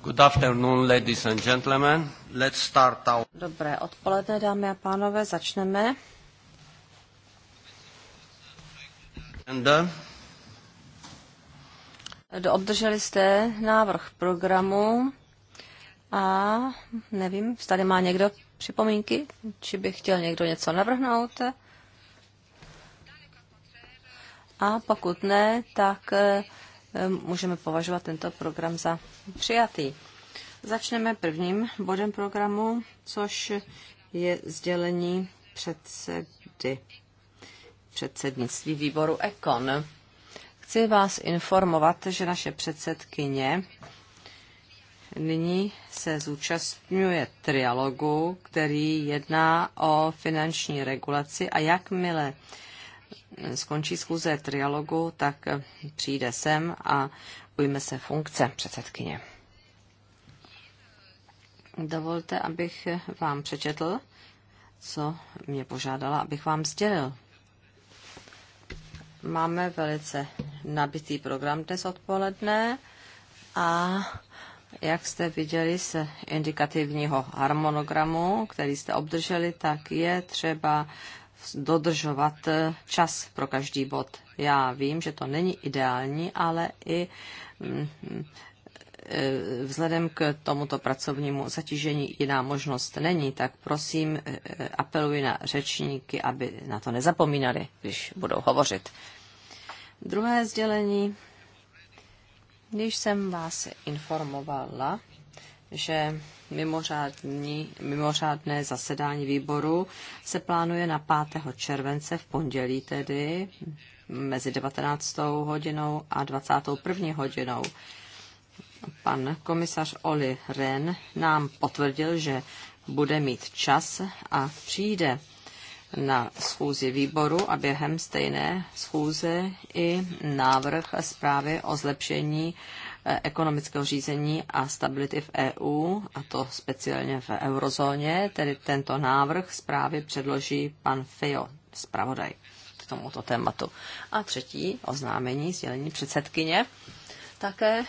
Good afternoon, ladies and gentlemen. Let's start Dobré odpoledne, dámy a pánové, začneme. Do obdrželi jste návrh programu a nevím, tady má někdo připomínky, či by chtěl někdo něco navrhnout. A pokud ne, tak eh, Ehm, můžeme považovat tento program za přijatý. Začneme prvním bodem programu, což je sdělení předsedy předsednictví výboru Ekon. Chci vás informovat, že naše předsedkyně nyní se zúčastňuje trialogu, který jedná o finanční regulaci a jakmile skončí schůze trialogu, tak přijde sem a ujme se funkce předsedkyně. Dovolte, abych vám přečetl, co mě požádala, abych vám sdělil. Máme velice nabitý program dnes odpoledne a jak jste viděli z indikativního harmonogramu, který jste obdrželi, tak je třeba dodržovat eh, čas pro každý bod. Já vím, že to není ideální, ale i mm, eh, vzhledem k tomuto pracovnímu zatížení jiná možnost není, tak prosím eh, apeluji na řečníky, aby na to nezapomínali, když budou hovořit. Druhé sdělení. Když jsem vás informovala že mimořádní, mimořádné zasedání výboru se plánuje na 5. července v pondělí tedy mezi 19. hodinou a 21. hodinou. Pan komisař Oli Ren nám potvrdil, že bude mít čas a přijde na schůzi výboru a během stejné schůze i návrh zprávy o zlepšení Eh, ekonomického řízení a stability v EU, a to speciálně v eurozóně, tedy tento návrh zprávy předloží pan Fio, zpravodaj k tomuto tématu. A třetí oznámení, sdělení předsedkyně, také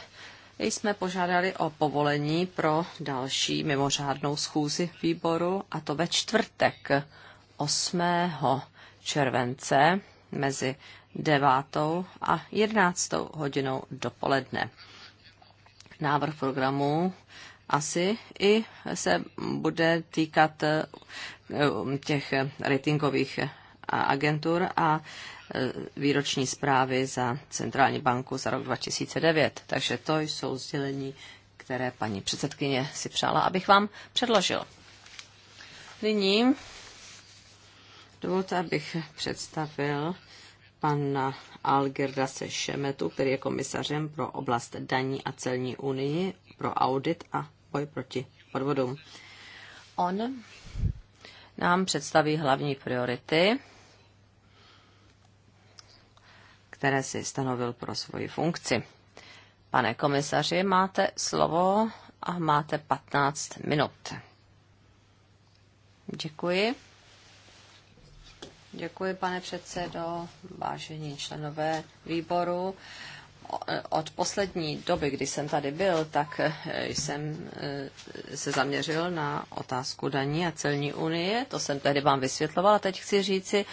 jsme požádali o povolení pro další mimořádnou schůzi výboru, a to ve čtvrtek 8. července mezi 9. a 11. hodinou dopoledne návrh programu asi i se bude týkat eh, těch ratingových agentur a eh, výroční zprávy za Centrální banku za rok 2009. Takže to jsou sdělení, které paní předsedkyně si přála, abych vám předložil. Nyní dovolte, abych představil pana se Šemetu, který je komisařem pro oblast daní a celní unii, pro audit a boj proti podvodům. On nám představí hlavní priority, které si stanovil pro svoji funkci. Pane komisaři, máte slovo a máte 15 minut. Děkuji. Děkuji, pane předsedo, vážení členové výboru. Od poslední doby, kdy jsem tady byl, tak eh, jsem eh, se zaměřil na otázku daní a celní unie. To jsem tedy vám vysvětloval a teď chci říci,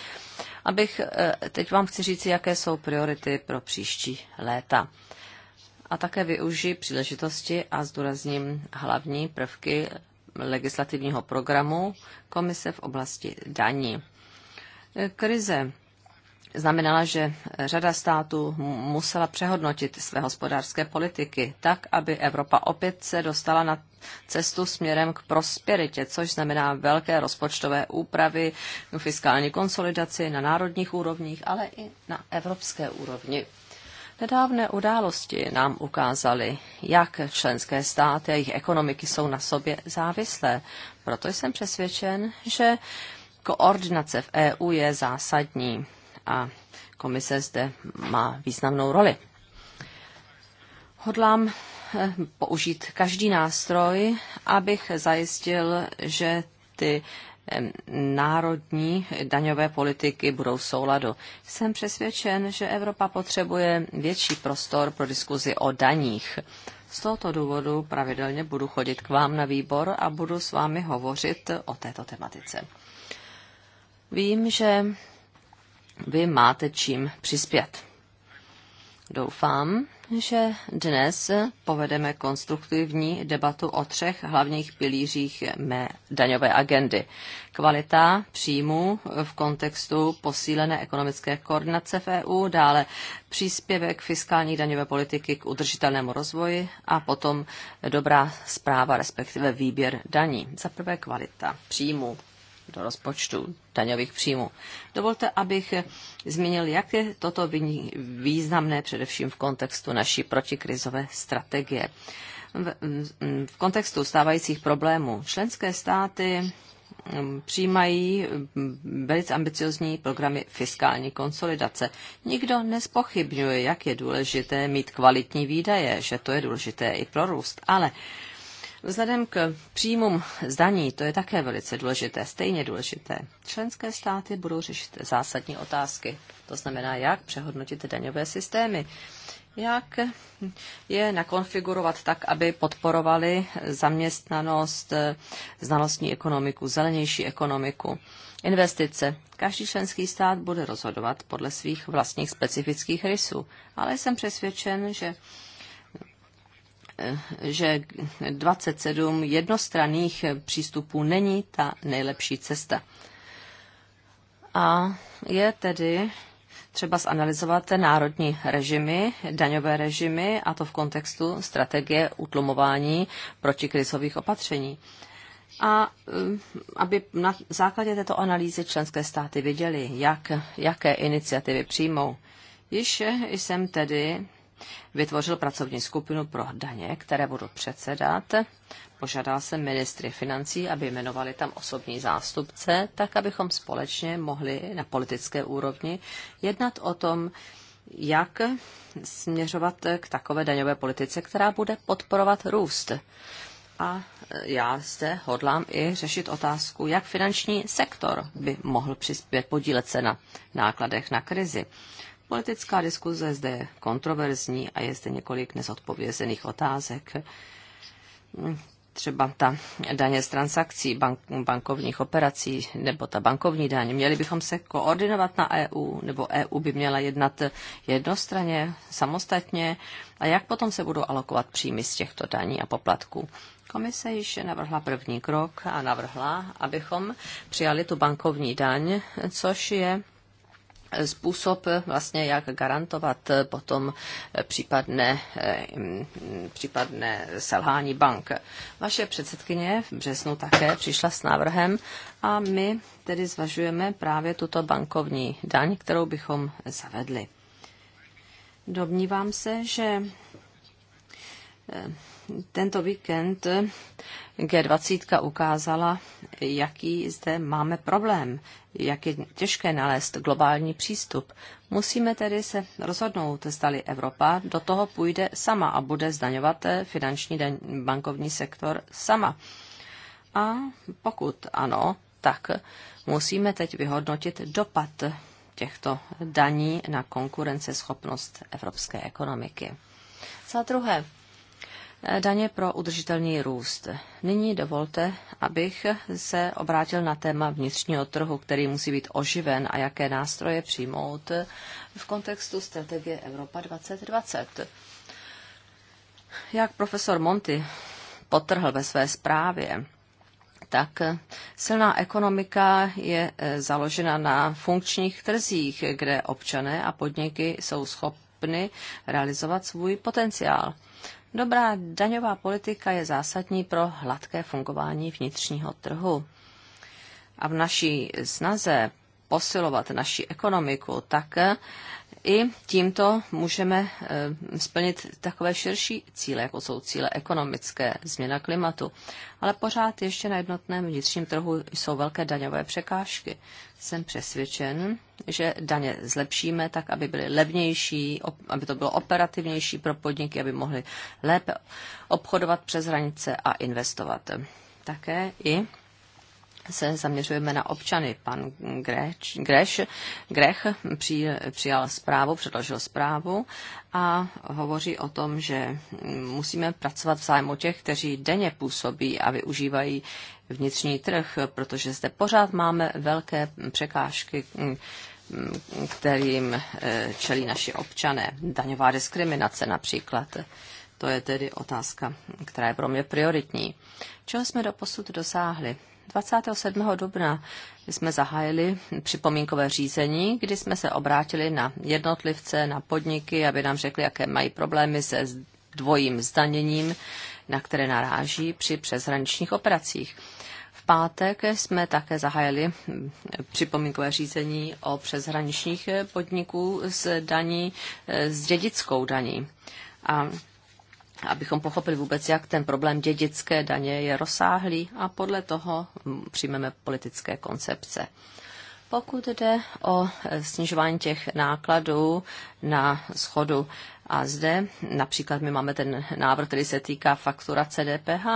abych, eh, teď vám chci říci, jaké jsou priority pro příští léta. A také využiji příležitosti a zdůrazním hlavní prvky legislativního programu Komise v oblasti daní. Krize znamenala, že řada států musela přehodnotit své hospodářské politiky tak, aby Evropa opět se dostala na cestu směrem k prosperitě, což znamená velké rozpočtové úpravy, fiskální konsolidaci na národních úrovních, ale i na evropské úrovni. Nedávné události nám ukázaly, jak členské státy a jejich ekonomiky jsou na sobě závislé. Proto jsem přesvědčen, že Koordinace v EU je zásadní a komise zde má významnou roli. Hodlám eh, použít každý nástroj, abych zajistil, že ty národní daňové politiky budou v souladu. Jsem přesvědčen, že Evropa potřebuje větší prostor pro diskuzi o daních. Z tohoto důvodu pravidelně budu chodit k vám na výbor a budu s vámi hovořit o této tematice. Vím, že vy máte čím přispět. Doufám, že dnes povedeme konstruktivní debatu o třech hlavních pilířích mé daňové agendy. Kvalita příjmů v kontextu posílené ekonomické koordinace v EU, dále příspěvek fiskální daňové politiky k udržitelnému rozvoji a potom dobrá zpráva, respektive výběr daní. Za prvé kvalita příjmů rozpočtu daňových příjmů. Dovolte, abych zmínil, jak je toto významné především v kontextu naší protikrizové strategie. V kontextu stávajících problémů členské státy mm, přijímají mm, velice ambiciozní programy fiskální konsolidace. Nikdo nespochybňuje, jak je důležité mít kvalitní výdaje, že to je důležité i pro růst, ale Vzhledem k příjmům zdaní, to je také velice důležité, stejně důležité. Členské státy budou řešit zásadní otázky, to znamená, jak přehodnotit daňové systémy, jak je nakonfigurovat tak, aby podporovali zaměstnanost, znalostní ekonomiku, zelenější ekonomiku. Investice. Každý členský stát bude rozhodovat podle svých vlastních specifických rysů, ale jsem přesvědčen, že že 27 jednostranných přístupů není ta nejlepší cesta. A je tedy třeba zanalizovat národní režimy, daňové režimy, a to v kontextu strategie utlumování protikrizových opatření. A eh, aby na základě této analýzy členské státy viděly jak, jaké iniciativy přijmou. Již jsem tedy vytvořil pracovní skupinu pro daně, které budu předsedat. Požádal jsem ministry financí, aby jmenovali tam osobní zástupce, tak abychom společně mohli na politické úrovni jednat o tom, jak směřovat k takové daňové politice, která bude podporovat růst. A já zde hodlám i řešit otázku, jak finanční sektor by mohl přispět, podílet se na nákladech na krizi. Politická diskuze zde je kontroverzní a je zde několik nezodpovězených otázek. Třeba ta daně z transakcí, bank, bankovních operací nebo ta bankovní daň. Měli bychom se koordinovat na EU, nebo EU by měla jednat jednostranně, samostatně. A jak potom se budou alokovat příjmy z těchto daní a poplatků? Komise již navrhla první krok a navrhla, abychom přijali tu bankovní daň, což je způsob, vlastně, jak garantovat potom případné, případné selhání bank. Vaše předsedkyně v březnu také přišla s návrhem a my tedy zvažujeme právě tuto bankovní daň, kterou bychom zavedli. Domnívám se, že eh, tento víkend G20 ukázala, jaký zde máme problém, jak je těžké nalézt globální přístup. Musíme tedy se rozhodnout, zdali Evropa do toho půjde sama a bude zdaňovat eh, finanční bankovní sektor sama. A pokud ano, tak musíme teď vyhodnotit dopad těchto daní na konkurenceschopnost evropské ekonomiky. Za druhé, daně pro udržitelný růst. Nyní dovolte, abych se obrátil na téma vnitřního trhu, který musí být oživen a jaké nástroje přijmout v kontextu strategie Evropa 2020. Jak profesor Monty potrhl ve své zprávě, tak silná ekonomika je eh, založena na funkčních trzích, kde občané a podniky jsou schopni schopny realizovat svůj potenciál. Dobrá daňová politika je zásadní pro hladké fungování vnitřního trhu. A v naší snaze posilovat naši ekonomiku, tak i tímto můžeme eh, splnit takové širší cíle, jako jsou cíle ekonomické, změna klimatu. Ale pořád ještě na jednotném vnitřním trhu jsou velké daňové překážky. Jsem přesvědčen, že daně zlepšíme tak, aby byly levnější, aby to bylo operativnější pro podniky, aby mohly lépe obchodovat přes hranice a investovat. Také i se zaměřujeme na občany. Pan Grech, Greš, Grech při, přijal zprávu, předložil zprávu a hovoří o tom, že musíme pracovat v zájmu těch, kteří denně působí a využívají vnitřní trh, protože zde pořád máme velké překážky, kterým eh, čelí naši občané. Daňová diskriminace například. To je tedy otázka, která je pro mě prioritní. Čeho jsme do posud dosáhli? 27. dubna jsme zahájili připomínkové řízení, kdy jsme se obrátili na jednotlivce, na podniky, aby nám řekli, jaké mají problémy se dvojím zdaněním, na které naráží při přeshraničních operacích V pátek jsme také zahájili mm, připomínkové řízení o přeshraničních podniků s daní, eh, s dědickou daní. A abychom pochopili vůbec, jak ten problém dědické daně je rozsáhlý a podle toho mm, přijmeme politické koncepce. Pokud jde o e, snižování těch nákladů na schodu, a zde například my máme ten návrh, který se týká fakturace DPH.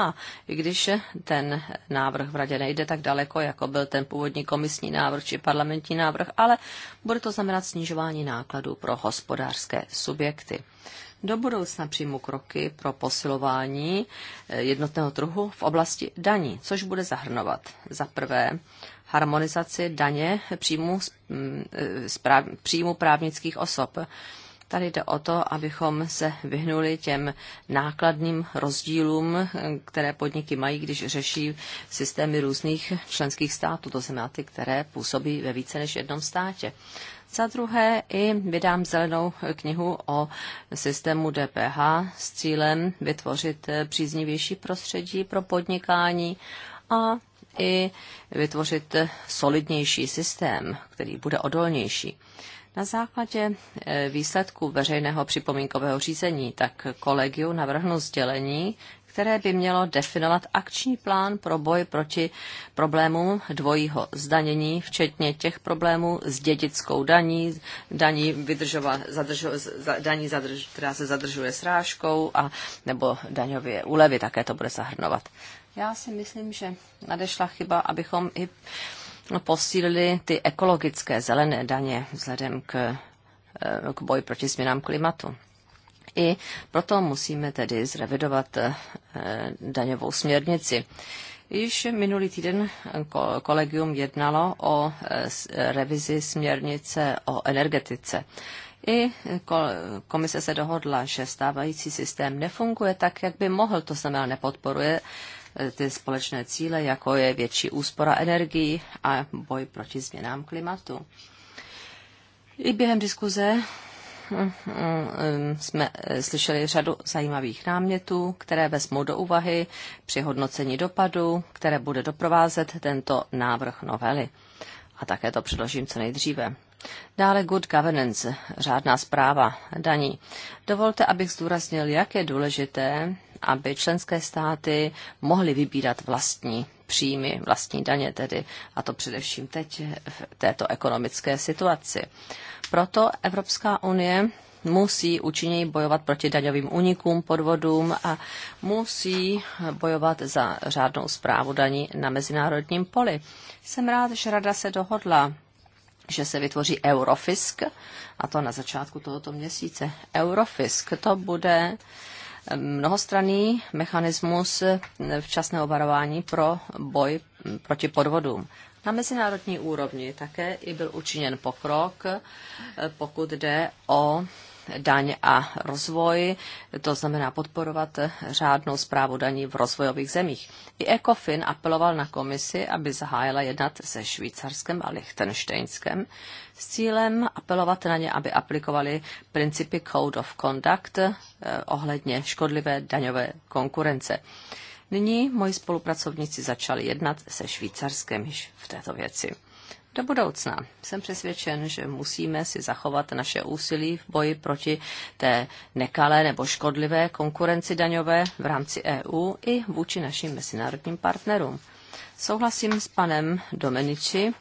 I když ten návrh v radě nejde tak daleko, jako byl ten původní komisní návrh či parlamentní návrh, ale bude to znamenat snižování nákladů pro hospodářské subjekty do budoucna přijmu kroky pro posilování eh, jednotného trhu v oblasti daní, což bude zahrnovat za prvé harmonizaci daně příjmu, mm, eh, správ, příjmu právnických osob. Tady jde o to, abychom se vyhnuli těm nákladným rozdílům, eh, které podniky mají, když řeší systémy různých členských států, to znamená ty, které působí ve více než jednom státě. Za druhé i vydám zelenou knihu o systému DPH s cílem vytvořit příznivější prostředí pro podnikání a i vytvořit solidnější systém, který bude odolnější. Na základě eh, výsledků veřejného připomínkového řízení tak kolegiu navrhnu sdělení, které by mělo definovat akční plán pro boj proti problémům dvojího zdanění, včetně těch problémů s dědickou daní, daní, vydržova, zadržo, daní zadrž, která se zadržuje srážkou a nebo daňově úlevy, také to bude zahrnovat. Já si myslím, že nadešla chyba, abychom i posílili ty ekologické zelené daně vzhledem k, eh, k boji proti změnám klimatu. I proto musíme tedy zrevidovat eh, daňovou směrnici. Již minulý týden eh, kolegium jednalo o eh, revizi směrnice o energetice. I komise se dohodla, že stávající systém nefunguje tak, jak by mohl, to znamená nepodporuje ty společné cíle, jako je větší úspora energií a boj proti změnám klimatu. I během diskuze Mm, mm, jsme eh, slyšeli řadu zajímavých námětů, které vezmou do úvahy při hodnocení dopadu, které bude doprovázet tento návrh novely. A také to předložím co nejdříve. Dále good governance, řádná zpráva daní. Dovolte, abych zdůraznil, jak je důležité, aby členské státy mohly vybírat vlastní příjmy, vlastní daně tedy, a to především teď v této ekonomické situaci. Proto Evropská unie musí účinněji bojovat proti daňovým unikům, podvodům a musí bojovat za řádnou zprávu daní na mezinárodním poli. Jsem rád, že Rada se dohodla že se vytvoří Eurofisk, a to na začátku tohoto měsíce. Eurofisk to bude mnohostranný mechanismus včasného varování pro boj proti podvodům. Na mezinárodní úrovni také i byl učiněn pokrok, pokud jde o daň a rozvoj, to znamená podporovat řádnou zprávu daní v rozvojových zemích. I ECOFIN apeloval na komisi, aby zahájila jednat se Švýcarskem a Liechtensteinskem s cílem apelovat na ně, aby aplikovali principy Code of Conduct eh, ohledně škodlivé daňové konkurence. Nyní moji spolupracovníci začali jednat se Švýcarskem již v této věci do budoucna. Jsem přesvědčen, že musíme si zachovat naše úsilí v boji proti té nekalé nebo škodlivé konkurenci daňové v rámci EU i vůči našim mezinárodním partnerům. Souhlasím s panem Domeniči,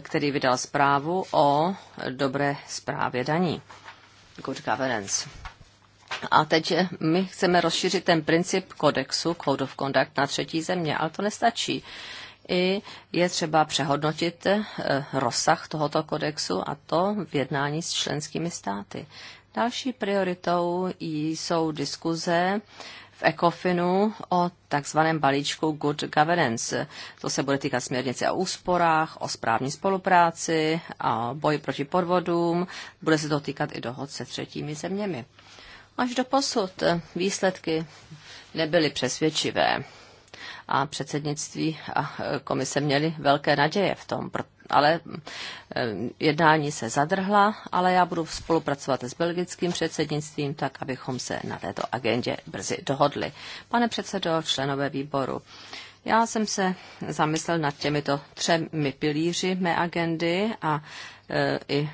který vydal zprávu o dobré zprávě daní. Good governance. A teď my chceme rozšířit ten princip kodexu, Code of Conduct, na třetí země, ale to nestačí i je třeba přehodnotit eh, rozsah tohoto kodexu a to v jednání s členskými státy. Další prioritou jsou diskuze v ECOFINu o takzvaném balíčku Good Governance. To se bude týkat směrnice o úsporách, o správní spolupráci a boji proti podvodům. Bude se to týkat i dohod se třetími zeměmi. Až do posud eh, výsledky nebyly přesvědčivé a předsednictví a e, komise měli velké naděje v tom, ale e, jednání se zadrhla, ale já budu spolupracovat s belgickým předsednictvím, tak abychom se na této agendě brzy dohodli. Pane předsedo, členové výboru, já jsem se zamyslel nad těmito třemi pilíři mé agendy a e, i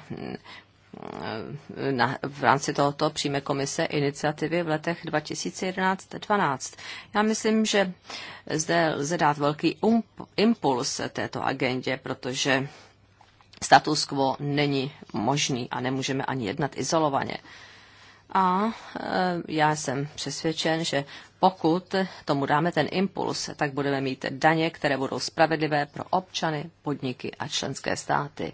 na, v rámci tohoto přijme komise iniciativy v letech 2011-2012. Já myslím, že zde lze dát velký um, impuls této agendě, protože status quo není možný a nemůžeme ani jednat izolovaně. A e, já jsem přesvědčen, že pokud tomu dáme ten impuls, tak budeme mít daně, které budou spravedlivé pro občany, podniky a členské státy.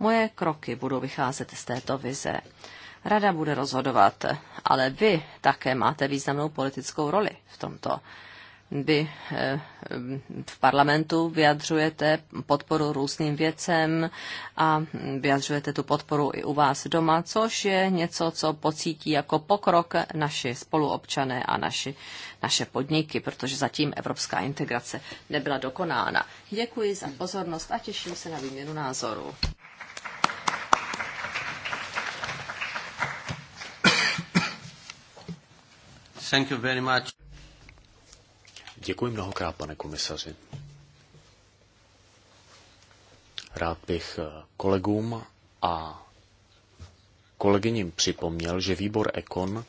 Moje kroky budou vycházet z této vize. Rada bude rozhodovat, ale vy také máte významnou politickou roli v tomto. Vy eh, v parlamentu vyjadřujete podporu různým věcem a vyjadřujete tu podporu i u vás doma, což je něco, co pocítí jako pokrok naši spoluobčané a naši, naše podniky, protože zatím evropská integrace nebyla dokonána. Děkuji za pozornost a těším se na výměnu názorů. Thank you very much. Děkuji mnohokrát, pane komisaři. Rád bych eh, kolegům a kolegyním připomněl, že výbor Ekon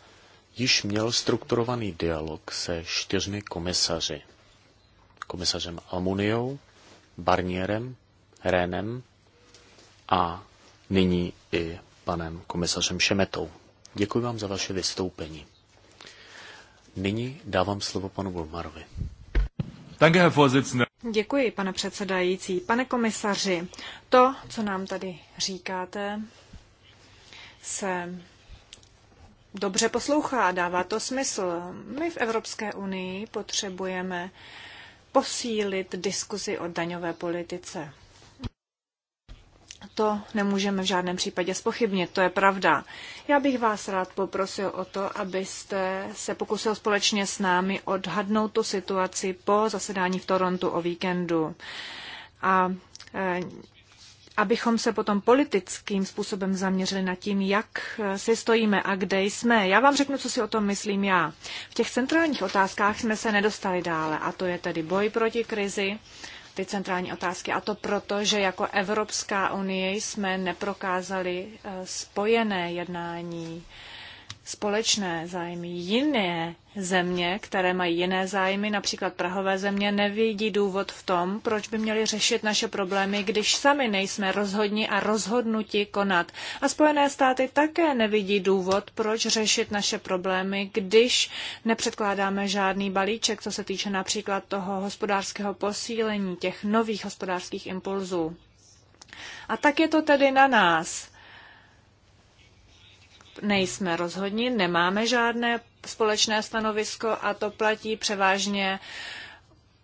již měl strukturovaný dialog se čtyřmi komisaři. Komisařem Almuniou, Barnierem, Rénem a nyní i panem komisařem Šemetou. Děkuji vám za vaše vystoupení. Nyní dávám slovo panu Bulmarovi. Děkuji, pane předsedající. Pane komisaři, to, co nám tady říkáte, se dobře poslouchá, dává to smysl. My v Evropské unii potřebujeme posílit diskuzi o daňové politice. To nemůžeme v žádném případě spochybnit, to je pravda. Já bych vás rád poprosil o to, abyste se pokusil společně s námi odhadnout tu situaci po zasedání v Torontu o víkendu. A e, abychom se potom politickým způsobem zaměřili na tím, jak e, si stojíme a kde jsme. Já vám řeknu, co si o tom myslím já. V těch centrálních otázkách jsme se nedostali dále, a to je tedy boj proti krizi, ty centrální otázky. A to proto, že jako Evropská unie jsme neprokázali eh, spojené jednání společné zájmy. Jiné země, které mají jiné zájmy, například Prahové země, nevidí důvod v tom, proč by měli řešit naše problémy, když sami nejsme rozhodni a rozhodnuti konat. A Spojené státy také nevidí důvod, proč řešit naše problémy, když nepředkládáme žádný balíček, co se týče například toho hospodářského posílení, těch nových hospodářských impulzů. A tak je to tedy na nás, nejsme rozhodni, nemáme žádné společné stanovisko a to platí převážně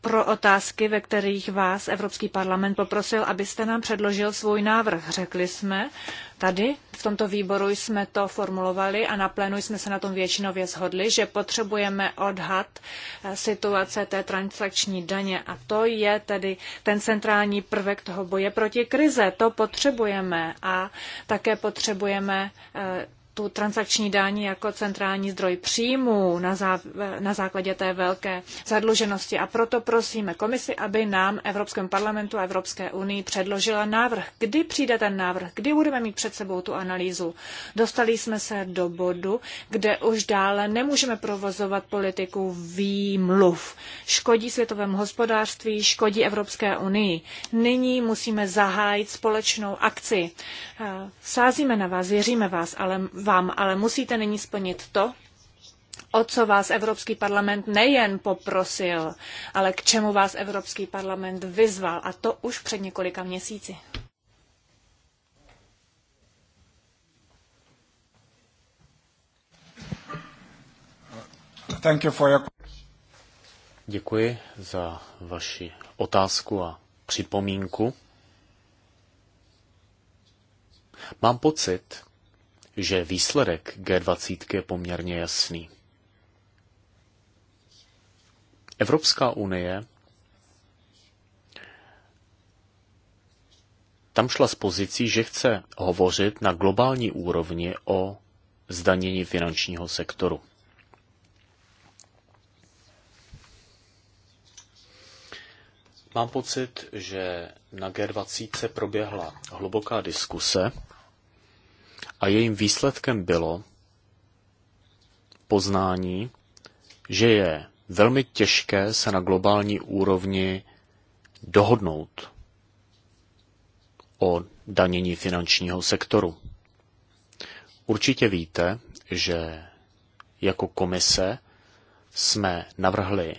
pro otázky, ve kterých vás Evropský parlament poprosil, abyste nám předložil svůj návrh. Řekli jsme tady, v tomto výboru jsme to formulovali a na plénu jsme se na tom většinově shodli, že potřebujeme odhad eh, situace té transakční daně a to je tedy ten centrální prvek toho boje proti krize. To potřebujeme a také potřebujeme eh, tu transakční dání jako centrální zdroj příjmů na, zá, na základě té velké zadluženosti. A proto prosíme komisi, aby nám, Evropskému parlamentu a Evropské unii předložila návrh. Kdy přijde ten návrh? Kdy budeme mít před sebou tu analýzu? Dostali jsme se do bodu, kde už dále nemůžeme provozovat politiku výmluv. Škodí světovému hospodářství, škodí Evropské unii. Nyní musíme zahájit společnou akci. Sázíme na vás, věříme vás, ale vám ale musíte nyní splnit to, o co vás Evropský parlament nejen poprosil, ale k čemu vás Evropský parlament vyzval, a to už před několika měsíci. Děkuji za vaši otázku a připomínku. Mám pocit, že výsledek G20 je poměrně jasný. Evropská unie tam šla z pozicí, že chce hovořit na globální úrovni o zdanění finančního sektoru. Mám pocit, že na G20 proběhla hluboká diskuse a jejím výsledkem bylo poznání, že je velmi těžké se na globální úrovni dohodnout o danění finančního sektoru. Určitě víte, že jako komise jsme navrhli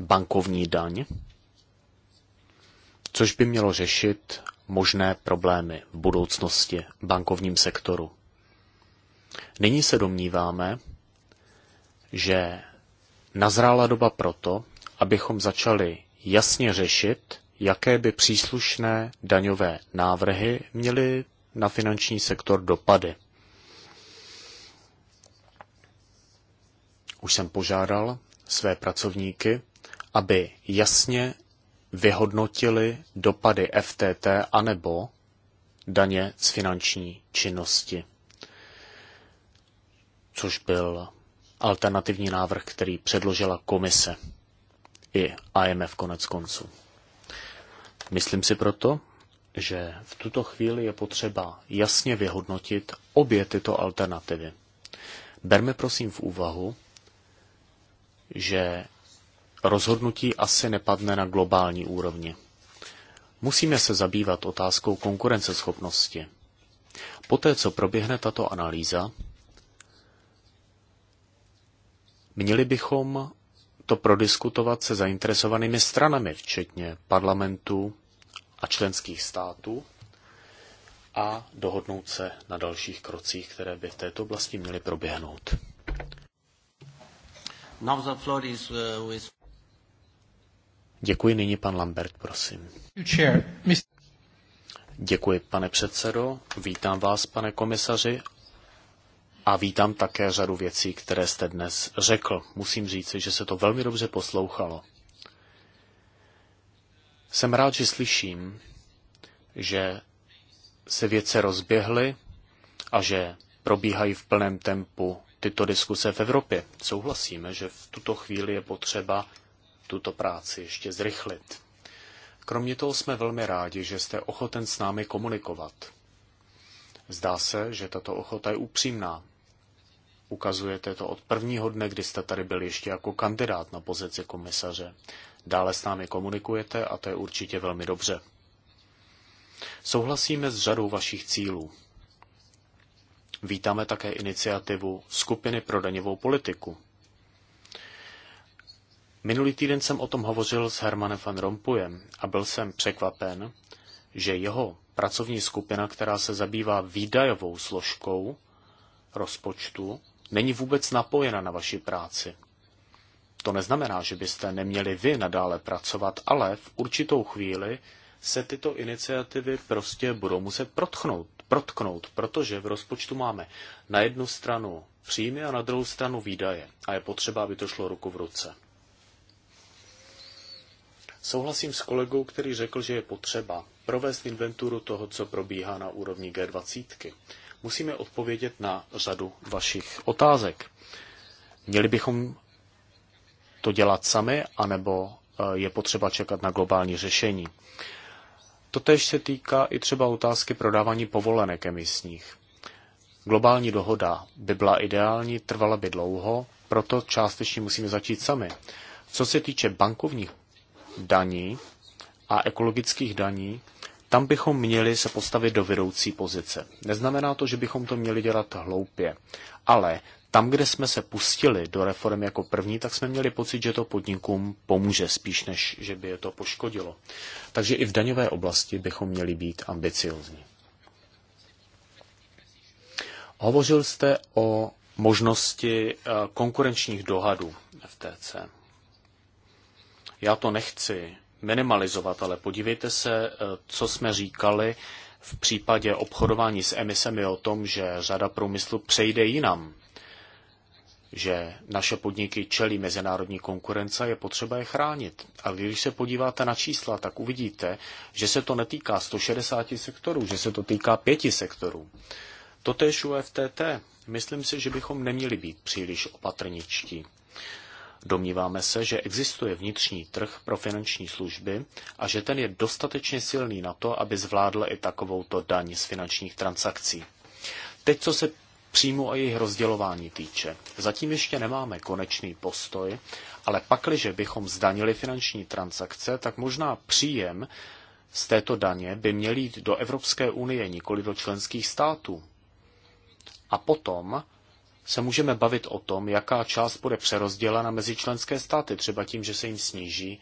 bankovní daň, což by mělo řešit možné problémy v budoucnosti v bankovním sektoru. Nyní se domníváme, že nazrála doba proto, abychom začali jasně řešit, jaké by příslušné daňové návrhy měly na finanční sektor dopady. Už jsem požádal své pracovníky, aby jasně vyhodnotili dopady FTT anebo daně z finanční činnosti, což byl alternativní návrh, který předložila komise i IMF konec konců. Myslím si proto, že v tuto chvíli je potřeba jasně vyhodnotit obě tyto alternativy. Berme prosím v úvahu, že rozhodnutí asi nepadne na globální úrovni. Musíme se zabývat otázkou konkurenceschopnosti. Poté, co proběhne tato analýza, měli bychom to prodiskutovat se zainteresovanými stranami, včetně parlamentu a členských států, a dohodnout se na dalších krocích, které by v této oblasti měly proběhnout. Uh, Děkuji nyní pan Lambert, prosím. Děkuji, pane předsedo. Vítám vás, pane komisaři. A vítám také řadu věcí, které jste dnes řekl. Musím říci, že se to velmi dobře poslouchalo. Jsem rád, že slyším, že se věce rozběhly a že probíhají v plném tempu tyto diskuse v Evropě. Souhlasíme, že v tuto chvíli je potřeba tuto práci ještě zrychlit. Kromě toho jsme velmi rádi, že jste ochoten s námi komunikovat. Zdá se, že tato ochota je upřímná. Ukazujete to od prvního dne, kdy jste tady byl ještě jako kandidát na pozici komisaře. Dále s námi komunikujete a to je určitě velmi dobře. Souhlasíme s řadou vašich cílů. Vítáme také iniciativu Skupiny pro daňovou politiku, Minulý týden jsem o tom hovořil s Hermanem van Rompuyem a byl jsem překvapen, že jeho pracovní skupina, která se zabývá výdajovou složkou rozpočtu, není vůbec napojena na vaši práci. To neznamená, že byste neměli vy nadále pracovat, ale v určitou chvíli se tyto iniciativy prostě budou muset protchnout, protknout, protože v rozpočtu máme na jednu stranu příjmy a na druhou stranu výdaje a je potřeba, aby to šlo ruku v ruce. Souhlasím s kolegou, který řekl, že je potřeba provést inventuru toho, co probíhá na úrovni G20. Musíme odpovědět na řadu vašich otázek. Měli bychom to dělat sami, anebo eh, je potřeba čekat na globální řešení. Totež se týká i třeba otázky prodávání povolenek emisních. Globální dohoda by byla ideální, trvala by dlouho, proto částečně musíme začít sami. Co se týče bankovních daní a ekologických daní, tam bychom měli se postavit do vedoucí pozice. Neznamená to, že bychom to měli dělat hloupě, ale tam, kde jsme se pustili do reform jako první, tak jsme měli pocit, že to podnikům pomůže spíš, než že by je to poškodilo. Takže i v daňové oblasti bychom měli být ambiciozní. Hovořil jste o možnosti eh, konkurenčních dohadů FTC. Já to nechci minimalizovat, ale podívejte se, eh, co jsme říkali v případě obchodování s emisemi o tom, že řada průmyslu přejde jinam, že naše podniky čelí mezinárodní konkurence, je potřeba je chránit. A když se podíváte na čísla, tak uvidíte, že se to netýká 160 sektorů, že se to týká pěti sektorů. Totež u FTT. Myslím si, že bychom neměli být příliš opatrničtí. Domníváme se, že existuje vnitřní trh pro finanční služby a že ten je dostatečně silný na to, aby zvládl i takovouto daň z finančních transakcí. Teď, co se příjmu a jejich rozdělování týče. Zatím ještě nemáme konečný postoj, ale pakliže bychom zdanili finanční transakce, tak možná příjem z této daně by měl jít do Evropské unie, nikoli do členských států. A potom se můžeme bavit o tom, jaká část bude přerozdělena mezi členské státy, třeba tím, že se jim sníží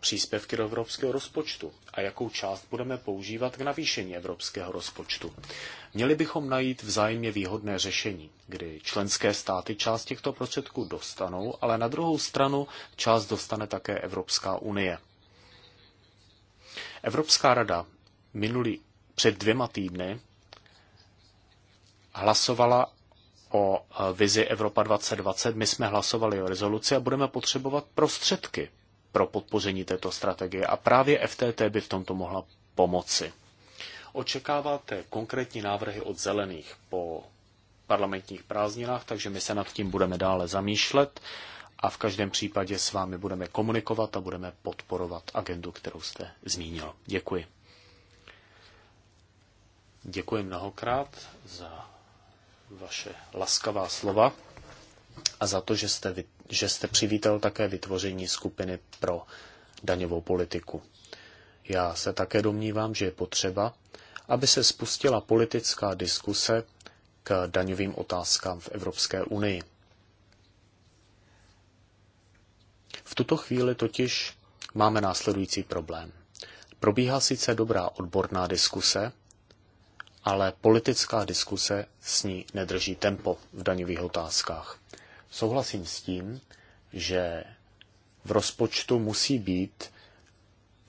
příspěvky do evropského rozpočtu a jakou část budeme používat k navýšení evropského rozpočtu. Měli bychom najít vzájemně výhodné řešení, kdy členské státy část těchto prostředků dostanou, ale na druhou stranu část dostane také Evropská unie. Evropská rada minulý před dvěma týdny hlasovala o e, vizi Evropa 2020. My jsme hlasovali o rezoluci a budeme potřebovat prostředky pro podpoření této strategie a právě FTT by v tomto mohla pomoci. Očekáváte konkrétní návrhy od zelených po parlamentních prázdninách, takže my se nad tím budeme dále zamýšlet a v každém případě s vámi budeme komunikovat a budeme podporovat agendu, kterou jste zmínil. Děkuji. Děkuji mnohokrát za vaše laskavá slova a za to, že jste, že jste přivítal také vytvoření skupiny pro daňovou politiku. Já se také domnívám, že je potřeba, aby se spustila politická diskuse k daňovým otázkám v Evropské unii. V tuto chvíli totiž máme následující problém. Probíhá sice dobrá odborná diskuse, ale politická diskuse s ní nedrží tempo v daňových otázkách. Souhlasím s tím, že v rozpočtu musí být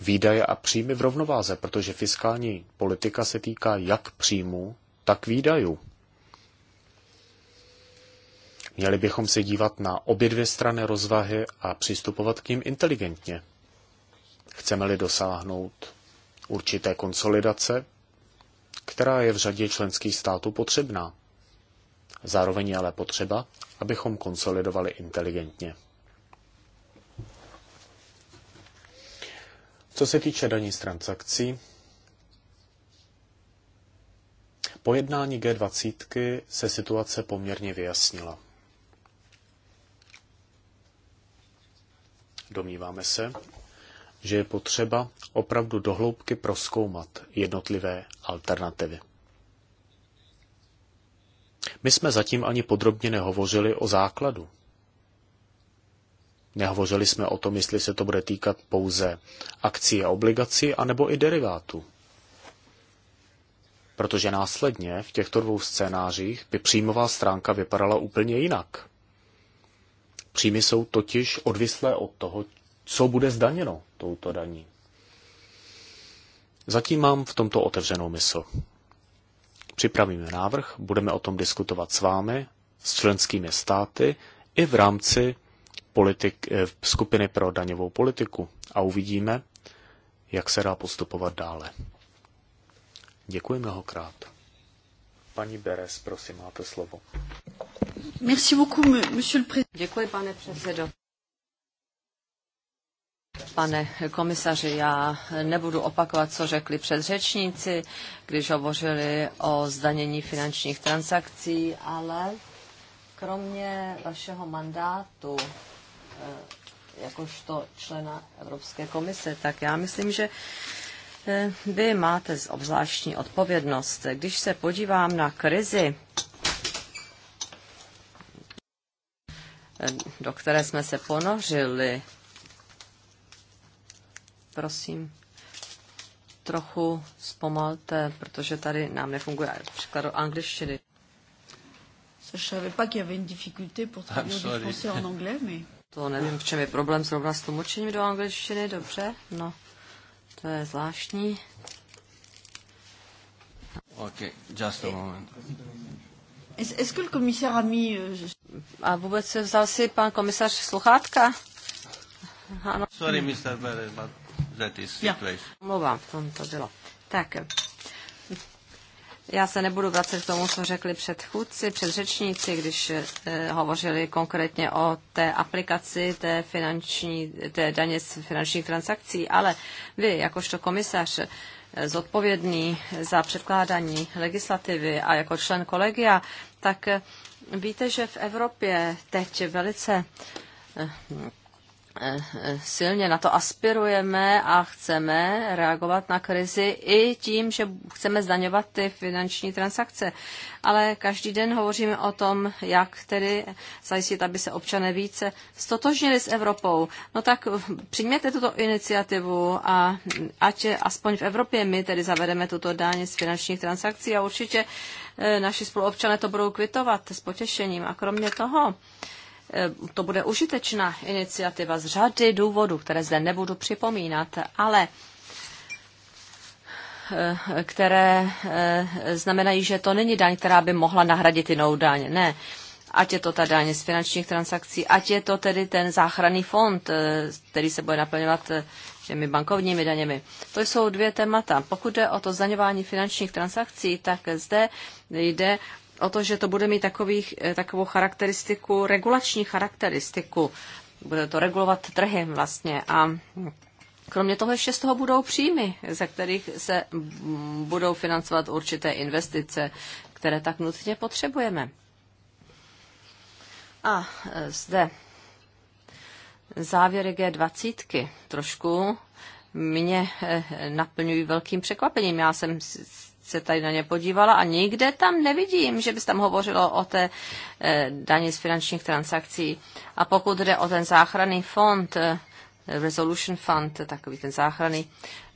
výdaje a příjmy v rovnováze, protože fiskální politika se týká jak příjmů, tak výdajů. Měli bychom se dívat na obě dvě strany rozvahy a přistupovat k ním inteligentně. Chceme-li dosáhnout určité konsolidace, která je v řadě členských států potřebná. Zároveň je ale potřeba, abychom konsolidovali inteligentně. Co se týče daní z transakcí, po jednání G20 se situace poměrně vyjasnila. Domníváme se, že je potřeba opravdu dohloubky proskoumat jednotlivé alternativy. My jsme zatím ani podrobně nehovořili o základu. Nehovořili jsme o tom, jestli se to bude týkat pouze akcí a obligací, anebo i derivátů. Protože následně v těchto dvou scénářích by příjmová stránka vypadala úplně jinak. Příjmy jsou totiž odvislé od toho, co bude zdaněno touto daní. Zatím mám v tomto otevřenou mysl. Připravíme návrh, budeme o tom diskutovat s vámi, s členskými státy i v rámci politik, eh, skupiny pro daňovou politiku a uvidíme, jak se dá postupovat dále. Děkuji mnohokrát. Paní Beres, prosím, máte slovo. Děkuji, pane předsedo. Pane komisaři, já nebudu opakovat, co řekli předřečníci, když hovořili o zdanění finančních transakcí, ale kromě vašeho mandátu eh, jakožto člena Evropské komise, tak já myslím, že eh, vy máte obzvláštní odpovědnost. Když se podívám na krizi, eh, do které jsme se ponořili, prosím, trochu zpomalte, protože tady nám nefunguje příklad angličtiny. To nevím, v čem je problém zrovna s tlumočením do angličtiny, dobře, no, to je zvláštní. Ok, just a moment. Euh, a vůbec se vzal si pan komisař sluchátka? Ano. Sorry, Mr. Perez, but that is the to bylo. Tak, já se nebudu vracet k tomu, co řekli předchůdci, předřečníci, když eh, hovořili konkrétně o té aplikaci té, finanční, té daně z finančních transakcí, ale vy, jakožto komisař eh, zodpovědný za předkládání legislativy a jako člen kolegia, tak eh, víte, že v Evropě teď velice eh, Eh, silně na to aspirujeme a chceme reagovat na krizi i tím, že chceme zdaňovat ty finanční transakce. Ale každý den hovoříme o tom, jak tedy zajistit, aby se občané více stotožnili s Evropou. No tak přijměte tuto iniciativu a ať aspoň v Evropě my tedy zavedeme tuto dáň z finančních transakcí a určitě eh, naši spoluobčané to budou kvitovat s potěšením. A kromě toho, Eh, to bude užitečná iniciativa z řady důvodů, které zde nebudu připomínat, ale eh, které eh, znamenají, že to není daň, která by mohla nahradit jinou daň. Ne. Ať je to ta daň z finančních transakcí, ať je to tedy ten záchranný fond, který se bude naplňovat těmi bankovními daněmi. To jsou dvě témata. Pokud jde o to zdaňování finančních transakcí, tak zde jde o to, že to bude mít takový, eh, takovou charakteristiku, regulační charakteristiku. Bude to regulovat trhy vlastně a Kromě toho ještě z toho budou příjmy, ze kterých se budou financovat určité investice, které tak nutně potřebujeme. A eh, zde závěry G20 trošku mě eh, naplňují velkým překvapením. Já jsem se tady na ně podívala a nikde tam nevidím, že bys tam hovořilo o té eh, daně z finančních transakcí. A pokud jde o ten záchranný fond, eh, Resolution Fund, takový ten záchranný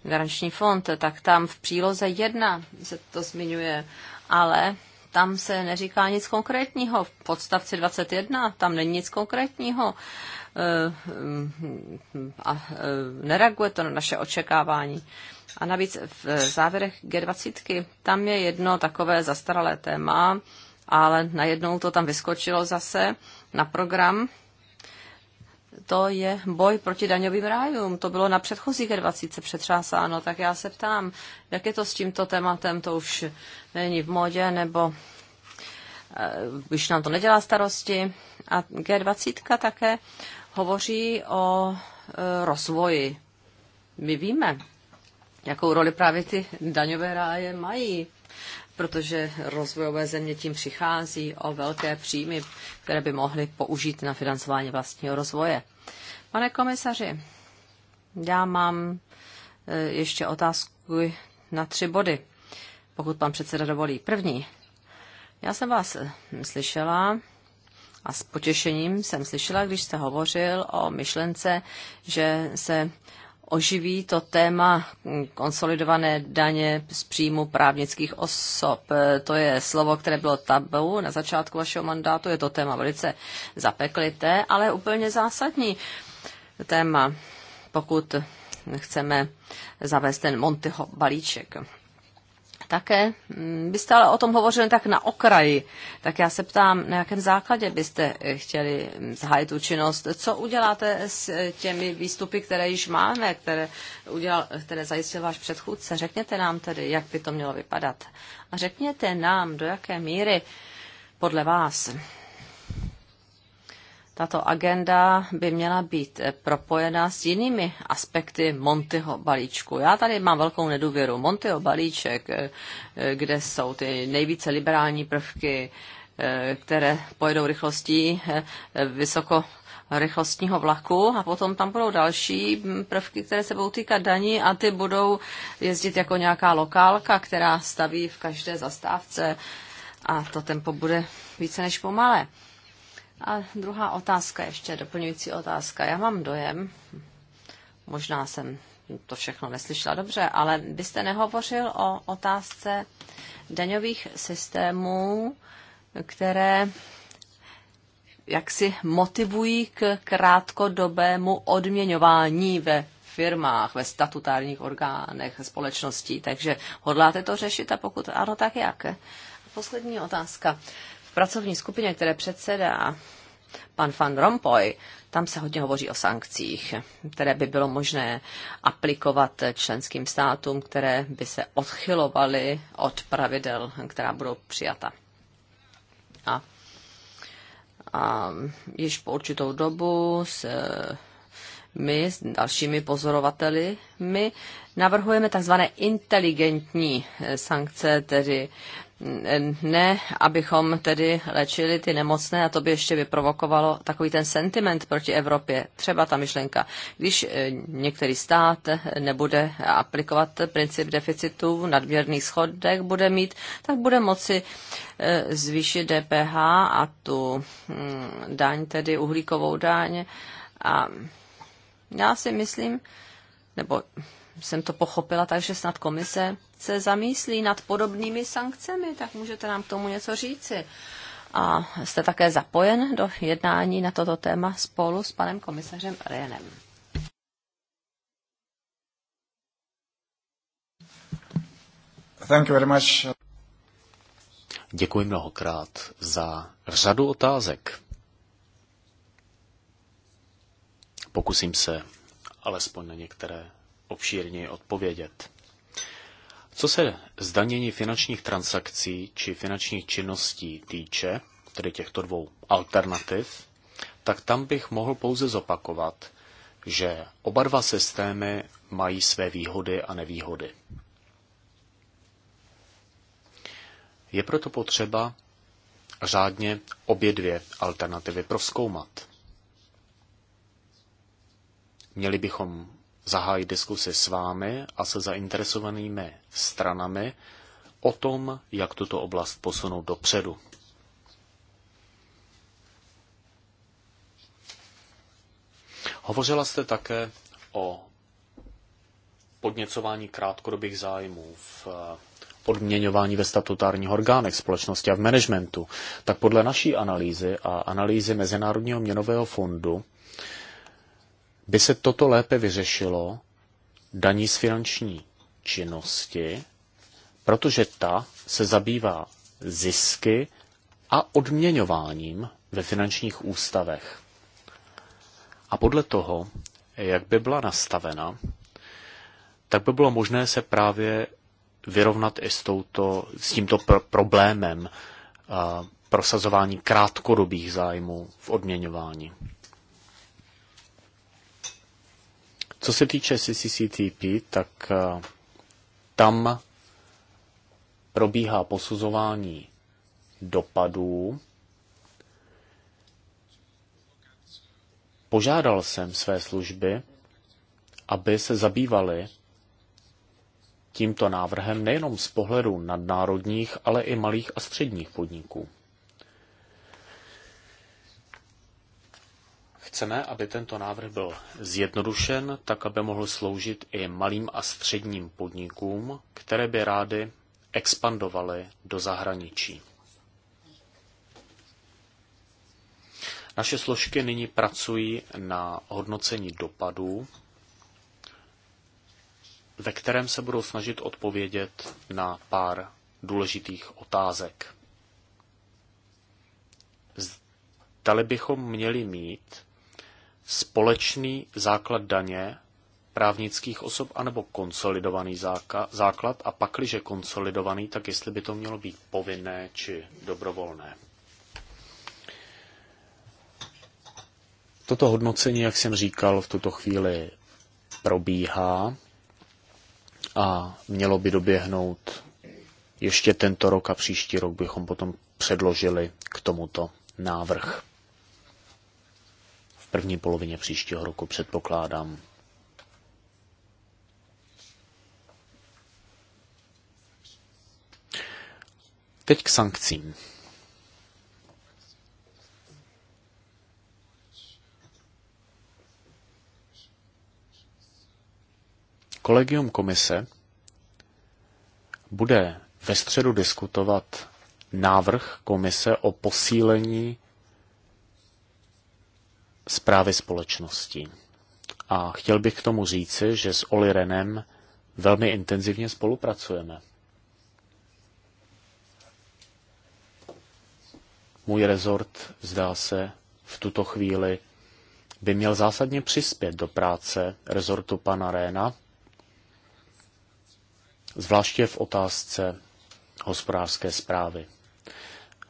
garanční fond, tak tam v příloze jedna se to zmiňuje, ale tam se neříká nic konkrétního. V podstavci 21 tam není nic konkrétního. Eh, a eh, nereaguje to na naše očekávání. A navíc v závěrech G20 tam je jedno takové zastaralé téma, ale najednou to tam vyskočilo zase na program. To je boj proti daňovým rájům. To bylo na předchozí G20 přetřásáno, tak já se ptám, jak je to s tímto tématem, to už není v modě, nebo eh, když nám to nedělá starosti. A G20 také hovoří o e, rozvoji. My víme, jakou roli právě ty daňové ráje mají, protože rozvojové země tím přichází o velké příjmy, které by mohly použít na financování vlastního rozvoje. Pane komisaři, já mám e, ještě otázku na tři body, pokud pan předseda dovolí. První, já jsem vás e, slyšela a s potěšením jsem slyšela, když jste hovořil o myšlence, že se oživí to téma konsolidované daně z příjmu právnických osob. To je slovo, které bylo tabu na začátku vašeho mandátu. Je to téma velice zapeklité, ale úplně zásadní téma, pokud chceme zavést ten Montyho balíček. Také mm, byste ale o tom hovořili tak na okraji. Tak já se ptám, na jakém základě byste chtěli mm, zahájit tu činnost? Co uděláte s eh, těmi výstupy, které již máme, které, udělal, které zajistil váš předchůdce? Řekněte nám tedy, jak by to mělo vypadat. A řekněte nám, do jaké míry podle vás tato agenda by měla být eh, propojena s jinými aspekty Montyho balíčku. Já tady mám velkou nedůvěru. Montyho balíček, eh, eh, kde jsou ty nejvíce liberální prvky, které pojedou rychlostí vysoko rychlostního vlaku a potom tam budou další mm, prvky, které se budou týkat daní a ty budou jezdit jako nějaká lokálka, která staví v každé zastávce a to tempo bude více než pomalé. A druhá otázka, ještě doplňující otázka. Já mám dojem, možná jsem to všechno neslyšela dobře, ale byste nehovořil o otázce daňových systémů, které jaksi motivují k krátkodobému odměňování ve firmách, ve statutárních orgánech společností. Takže hodláte to řešit a pokud ano, tak jak? Poslední otázka pracovní skupině, které předsedá pan Van Rompuy, tam se hodně hovoří o sankcích, které by bylo možné aplikovat členským státům, které by se odchylovaly od pravidel, která budou přijata. A, a již po určitou dobu se my s dalšími pozorovateli, my navrhujeme takzvané inteligentní e, sankce, tedy ne, abychom tedy léčili ty nemocné a to by ještě vyprovokovalo takový ten sentiment proti Evropě. Třeba ta myšlenka, když eh, některý stát eh, nebude aplikovat princip deficitu, nadměrný schodek bude mít, tak bude moci eh, zvýšit DPH a tu hm, daň, tedy uhlíkovou daň. A já si myslím, nebo jsem to pochopila, takže snad komise se zamýslí nad podobnými sankcemi, tak můžete nám k tomu něco říci. A jste také zapojen do jednání na toto téma spolu s panem komisařem Rienem. Thank you very much. Děkuji mnohokrát za řadu otázek. Pokusím se alespoň na některé obšírněji odpovědět. Co se zdanění finančních transakcí či finančních činností týče, tedy těchto dvou alternativ, tak tam bych mohl pouze zopakovat, že oba dva systémy mají své výhody a nevýhody. Je proto potřeba řádně obě dvě alternativy proskoumat. Měli bychom zahájit diskusi s vámi a se zainteresovanými stranami o tom, jak tuto oblast posunout dopředu. Hovořila jste také o podněcování krátkodobých zájmů v eh, odměňování ve statutárních orgánech společnosti a v managementu, tak podle naší analýzy a analýzy Mezinárodního měnového fondu by se toto lépe vyřešilo daní z finanční činnosti, protože ta se zabývá zisky a odměňováním ve finančních ústavech. A podle toho, jak by byla nastavena, tak by bylo možné se právě vyrovnat i s, touto, s tímto pr- problémem a, prosazování krátkodobých zájmů v odměňování. Co se týče CCCTP, tak eh, tam probíhá posuzování dopadů. Požádal jsem své služby, aby se zabývaly tímto návrhem nejenom z pohledu nadnárodních, ale i malých a středních podniků. Chceme, aby tento návrh byl zjednodušen, tak aby mohl sloužit i malým a středním podnikům, které by rády expandovaly do zahraničí. Naše složky nyní pracují na hodnocení dopadů, ve kterém se budou snažit odpovědět na pár důležitých otázek. Zdali bychom měli mít společný základ daně právnických osob anebo konsolidovaný základ a pakliže konsolidovaný, tak jestli by to mělo být povinné či dobrovolné. Toto hodnocení, jak jsem říkal, v tuto chvíli probíhá a mělo by doběhnout ještě tento rok a příští rok bychom potom předložili k tomuto návrh první polovině příštího roku, předpokládám. Teď k sankcím. Kolegium komise bude ve středu diskutovat návrh komise o posílení zprávy společnosti. A chtěl bych k tomu říci, že s Oli Renem velmi intenzivně spolupracujeme. Můj rezort, zdá se, v tuto chvíli by měl zásadně přispět do práce rezortu pana Réna, zvláště v otázce hospodářské zprávy.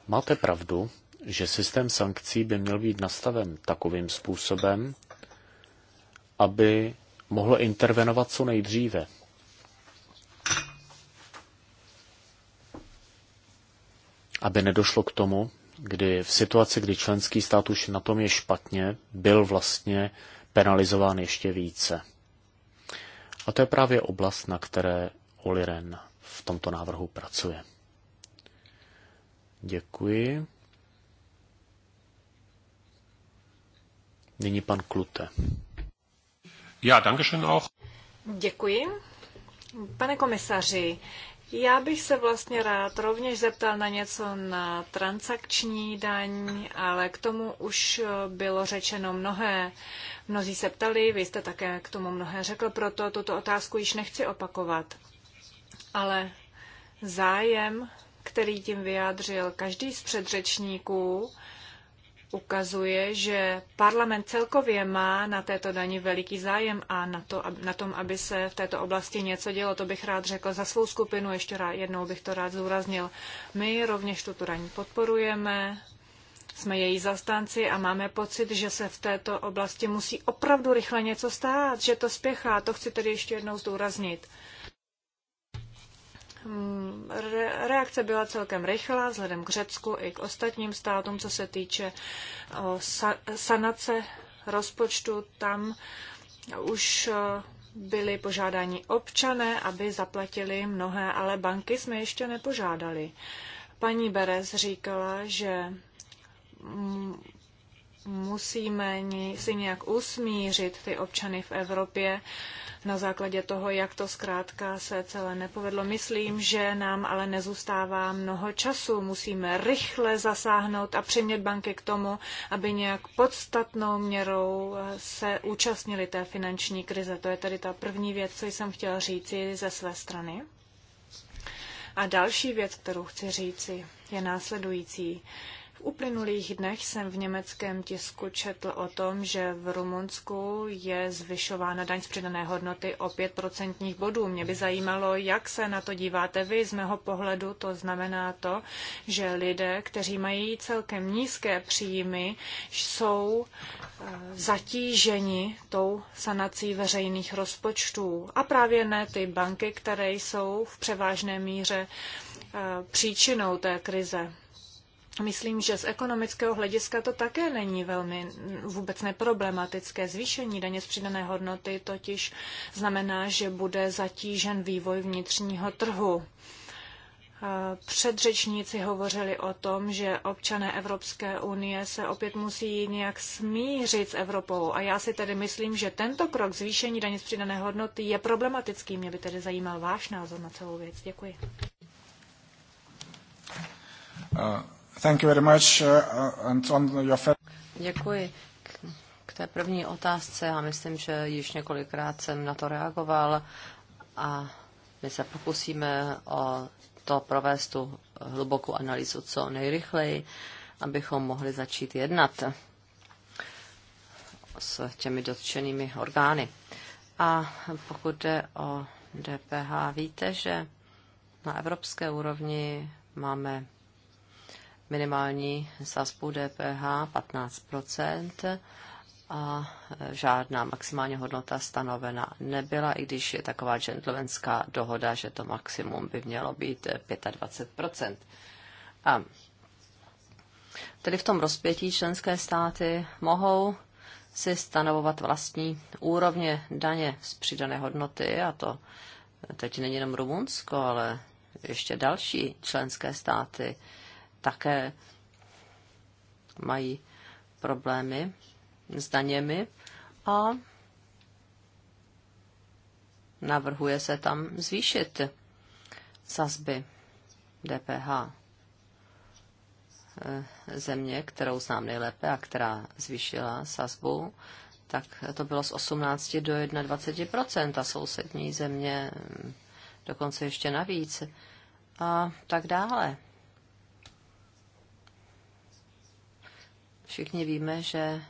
Máte pravdu, že systém sankcí by měl být nastaven takovým způsobem, aby mohlo intervenovat co nejdříve. Aby nedošlo k tomu, kdy v situaci, kdy členský stát už na tom je špatně, byl vlastně penalizován ještě více. A to je právě oblast, na které Oliren v tomto návrhu pracuje. Děkuji. Nyní pan Klute. Já, dankeschön auch. Děkuji. Pane komisaři, já bych se vlastně rád rovněž zeptal na něco na transakční daň, ale k tomu už bylo řečeno mnohé. Mnozí se ptali, vy jste také k tomu mnohé řekl, proto tuto otázku již nechci opakovat. Ale zájem, který tím vyjádřil každý z předřečníků, ukazuje, že parlament celkově má na této dani veliký zájem a na, to, na tom, aby se v této oblasti něco dělo. To bych rád řekl za svou skupinu, ještě rád, jednou bych to rád zúraznil. My rovněž tuto daň podporujeme, jsme její zastánci a máme pocit, že se v této oblasti musí opravdu rychle něco stát, že to spěchá. To chci tedy ještě jednou zdůraznit. Mm, reakce byla celkem rychlá vzhledem k Řecku i k ostatním státům, co se týče sanace rozpočtu. Tam už byli požádání občané, aby zaplatili mnohé, ale banky jsme ještě nepožádali. Paní Beres říkala, že mm, musíme si nějak usmířit ty občany v Evropě na základě toho, jak to zkrátka se celé nepovedlo. Myslím, že nám ale nezůstává mnoho času. Musíme rychle zasáhnout a přimět banky k tomu, aby nějak podstatnou měrou eh, se účastnili té finanční krize. To je tedy ta první věc, co jsem chtěla říci ze své strany. A další věc, kterou chci říci, je následující. V uplynulých dnech jsem v německém tisku četl o tom, že v Rumunsku je zvyšována daň z přidané hodnoty o 5% bodů. Mě by zajímalo, jak se na to díváte vy. Z mého pohledu to znamená to, že lidé, kteří mají celkem nízké příjmy, jsou eh, zatíženi tou sanací veřejných rozpočtů. A právě ne ty banky, které jsou v převážné míře eh, příčinou té krize. Myslím, že z ekonomického hlediska to také není velmi vůbec neproblematické. Zvýšení daně z přidané hodnoty totiž znamená, že bude zatížen vývoj vnitřního trhu. Předřečníci hovořili o tom, že občané Evropské unie se opět musí nějak smířit s Evropou. A já si tedy myslím, že tento krok zvýšení daně z přidané hodnoty je problematický. Mě by tedy zajímal váš názor na celou věc. Děkuji. Uh. Thank you very much. Uh, uh, on your first... Děkuji. K té první otázce, já myslím, že již několikrát jsem na to reagoval a my se pokusíme o to provést tu hlubokou analýzu co nejrychleji, abychom mohli začít jednat s těmi dotčenými orgány. A pokud jde o DPH, víte, že na evropské úrovni máme minimální sazbu DPH 15 a žádná maximální hodnota stanovena nebyla, i když je taková gentlemanská dohoda, že to maximum by mělo být 25 A tedy v tom rozpětí členské státy mohou si stanovovat vlastní úrovně daně z přidané hodnoty a to teď není jenom Rumunsko, ale ještě další členské státy také mají problémy s daněmi a navrhuje se tam zvýšit sazby DPH. Eh, země, kterou znám nejlépe a která zvýšila sazbu, tak to bylo z 18 do 21 a sousední země mm, dokonce ještě navíc a tak dále. Všichni víme, že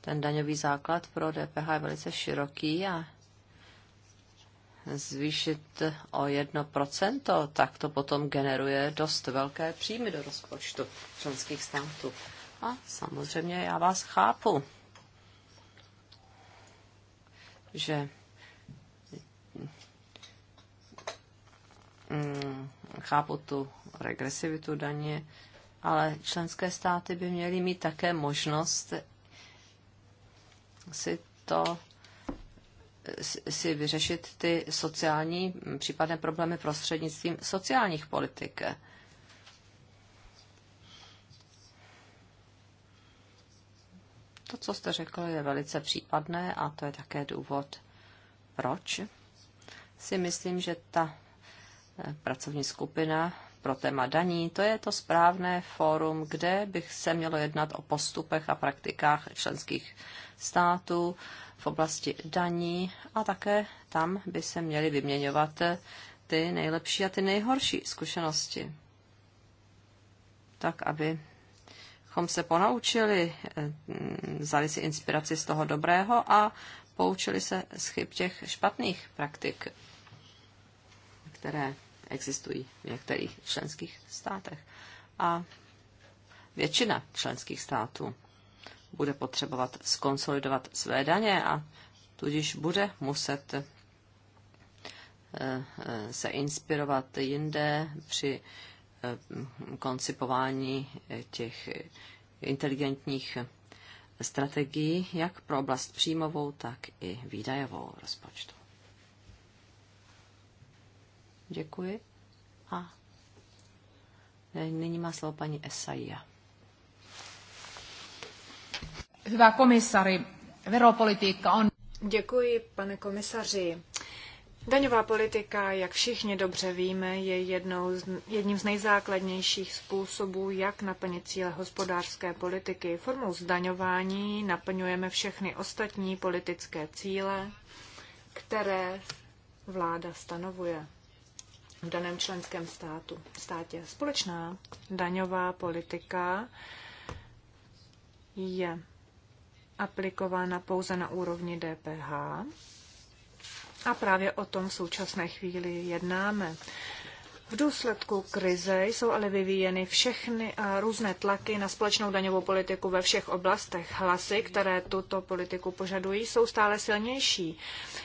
ten daňový základ pro DPH je velice široký a zvýšit o jedno procento, tak to potom generuje dost velké příjmy do rozpočtu členských států. A samozřejmě já vás chápu, že mm, chápu tu regresivitu daně, ale členské státy by měly mít také možnost si to si vyřešit ty sociální, případné problémy prostřednictvím sociálních politik. To, co jste řekl, je velice případné a to je také důvod, proč si myslím, že ta pracovní skupina pro téma daní, to je to správné fórum, kde bych se mělo jednat o postupech a praktikách členských států v oblasti daní a také tam by se měly vyměňovat ty nejlepší a ty nejhorší zkušenosti. Tak, aby chom se ponaučili, eh, vzali si inspiraci z toho dobrého a poučili se z chyb těch špatných praktik, které existují v některých členských státech. A většina členských států bude potřebovat skonsolidovat své daně a tudíž bude muset eh, eh, se inspirovat jinde při eh, koncipování těch inteligentních strategií, jak pro oblast příjmovou, tak i výdajovou rozpočtu. Děkuji. A nyní má slovo paní Esaia. Hvá komisary, veropolitika on... Děkuji, pane komisaři. Daňová politika, jak všichni dobře víme, je jednou z, jedním z nejzákladnějších způsobů, jak naplnit cíle hospodářské politiky. Formou zdaňování naplňujeme všechny ostatní politické cíle, které vláda stanovuje v daném členském státu, státě. Společná daňová politika je aplikována pouze na úrovni DPH a právě o tom v současné chvíli jednáme. V důsledku krize jsou ale vyvíjeny všechny eh, různé tlaky na společnou daňovou politiku ve všech oblastech. Hlasy, které tuto politiku požadují, jsou stále silnější.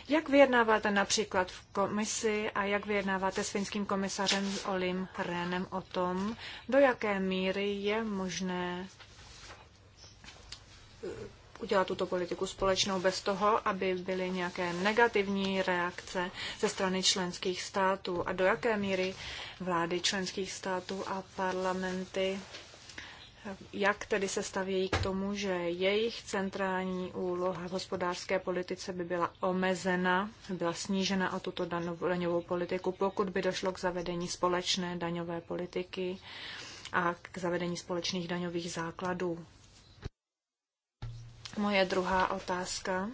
Jak vyjednáváte například v komisi a jak vyjednáváte s finským komisařem Olim Rénem o tom, do jaké míry je možné eh, udělat tuto politiku společnou bez toho, aby byly nějaké negativní reakce ze strany členských států a do jaké míry vlády členských států a parlamenty jak tedy se stavějí k tomu, že jejich centrální úloha v hospodářské politice by byla omezena, by byla snížena o tuto daňovou politiku, pokud by došlo k zavedení společné daňové politiky a k zavedení společných daňových základů. Moje druhá otázka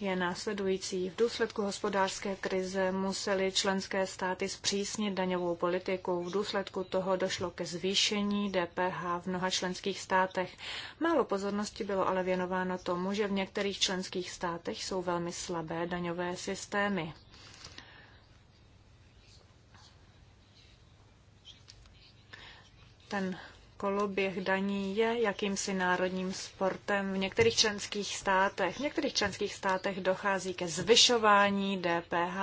je následující. V důsledku hospodářské krize museli členské státy zpřísnit daňovou politiku. V důsledku toho došlo ke zvýšení DPH v mnoha členských státech. Málo pozornosti bylo ale věnováno tomu, že v některých členských státech jsou velmi slabé daňové systémy. Ten koloběh daní je jakýmsi národním sportem v některých členských státech. V některých členských státech dochází ke zvyšování DPH,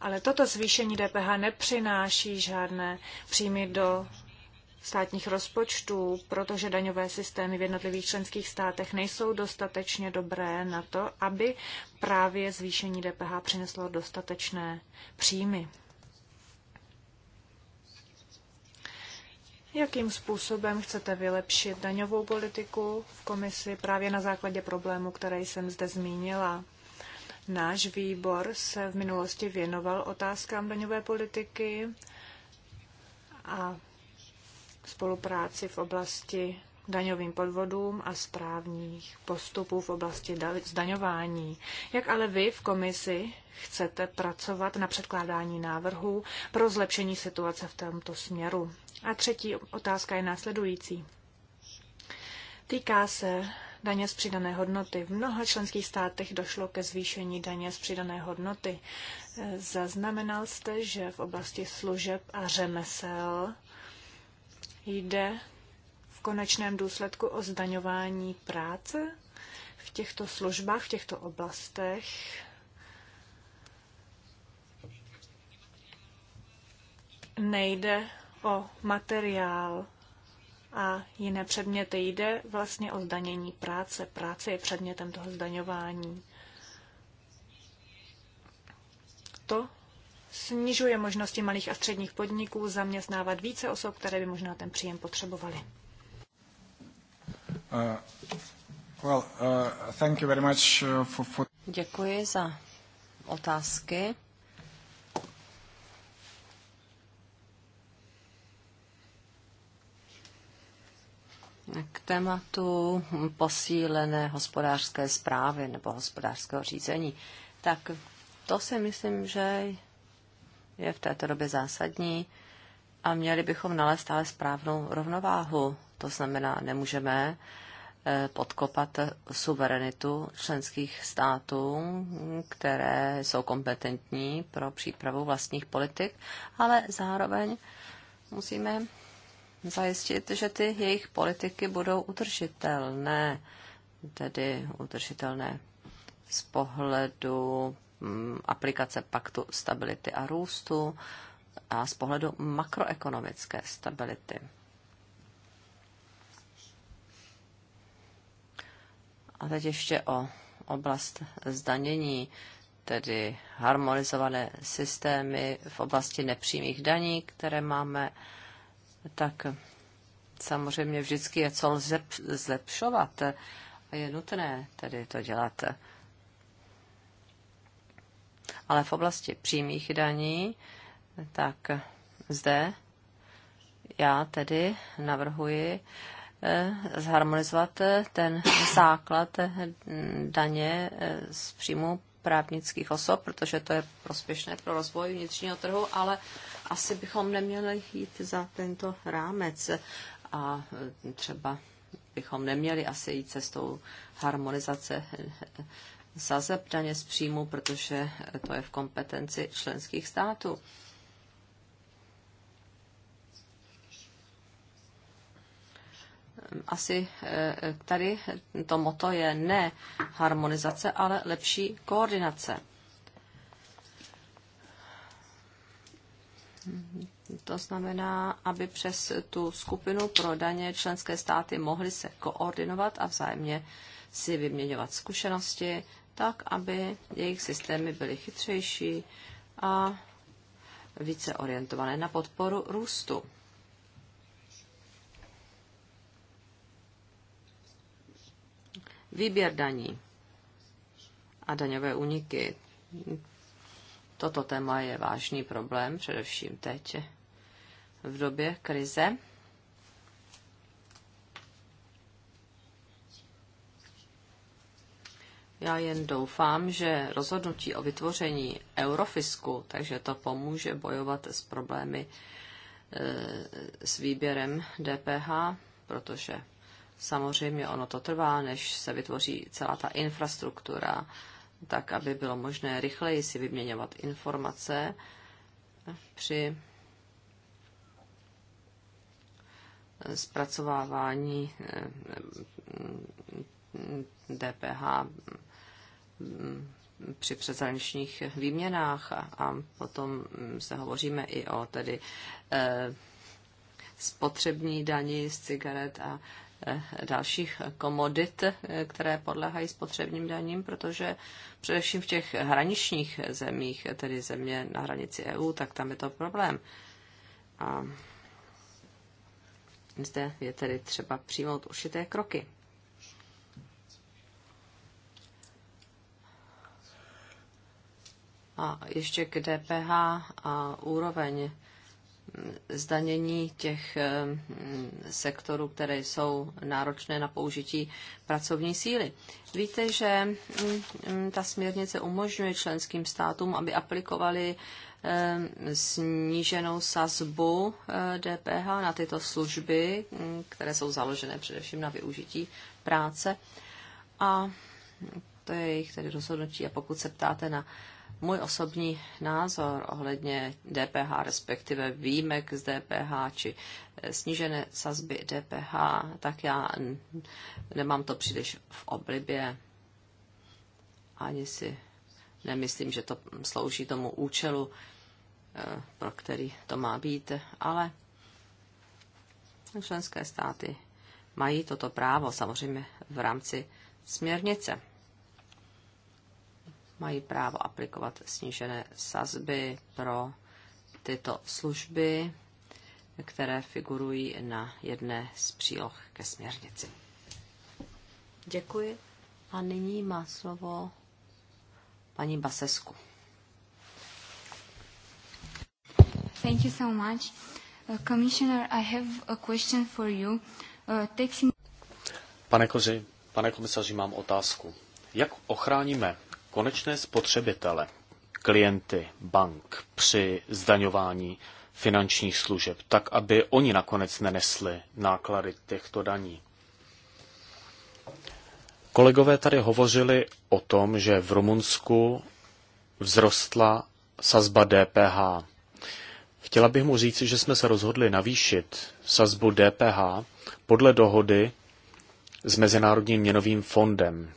ale toto zvýšení DPH nepřináší žádné příjmy do státních rozpočtů, protože daňové systémy v jednotlivých členských státech nejsou dostatečně dobré na to, aby právě zvýšení DPH přineslo dostatečné příjmy. jakým způsobem chcete vylepšit daňovou politiku v komisi právě na základě problému, který jsem zde zmínila. Náš výbor se v minulosti věnoval otázkám daňové politiky a spolupráci v oblasti daňovým podvodům a správních postupů v oblasti zdaňování. Jak ale vy v komisi chcete pracovat na předkládání návrhů pro zlepšení situace v tomto směru? A třetí otázka je následující. Týká se daně z přidané hodnoty. V mnoha členských státech došlo ke zvýšení daně z přidané hodnoty. Zaznamenal jste, že v oblasti služeb a řemesel jde v konečném důsledku o zdaňování práce v těchto službách, v těchto oblastech. Nejde o materiál a jiné předměty. Jde vlastně o zdanění práce. Práce je předmětem toho zdaňování. To snižuje možnosti malých a středních podniků zaměstnávat více osob, které by možná ten příjem potřebovaly. Uh, well, uh, uh for, for... Děkuji za otázky. k tématu posílené hospodářské zprávy nebo hospodářského řízení, tak to si myslím, že je v této době zásadní a měli bychom nalézt ale správnou rovnováhu. To znamená, nemůžeme eh, podkopat suverenitu členských států, které jsou kompetentní pro přípravu vlastních politik, ale zároveň musíme zajistit, že ty jejich politiky budou udržitelné, tedy udržitelné z pohledu mm, aplikace paktu stability a růstu a z pohledu makroekonomické stability. A teď ještě o oblast zdanění, tedy harmonizované systémy v oblasti nepřímých daní, které máme tak samozřejmě vždycky je co lze zlepšovat a je nutné tedy to dělat. Ale v oblasti přímých daní, tak zde já tedy navrhuji eh, zharmonizovat eh, ten základ eh, daně z příjmu právnických osob, protože to je prospěšné pro rozvoj vnitřního trhu, ale asi bychom neměli jít za tento rámec a třeba bychom neměli asi jít cestou harmonizace sazeb daně z příjmu, protože to je v kompetenci členských států. Asi eh, tady to moto je ne harmonizace, ale lepší koordinace. To znamená, aby přes tu skupinu pro daně členské státy mohly se koordinovat a vzájemně si vyměňovat zkušenosti, tak aby jejich systémy byly chytřejší a více orientované na podporu růstu. Výběr daní a daňové úniky. Toto téma je vážný problém, především teď, v době krize. Já jen doufám, že rozhodnutí o vytvoření eurofisku, takže to pomůže bojovat s problémy e, s výběrem DPH, protože samozřejmě ono to trvá, než se vytvoří celá ta infrastruktura, tak aby bylo možné rychleji si vyměňovat informace při zpracovávání eh, DPH mm, při přezraničních výměnách a potom se hovoříme i o tedy eh, spotřební daní z cigaret a Eh, dalších komodit, eh, které podléhají spotřebním daním, protože především v těch hraničních zemích, tedy země na hranici EU, tak tam je to problém. A zde je tedy třeba přijmout určité kroky. A ještě k DPH a úroveň zdanění těch eh, sektorů, které jsou náročné na použití pracovní síly. Víte, že mm, mm, ta směrnice umožňuje členským státům, aby aplikovali eh, sníženou sazbu DPH eh, na tyto služby, mm, které jsou založené především na využití práce. A to je jejich tedy rozhodnutí. A pokud se ptáte na můj osobní názor ohledně DPH, respektive výjimek z DPH či eh, snížené sazby DPH, tak já nemám to příliš v oblibě. Ani si nemyslím, že to slouží tomu účelu, eh, pro který to má být, ale členské státy mají toto právo samozřejmě v rámci směrnice mají právo aplikovat snížené sazby pro tyto služby, které figurují na jedné z příloh ke směrnici. Děkuji. A nyní má slovo paní Basesku. Thank you so much. Uh, Commissioner, I have a question for you. Uh, pane, koři, pane komisaři, mám otázku. Jak ochráníme konečné spotřebitele, klienty bank při zdaňování finančních služeb, tak aby oni nakonec nenesli náklady těchto daní. Kolegové tady hovořili o tom, že v Rumunsku vzrostla sazba DPH. Chtěla bych mu říci, že jsme se rozhodli navýšit sazbu DPH podle dohody s Mezinárodním měnovým fondem.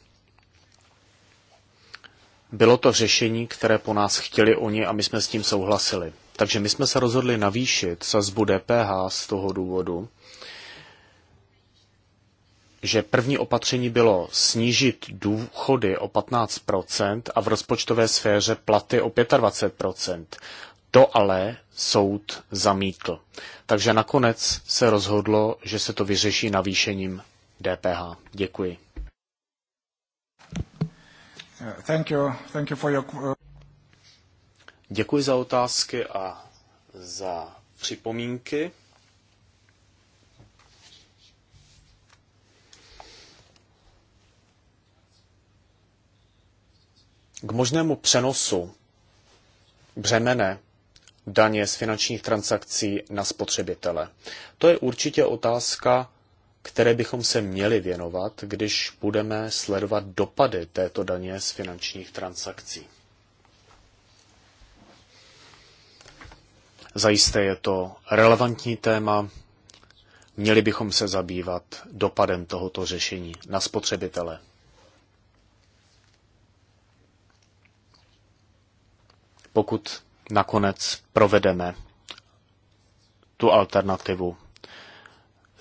Bylo to řešení, které po nás chtěli oni a my jsme s tím souhlasili. Takže my jsme se rozhodli navýšit sazbu DPH z toho důvodu, že první opatření bylo snížit důchody o 15% a v rozpočtové sféře platy o 25%. To ale soud zamítl. Takže nakonec se rozhodlo, že se to vyřeší navýšením DPH. Děkuji. Uh, Děkuji za otázky a za připomínky. K možnému přenosu břemene daně z finančních transakcí na spotřebitele. To je určitě otázka, které bychom se měli věnovat, když budeme sledovat dopady této daně z finančních transakcí. Zajisté je to relevantní téma. Měli bychom se zabývat dopadem tohoto řešení na spotřebitele. Pokud nakonec provedeme tu alternativu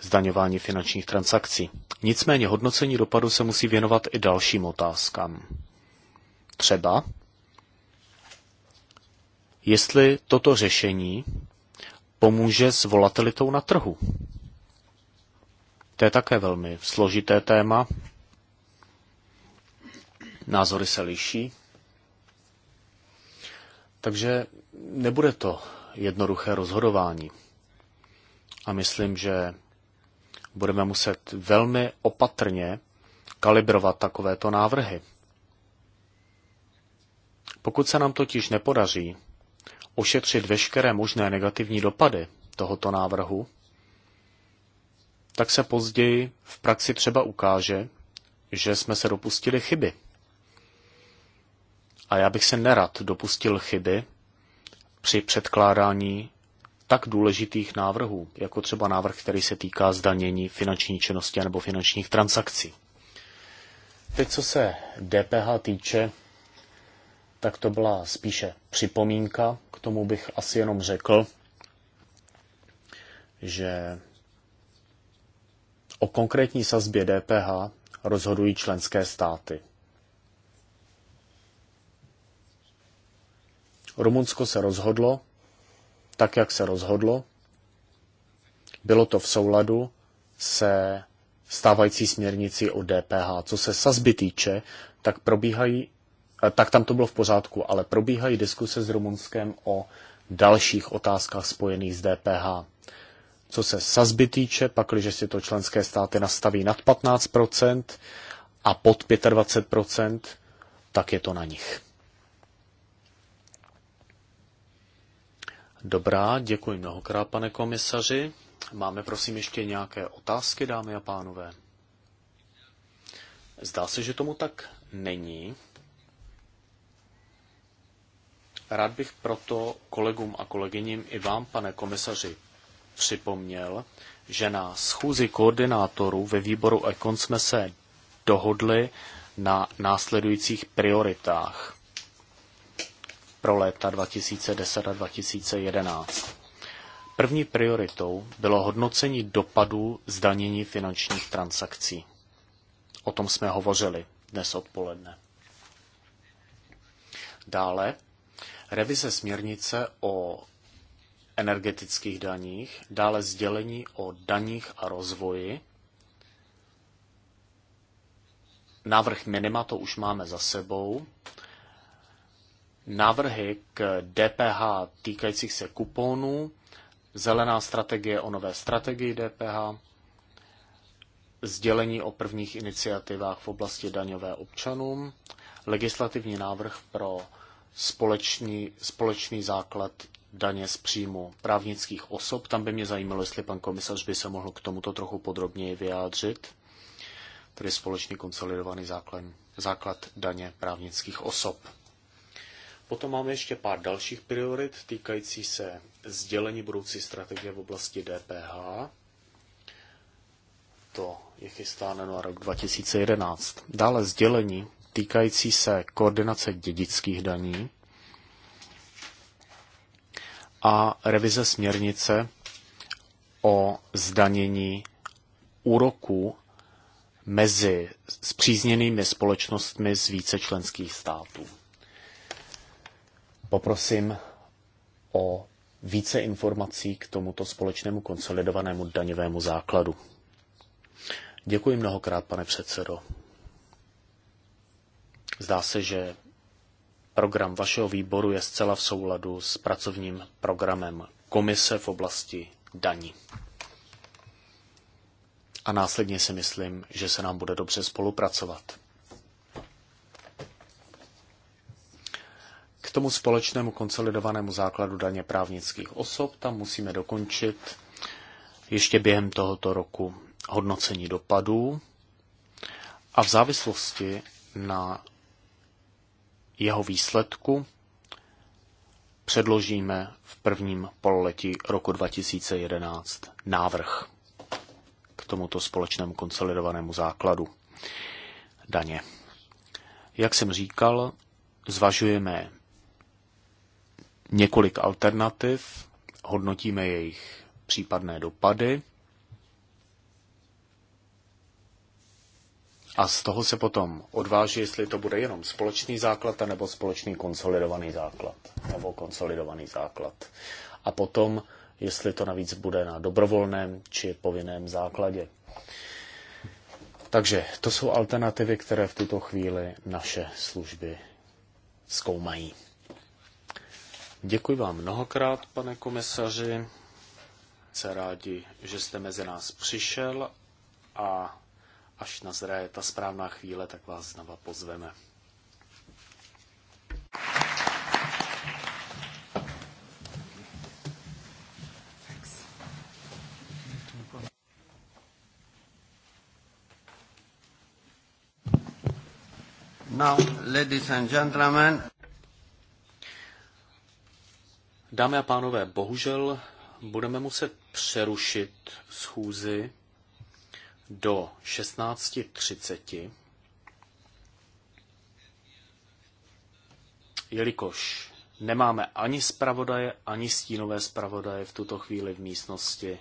zdaňování finančních transakcí. Nicméně hodnocení dopadu se musí věnovat i dalším otázkám. Třeba, jestli toto řešení pomůže s volatilitou na trhu. To je také velmi složité téma. Názory se liší. Takže nebude to jednoduché rozhodování. A myslím, že budeme muset velmi opatrně kalibrovat takovéto návrhy. Pokud se nám totiž nepodaří ošetřit veškeré možné negativní dopady tohoto návrhu, tak se později v praxi třeba ukáže, že jsme se dopustili chyby. A já bych se nerad dopustil chyby při předkládání tak důležitých návrhů, jako třeba návrh, který se týká zdanění finanční činnosti nebo finančních transakcí. Teď, co se DPH týče, tak to byla spíše připomínka. K tomu bych asi jenom řekl, že o konkrétní sazbě DPH rozhodují členské státy. Rumunsko se rozhodlo, tak, jak se rozhodlo. Bylo to v souladu se stávající směrnici o DPH. Co se sazby týče, tak probíhají, eh, tak tam to bylo v pořádku, ale probíhají diskuse s Rumunskem o dalších otázkách spojených s DPH. Co se sazby týče, pakliže si to členské státy nastaví nad 15% a pod 25%, tak je to na nich. Dobrá, děkuji mnohokrát, pane komisaři. Máme prosím ještě nějaké otázky, dámy a pánové? Zdá se, že tomu tak není. Rád bych proto kolegům a kolegyním i vám, pane komisaři, připomněl, že na schůzi koordinátorů ve výboru Ekon jsme se dohodli na následujících prioritách pro léta 2010 a 2011. První prioritou bylo hodnocení dopadů zdanění finančních transakcí. O tom jsme hovořili dnes odpoledne. Dále revize směrnice o energetických daních, dále sdělení o daních a rozvoji. Návrh minima to už máme za sebou návrhy k DPH týkajících se kuponů, zelená strategie o nové strategii DPH, sdělení o prvních iniciativách v oblasti daňové občanům, legislativní návrh pro společný, společný základ daně z příjmu právnických osob. Tam by mě zajímalo, jestli pan komisař by se mohl k tomuto trochu podrobněji vyjádřit, tedy společný konsolidovaný základ, základ daně právnických osob. Potom máme ještě pár dalších priorit týkající se sdělení budoucí strategie v oblasti DPH. To je chystáno na rok 2011. Dále sdělení týkající se koordinace dědických daní a revize směrnice o zdanění úroků mezi spřízněnými společnostmi z více členských států. Poprosím o více informací k tomuto společnému konsolidovanému daňovému základu. Děkuji mnohokrát, pane předsedo. Zdá se, že program vašeho výboru je zcela v souladu s pracovním programem Komise v oblasti daní. A následně si myslím, že se nám bude dobře spolupracovat. tomu společnému konsolidovanému základu daně právnických osob. Tam musíme dokončit ještě během tohoto roku hodnocení dopadů a v závislosti na jeho výsledku předložíme v prvním pololetí roku 2011 návrh k tomuto společnému konsolidovanému základu daně. Jak jsem říkal, zvažujeme několik alternativ, hodnotíme jejich případné dopady a z toho se potom odváží, jestli to bude jenom společný základ, nebo společný konsolidovaný základ, nebo konsolidovaný základ. A potom, jestli to navíc bude na dobrovolném či povinném základě. Takže to jsou alternativy, které v tuto chvíli naše služby zkoumají. Děkuji vám mnohokrát, pane komisaři. Jsem rádi, že jste mezi nás přišel a až nazraje ta správná chvíle, tak vás znova pozveme. Now, ladies and gentlemen, Dámy a pánové, bohužel budeme muset přerušit schůzi do 16.30, jelikož nemáme ani zpravodaje, ani stínové zpravodaje v tuto chvíli v místnosti,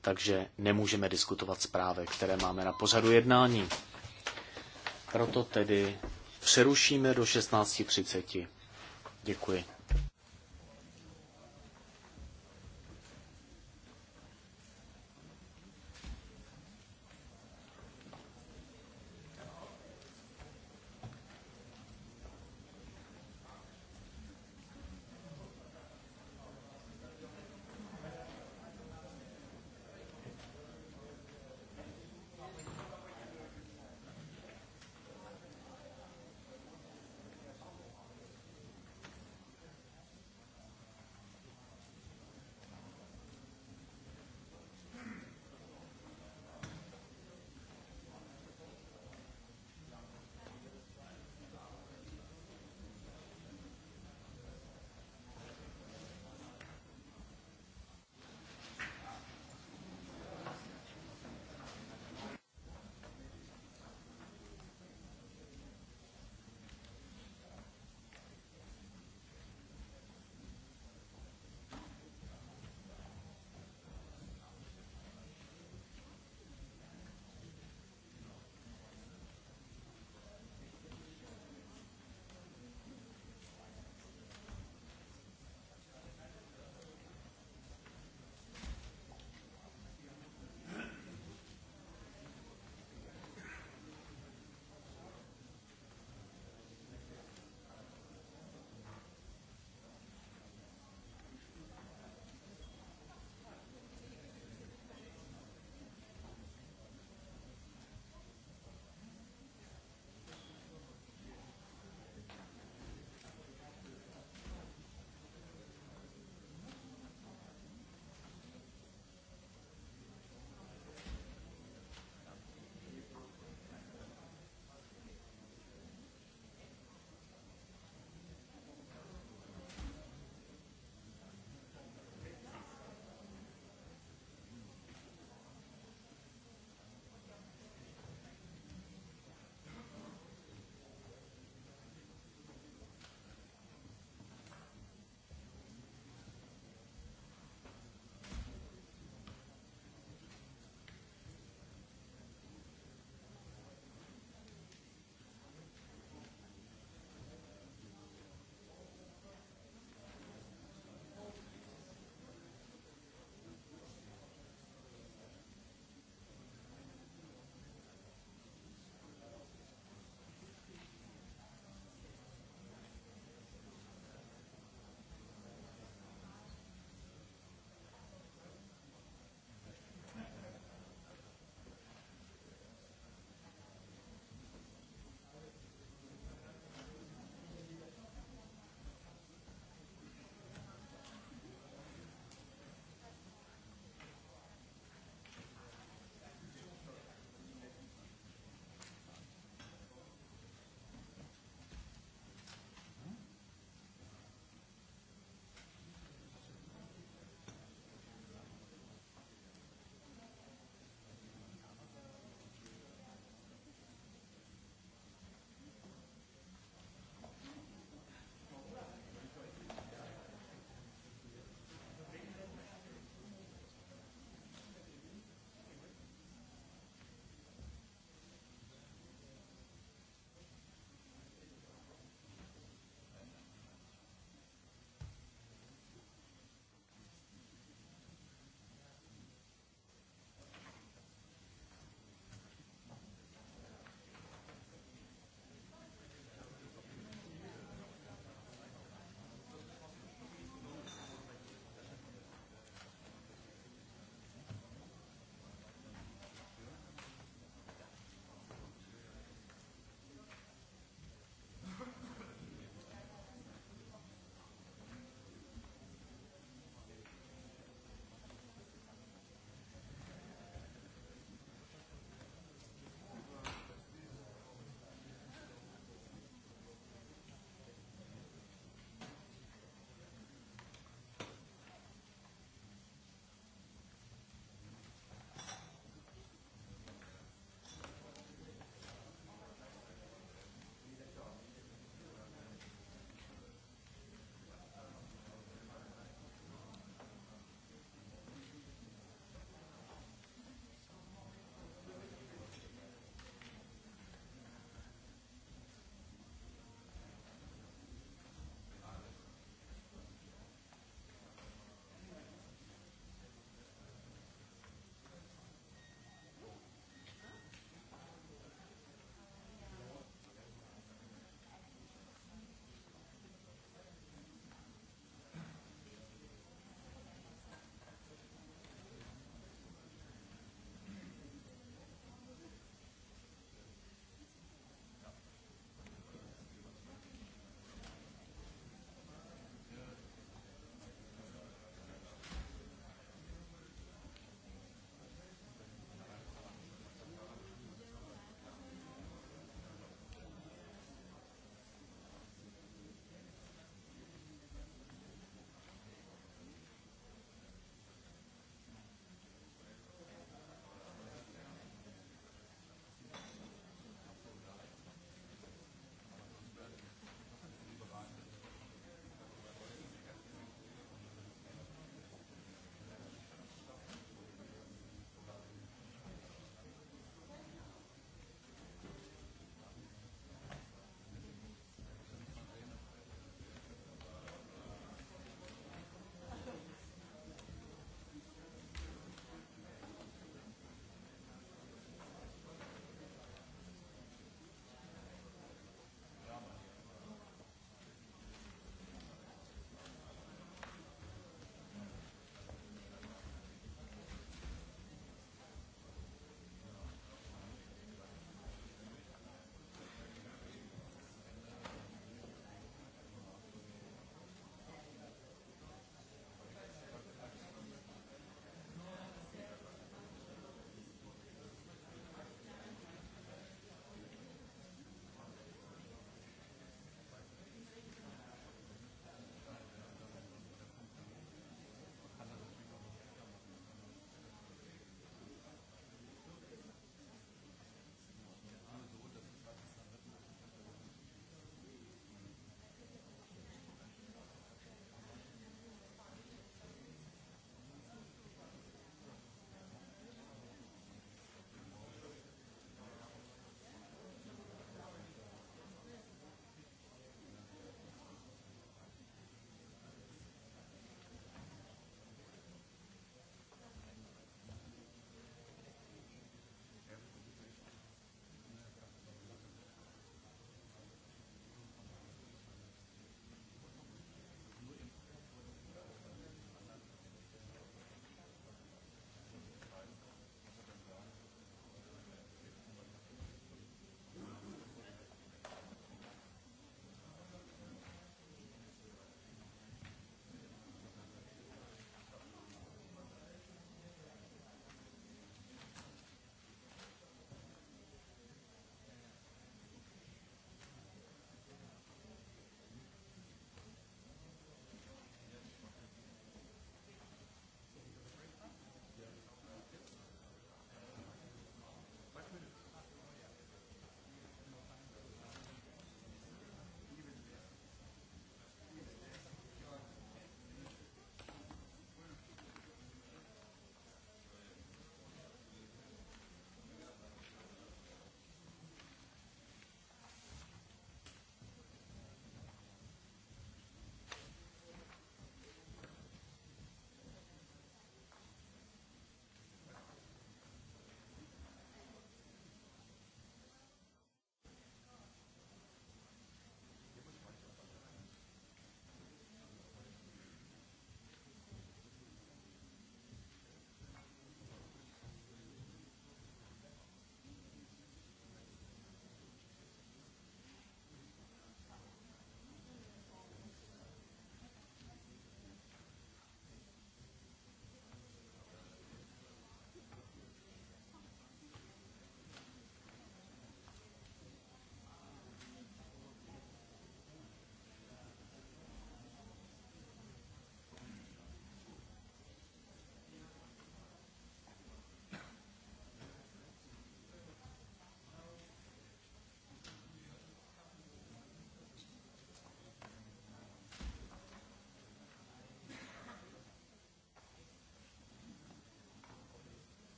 takže nemůžeme diskutovat zprávy, které máme na pořadu jednání. Proto tedy přerušíme do 16.30. Děkuji.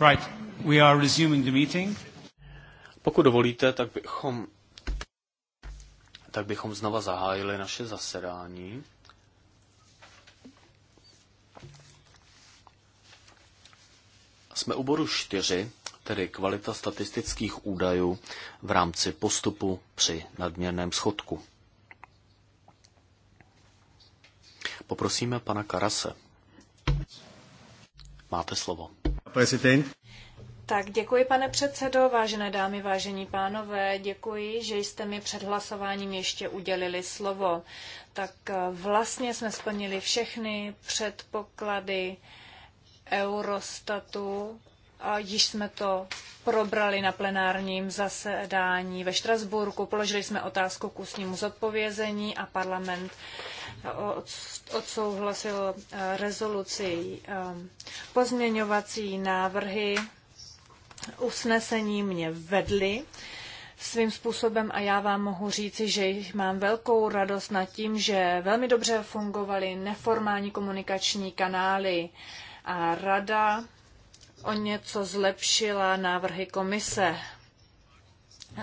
Right. We are resuming the meeting. Pokud dovolíte, tak bychom, tak bychom znova zahájili naše zasedání. Jsme u bodu 4, tedy kvalita statistických údajů v rámci postupu při nadměrném schodku. Poprosíme pana Karase. Máte slovo. Präsident. Tak děkuji, pane předsedo, vážené dámy, vážení pánové, děkuji, že jste mi před hlasováním ještě udělili slovo. Tak eh, vlastně jsme splnili všechny předpoklady Eurostatu, a již jsme to probrali na plenárním zasedání ve Štrasburku, položili jsme otázku k ústnímu zodpovězení a parlament odsouhlasil eh, rezoluci eh, pozměňovací návrhy usnesení mě vedly svým způsobem a já vám mohu říci, že mám velkou radost nad tím, že velmi dobře fungovaly neformální komunikační kanály a rada o něco zlepšila návrhy komise.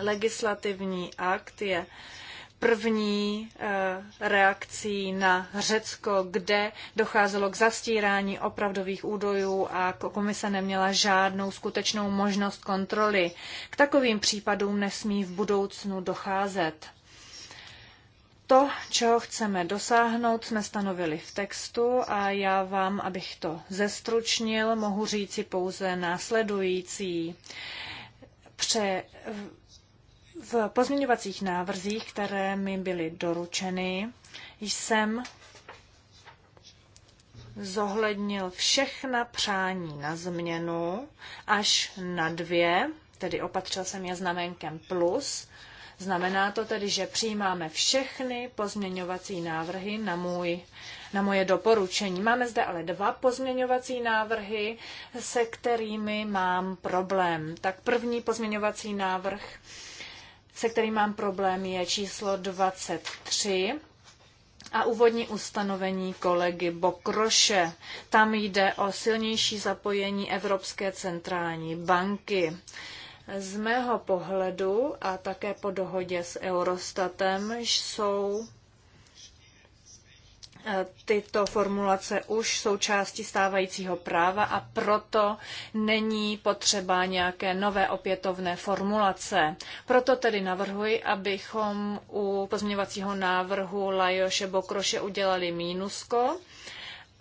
Legislativní akt je uh, první eh, reakcí na Řecko, kde docházelo k zastírání opravdových údajů a komise neměla žádnou skutečnou možnost kontroly. K takovým případům nesmí v budoucnu docházet. To, čeho chceme dosáhnout, jsme stanovili v textu a já vám, abych to zestručnil, mohu říci pouze následující. Pře v pozměňovacích návrzích, které mi byly doručeny, jsem zohlednil všechna přání na změnu až na dvě, tedy opatřil jsem je znamenkem plus. Znamená to tedy, že přijímáme všechny pozměňovací návrhy na, můj, na moje doporučení. Máme zde ale dva pozměňovací návrhy, se kterými mám problém. Tak první pozměňovací návrh se kterým mám problém, je číslo 23 a úvodní ustanovení kolegy Bokroše. Tam jde o silnější zapojení Evropské centrální banky. Z mého pohledu a také po dohodě s Eurostatem jsou Eh, tyto formulace už jsou stávajícího práva a proto není potřeba nějaké nové opětovné formulace. Proto tedy navrhuji, abychom u pozměňovacího návrhu Lajoše Bokroše udělali mínusko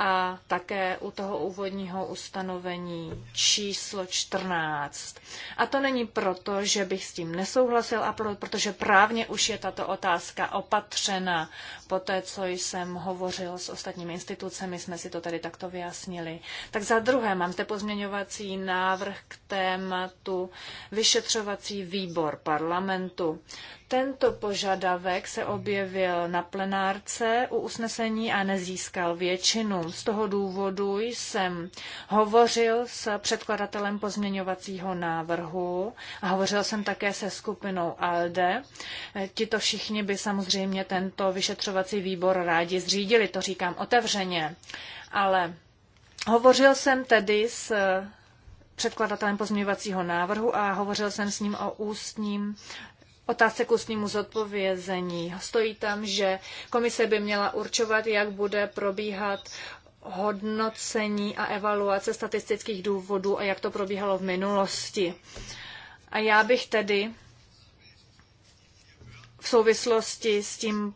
a také u toho úvodního ustanovení číslo 14. A to není proto, že bych s tím nesouhlasil, a protože právně už je tato otázka opatřena. Po té, co jsem hovořil s ostatními institucemi, jsme si to tady takto vyjasnili. Tak za druhé mám zde pozměňovací návrh k tématu vyšetřovací výbor parlamentu. Tento požadavek se objevil na plenárce u usnesení a nezískal většinu. Z toho důvodu jsem hovořil s předkladatelem pozměňovacího návrhu a hovořil jsem také se skupinou ALDE. Tito všichni by samozřejmě tento vyšetřovací výbor rádi zřídili, to říkám otevřeně. Ale hovořil jsem tedy s předkladatelem pozměňovacího návrhu a hovořil jsem s ním o ústním otázce k ústnímu zodpovězení. Stojí tam, že komise by měla určovat, jak bude probíhat hodnocení a evaluace statistických důvodů a jak to probíhalo v minulosti. A já bych tedy v souvislosti s tím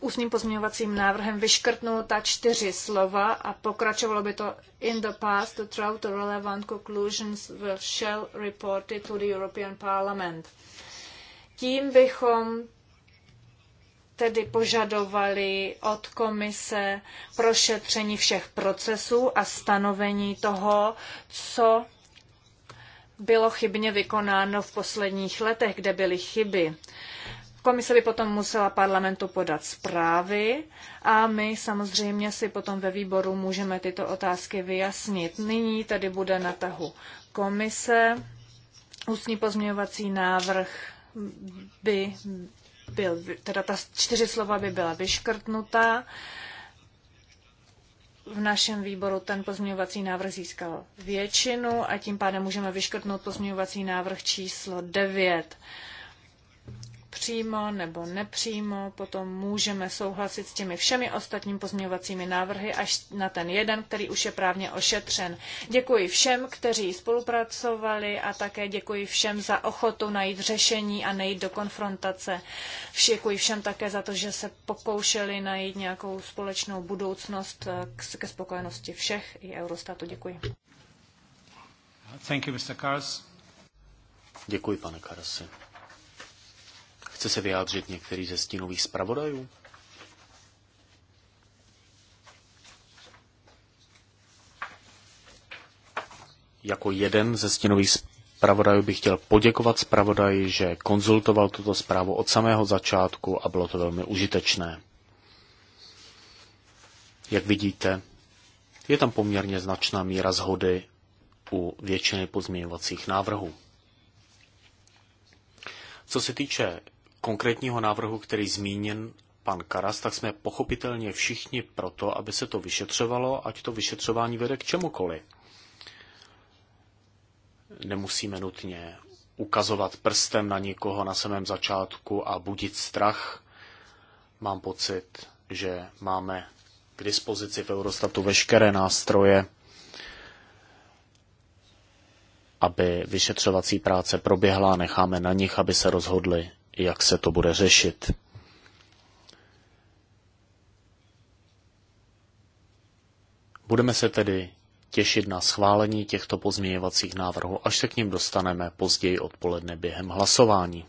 ústním pozměňovacím návrhem vyškrtnout ta čtyři slova a pokračovalo by to in the past to draw the relevant conclusions will shall report it to the European Parliament. Tím bychom tedy požadovali od komise prošetření všech procesů a stanovení toho, co bylo chybně vykonáno v posledních letech, kde byly chyby. Komise by potom musela parlamentu podat zprávy a my samozřejmě si potom ve výboru můžeme tyto otázky vyjasnit. Nyní tady bude na tahu komise. Ústní pozměňovací návrh by byl, teda ta čtyři slova by byla vyškrtnuta V našem výboru ten pozměňovací návrh získal většinu a tím pádem můžeme vyškrtnout pozměňovací návrh číslo 9 přímo nebo nepřímo, potom můžeme souhlasit s těmi všemi ostatními pozměňovacími návrhy až na ten jeden, který už je právně ošetřen. Děkuji všem, kteří spolupracovali a také děkuji všem za ochotu najít řešení a nejít do konfrontace. Děkuji všem také za to, že se pokoušeli najít nějakou společnou budoucnost eh, ke spokojenosti všech i Eurostatu. Děkuji. Thank you, Mr. Kars. Děkuji, pane Karasi. Chce se vyjádřit některý ze stínových zpravodajů? Jako jeden ze stínových zpravodajů bych chtěl poděkovat zpravodaji, že konzultoval tuto zprávu od samého začátku a bylo to velmi užitečné. Jak vidíte, je tam poměrně značná míra zhody u většiny pozměňovacích návrhů. Co se týče konkrétního návrhu, který zmíněn pan Karas, tak jsme pochopitelně všichni proto, aby se to vyšetřovalo, ať to vyšetřování vede k čemukoliv. Nemusíme nutně ukazovat prstem na někoho na samém začátku a budit strach. Mám pocit, že máme k dispozici v Eurostatu veškeré nástroje, aby vyšetřovací práce proběhla a necháme na nich, aby se rozhodli, jak se to bude řešit. Budeme se tedy těšit na schválení těchto pozměňovacích návrhů, až se k ním dostaneme později odpoledne během hlasování.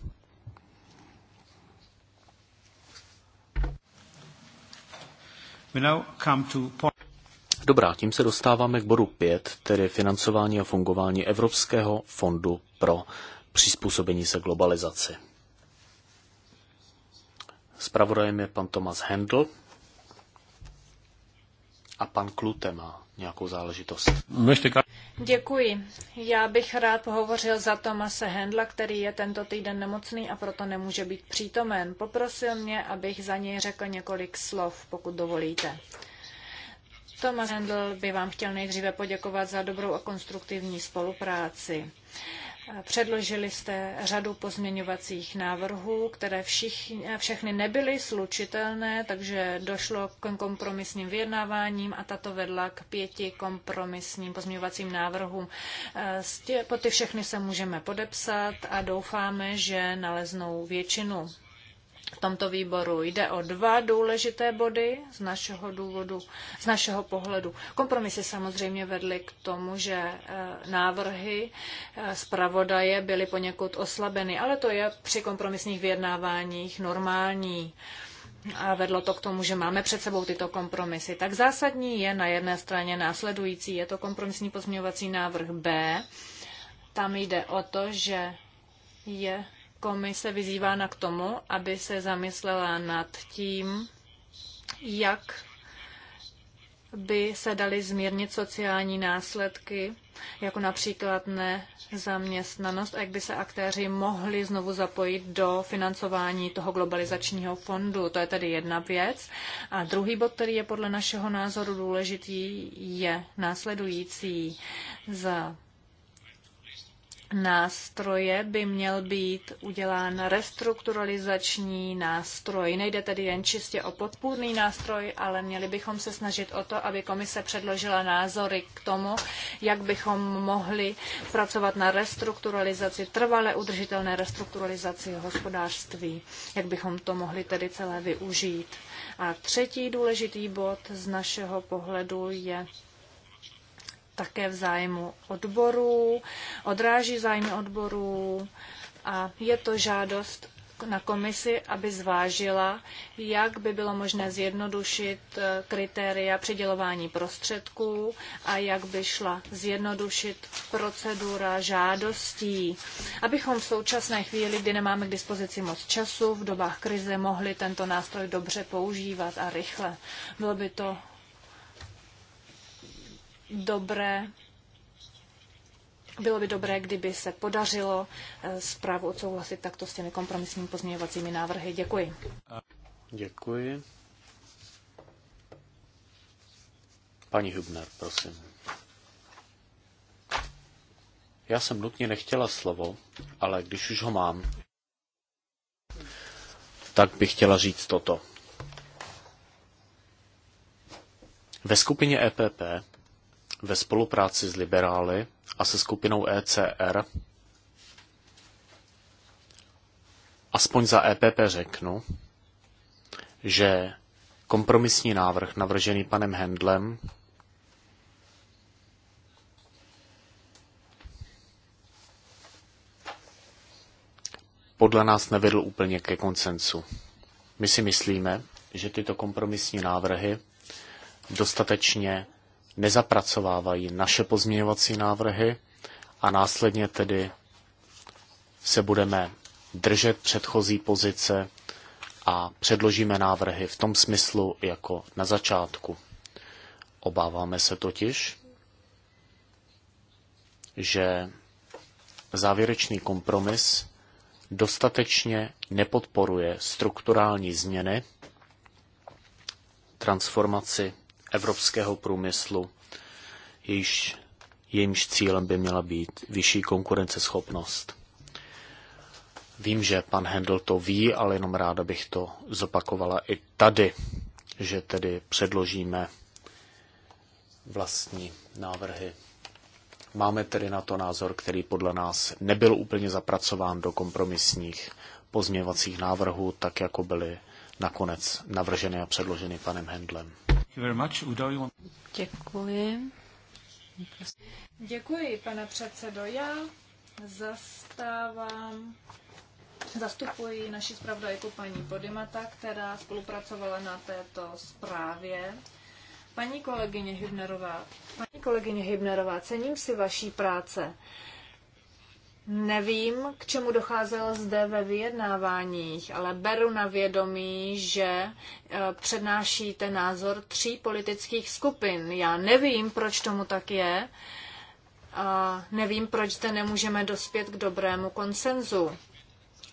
Dobrá, tím se dostáváme k bodu 5, tedy financování a fungování Evropského fondu pro přizpůsobení se globalizaci. Spravodajem je pan Tomas Hendl a pan Klute má nějakou záležitost. Děkuji. Já bych rád pohovořil za Tomase Hendla, který je tento týden nemocný a proto nemůže být přítomen. Poprosil mě, abych za něj řekl několik slov, pokud dovolíte. Tomas Hendl by vám chtěl nejdříve poděkovat za dobrou a konstruktivní spolupráci. Předložili jste řadu pozměňovacích návrhů, které všichni, všechny nebyly slučitelné, takže došlo k kompromisním vyjednáváním a tato vedla k pěti kompromisním pozměňovacím návrhům. Pod ty všechny se můžeme podepsat a doufáme, že naleznou většinu v tomto výboru. Jde o dva důležité body z našeho důvodu, z našeho pohledu. Kompromisy samozřejmě vedly k tomu, že eh, návrhy eh, zpravodaje byly poněkud oslabeny, ale to je při kompromisních vyjednáváních normální. A vedlo to k tomu, že máme před sebou tyto kompromisy. Tak zásadní je na jedné straně následující. Je to kompromisní pozměňovací návrh B. Tam jde o to, že je komise vyzývána k tomu, aby se zamyslela nad tím, jak by se daly zmírnit sociální následky, jako například nezaměstnanost, a jak by se aktéři mohli znovu zapojit do financování toho globalizačního fondu. To je tedy jedna věc. A druhý bod, který je podle našeho názoru důležitý, je následující. Za nástroje by měl být udělán restrukturalizační nástroj. Nejde tedy jen čistě o podpůrný nástroj, ale měli bychom se snažit o to, aby komise předložila názory k tomu, jak bychom mohli pracovat na restrukturalizaci, trvale udržitelné restrukturalizaci hospodářství, jak bychom to mohli tedy celé využít. A třetí důležitý bod z našeho pohledu je také v zájmu odborů, odráží zájmy odborů a je to žádost na komisi, aby zvážila, jak by bylo možné zjednodušit eh, kritéria přidělování prostředků a jak by šla zjednodušit procedura žádostí, abychom v současné chvíli, kdy nemáme k dispozici moc času, v dobách krize mohli tento nástroj dobře používat a rychle. Bylo by to dobré, bylo by dobré, kdyby se podařilo eh, zprávu odsouhlasit takto s těmi kompromisními pozměňovacími návrhy. Děkuji. Děkuji. Paní Hubner, prosím. Já jsem nutně nechtěla slovo, ale když už ho mám, tak bych chtěla říct toto. Ve skupině EPP ve spolupráci s liberály a se skupinou ECR, aspoň za EPP řeknu, že kompromisní návrh navržený panem Hendlem podle nás nevedl úplně ke koncensu. My si myslíme, že tyto kompromisní návrhy dostatečně nezapracovávají naše pozměňovací návrhy a následně tedy se budeme držet předchozí pozice a předložíme návrhy v tom smyslu jako na začátku. Obáváme se totiž, že závěrečný kompromis dostatečně nepodporuje strukturální změny, transformaci evropského průmyslu, jejíž, jejímž cílem by měla být vyšší konkurenceschopnost. Vím, že pan Hendl to ví, ale jenom ráda bych to zopakovala i tady, že tedy předložíme vlastní návrhy. Máme tedy na to názor, který podle nás nebyl úplně zapracován do kompromisních pozměvacích návrhů, tak jako byly nakonec navrženy a předloženy panem Hendlem. Děkuji. Děkuji, pane předsedo. Já zastávám, zastupuji naši zpravodajku paní Podimata, která spolupracovala na této zprávě. Paní kolegyně Hybnerová, paní kolegyně Hybnerová, cením si vaší práce. Nevím, k čemu docházelo zde ve vyjednáváních, ale beru na vědomí, že eh, přednášíte názor tří politických skupin. Já nevím, proč tomu tak je. A nevím, proč zde nemůžeme dospět k dobrému konsenzu.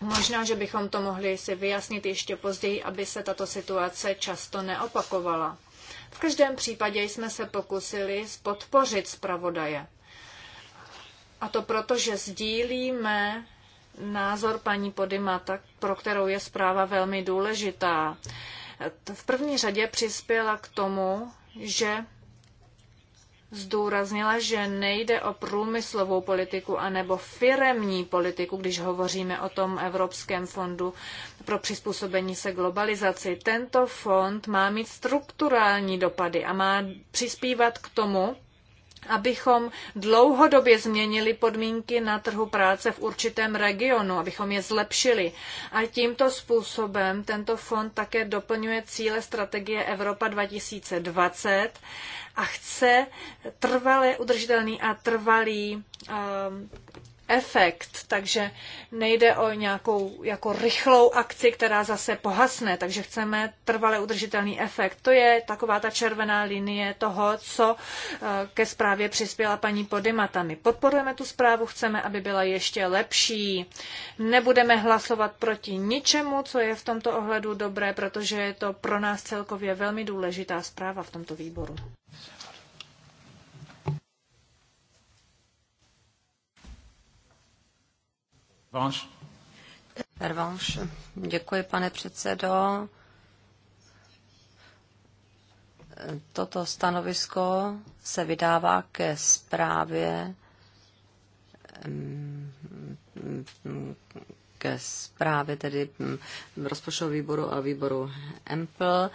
Možná, že bychom to mohli si vyjasnit ještě později, aby se tato situace často neopakovala. V každém případě jsme se pokusili podpořit zpravodaje. A to proto, že sdílíme názor paní Podimata, pro kterou je zpráva velmi důležitá. V první řadě přispěla k tomu, že zdůraznila, že nejde o průmyslovou politiku anebo firemní politiku, když hovoříme o tom Evropském fondu pro přizpůsobení se globalizaci. Tento fond má mít strukturální dopady a má přispívat k tomu, abychom dlouhodobě změnili podmínky na trhu práce v určitém regionu, abychom je zlepšili. A tímto způsobem tento fond také doplňuje cíle strategie Evropa 2020 a chce trvale udržitelný a trvalý um, efekt, takže nejde o nějakou jako rychlou akci, která zase pohasne, takže chceme trvale udržitelný efekt. To je taková ta červená linie toho, co eh, ke zprávě přispěla paní Podimata. My podporujeme tu zprávu, chceme, aby byla ještě lepší. Nebudeme hlasovat proti ničemu, co je v tomto ohledu dobré, protože je to pro nás celkově velmi důležitá zpráva v tomto výboru. Váš. Děkuji, pane předsedo. Toto stanovisko se vydává ke zprávě ke zprávě tedy rozpočtového výboru a výboru EMPL,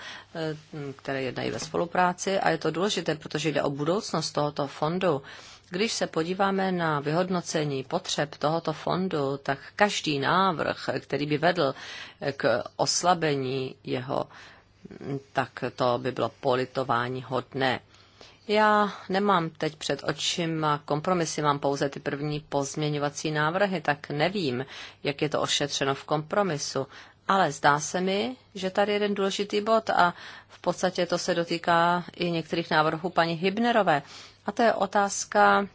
které jednají ve spolupráci. A je to důležité, protože jde o budoucnost tohoto fondu. Když se podíváme na vyhodnocení potřeb tohoto fondu, tak každý návrh, který by vedl k oslabení jeho, tak to by bylo politování hodné. Já nemám teď před očima kompromisy, mám pouze ty první pozměňovací návrhy, tak nevím, jak je to ošetřeno v kompromisu. Ale zdá se mi, že tady je jeden důležitý bod a v podstatě to se dotýká i některých návrhů paní Hybnerové. A to je otázka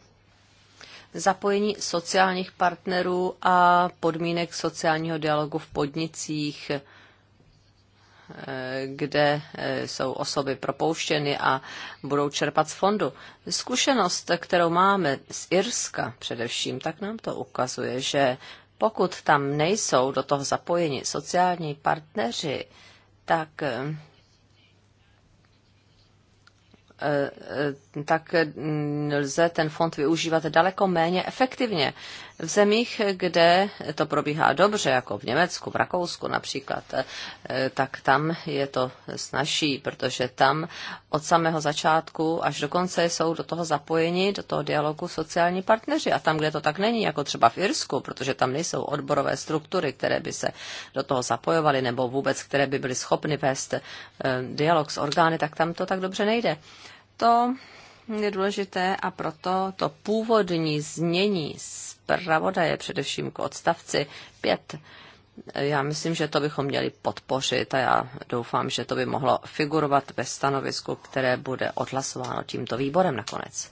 zapojení sociálních partnerů a podmínek sociálního dialogu v podnicích, eh, kde eh, jsou osoby propouštěny a budou čerpat z fondu. Zkušenost, kterou máme z Irska především, tak nám to ukazuje, že pokud tam nejsou do toho zapojeni sociální partneři, tak eh, Eh, eh, tak mm, lze ten fond využívat daleko méně efektivně v zemích, kde to probíhá dobře, jako v Německu, v Rakousku například, eh, tak tam je to snažší, protože tam od samého začátku až do konce jsou do toho zapojeni, do toho dialogu sociální partneři. A tam, kde to tak není, jako třeba v Irsku, protože tam nejsou odborové struktury, které by se do toho zapojovaly nebo vůbec, které by byly schopny vést eh, dialog s orgány, tak tam to tak dobře nejde. To je důležité a proto to původní znění zpravodaje, především k odstavci 5. Já myslím, že to bychom měli podpořit a já doufám, že to by mohlo figurovat ve stanovisku, které bude odhlasováno tímto výborem nakonec.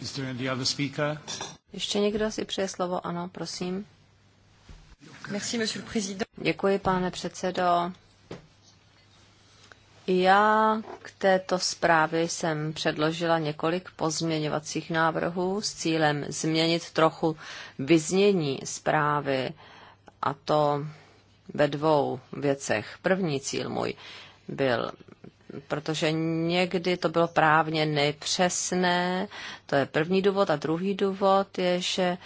Is there any other speaker? Ještě někdo si přeje slovo? Ano, prosím. Merci, monsieur le président. Děkuji, pane předsedo. Já k této zprávě jsem předložila několik pozměňovacích návrhů s cílem změnit trochu vyznění zprávy, a to ve dvou věcech. První cíl můj byl protože někdy to bylo právně nepřesné. To je první důvod. A druhý důvod je, že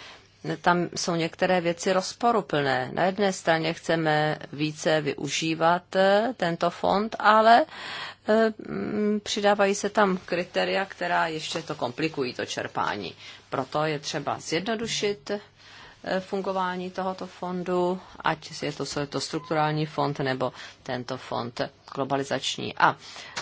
tam jsou některé věci rozporuplné. Na jedné straně chceme více využívat eh, tento fond, ale eh, mm, přidávají se tam kritéria, která ještě to komplikují, to čerpání. Proto je třeba zjednodušit eh, fungování tohoto fondu, ať je to, je to strukturální fond nebo tento fond globalizační. A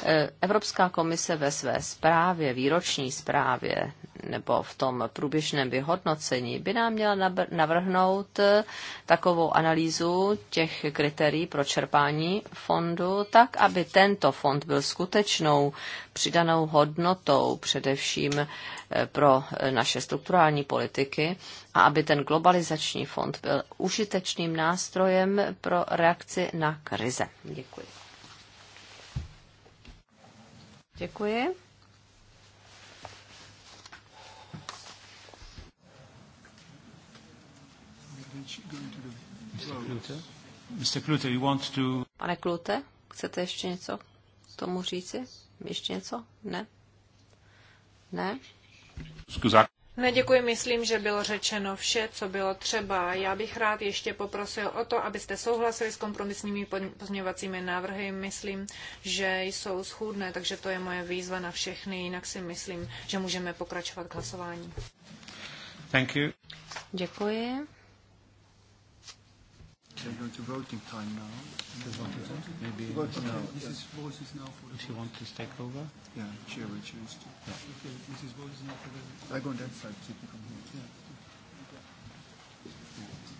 e, Evropská komise ve své zprávě, výroční zprávě nebo v tom průběžném vyhodnocení by nám měla navrhnout e, takovou analýzu těch kritérií pro čerpání fondu, tak aby tento fond byl skutečnou přidanou hodnotou především e, pro naše strukturální politiky a aby ten globalizační fond byl užitečným nástrojem pro reakci na krize. Děkuji. Děkuji. Mr. Klute, you want to... Pane Klute, chcete ještě něco k tomu říci? Ještě něco? Ne? Ne? Zkuzák. Neděkuji, myslím, že bylo řečeno vše, co bylo třeba. Já bych rád ještě poprosil o to, abyste souhlasili s kompromisními pozměňovacími návrhy. Myslím, že jsou schůdné, takže to je moje výzva na všechny. Jinak si myslím, že můžeme pokračovat k hlasování. Thank you. Děkuji. We're going to voting time now. Maybe Mrs. Voice is now for the. If you want to take over. Yeah, chair will To. Yeah. Okay, Mrs. Voice is now for the. I go on that side. So you come here. Yeah.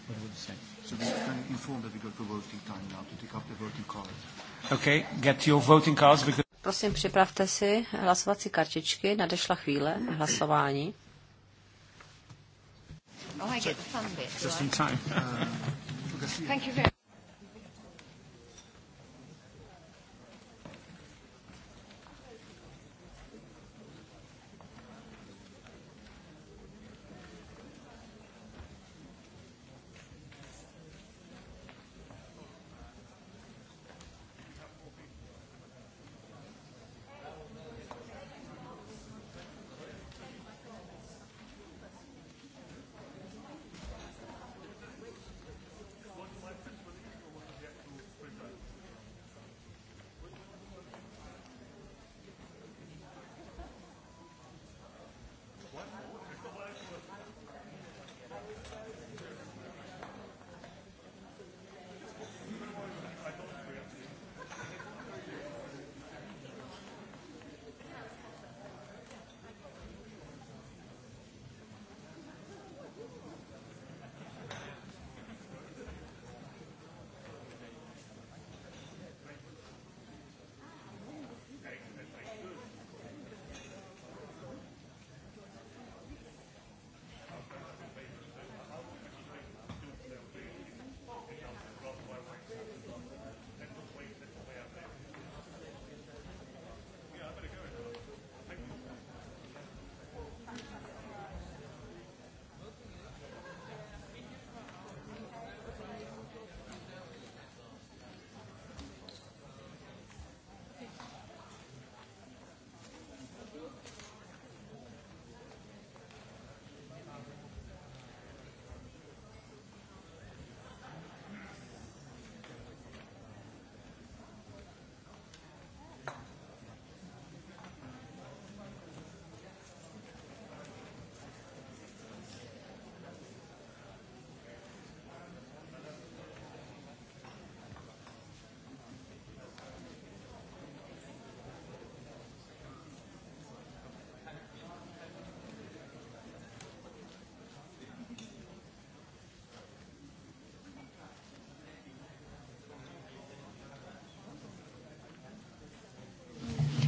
What would you say? So we can inform that we voting time now to take up the voting card. Okay, get your voting cards because. Prosím, připravte si hlasovací kartičky. Nadešla chvíle hlasování. Oh, I get the fun bit. Just in time. Uh, Thank you very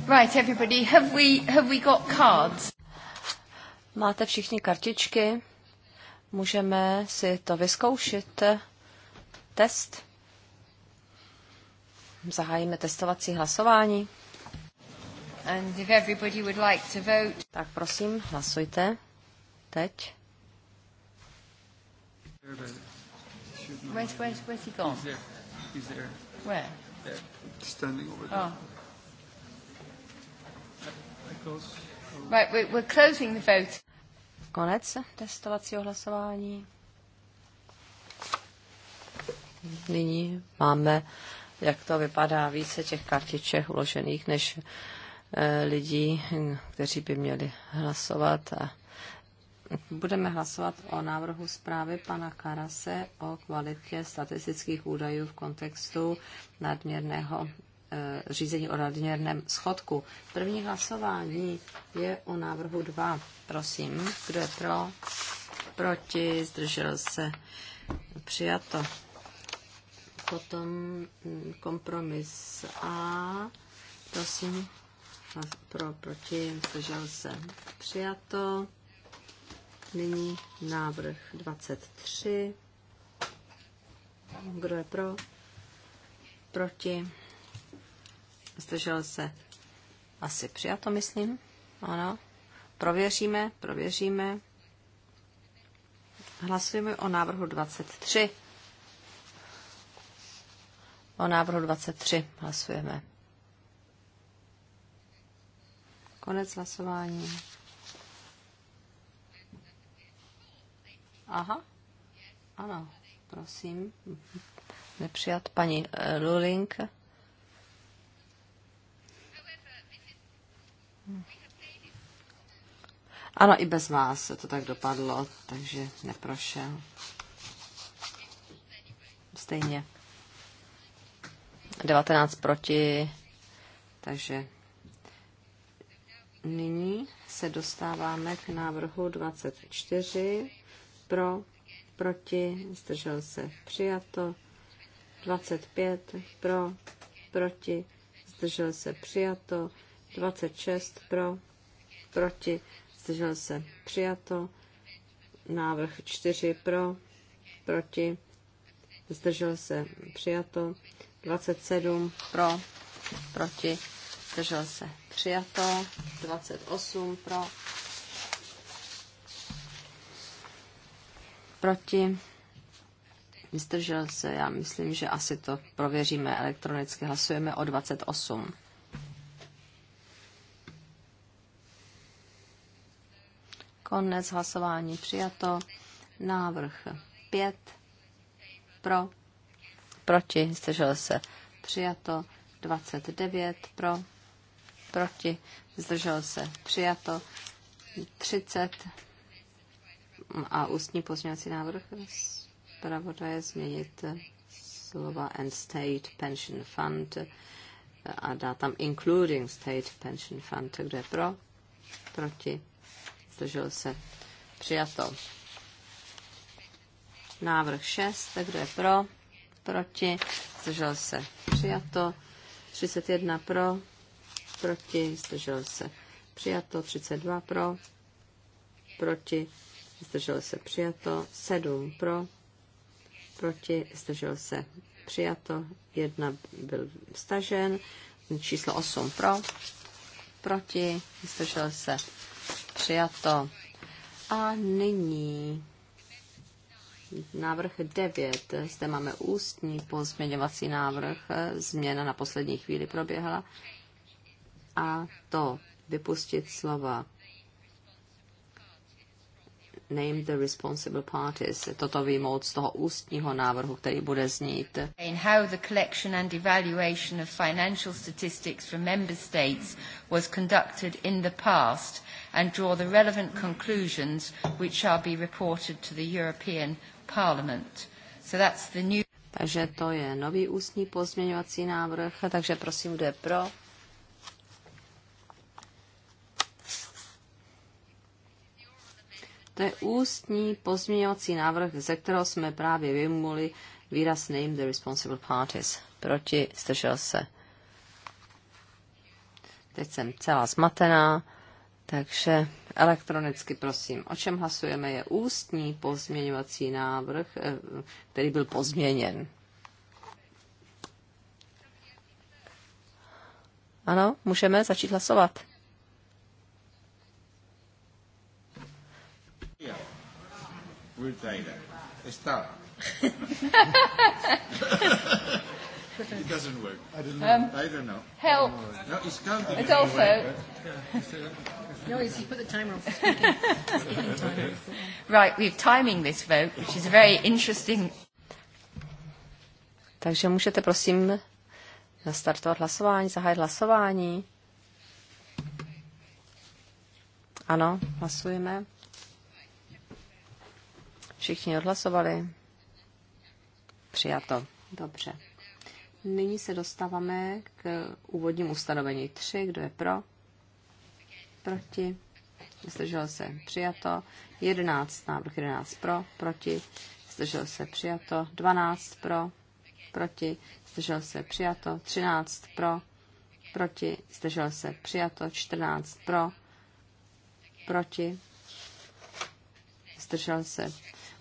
Right, everybody, have we, have we got cards? Máte všichni kartičky? Můžeme si to vyzkoušet. Test. Zahájíme testovací hlasování. And if everybody would like to vote. Tak prosím, hlasujte. Teď. Where's, where's, where's he gone? He's there. He's there. Where? There. Standing over there. Oh. Uh, right, we're closing the vote. Konec testovacího hlasování. Nyní máme, jak to vypadá, více těch kartiček uložených než eh, lidí, kteří by měli hlasovat. A budeme hlasovat o návrhu zprávy pana Karase o kvalitě statistických údajů v kontextu nadměrného Eh, řízení o nadměrném schodku. První hlasování je o návrhu 2. Prosím, kdo je pro? Proti? Zdržel se? Přijato. Potom hm, kompromis A. Prosím, pro, proti? Zdržel se? Přijato. Nyní návrh 23. Kdo je pro? Proti? zdržel se asi přijato, myslím. Ano. Prověříme, prověříme. Hlasujeme o návrhu 23. O návrhu 23 hlasujeme. Konec hlasování. Aha. Ano, prosím. Nepřijat paní eh, Luling. Ano, i bez vás se to tak dopadlo, takže neprošel. Stejně. 19 proti, takže nyní se dostáváme k návrhu 24 pro, proti, zdržel se přijato, 25 pro, proti, zdržel se přijato, 26 pro, proti, zdržel se přijato. Návrh 4 pro, proti, zdržel se přijato. 27 pro, proti, zdržel se přijato. 28 pro, proti, zdržel se. Já myslím, že asi to prověříme elektronicky. Hlasujeme o 28. Konec hlasování přijato. Návrh 5 pro. Proti. Zdržel se. Přijato. 29 pro. Proti. Zdržel se. Přijato. 30 a ústní pozměňovací návrh zpravodaje změnit slova and state pension fund a dá tam including state pension fund, kde je pro, proti, zdržel se, přijato. Návrh 6, tak kdo je pro, proti, zdržel se, přijato. 31 pro, proti, zdržel se, přijato. 32 pro, proti, zdržel se, přijato. 7 pro, proti, zdržel se, přijato. 1 byl stažen, číslo 8 pro, proti, zdržel se, přijato. A nyní návrh 9. Zde máme ústní pozměňovací návrh. Změna na poslední chvíli proběhla. A to vypustit slova name the responsible parties, toto výmout z toho ústního návrhu, který bude znít. In how the collection and evaluation of financial statistics from member states was conducted in the past and draw the relevant conclusions which shall be reported to the European Parliament. So that's the new... Takže to je nový ústní pozměňovací návrh, takže prosím, kdo je pro? To je ústní pozměňovací návrh, ze kterého jsme právě vymuli výraz name the responsible parties. Proti, zdržel se. Teď jsem celá zmatená. Takže elektronicky prosím. O čem hlasujeme je ústní pozměňovací návrh, eh, který byl pozměněn. Ano, můžeme začít hlasovat. We'll it doesn't work. I don't know. Um, I don't know. Help. No, it's counting. It's also. Work, no, it's you put the timer on. right, we have timing this vote, which is very interesting. Takže můžete prosím nastartovat hlasování, zahájit hlasování. Ano, hlasujeme. Všichni odhlasovali. Přijato. Dobře. Nyní se dostáváme k úvodnímu ustanovení 3. Kdo je pro? Proti? Zdržel se přijato. 11. Návrh 11 pro. Proti? Zdržel se přijato. 12 pro. Proti? Zdržel se přijato. 13 pro. Proti? Zdržel se přijato. 14 pro. Proti? Zdržel se.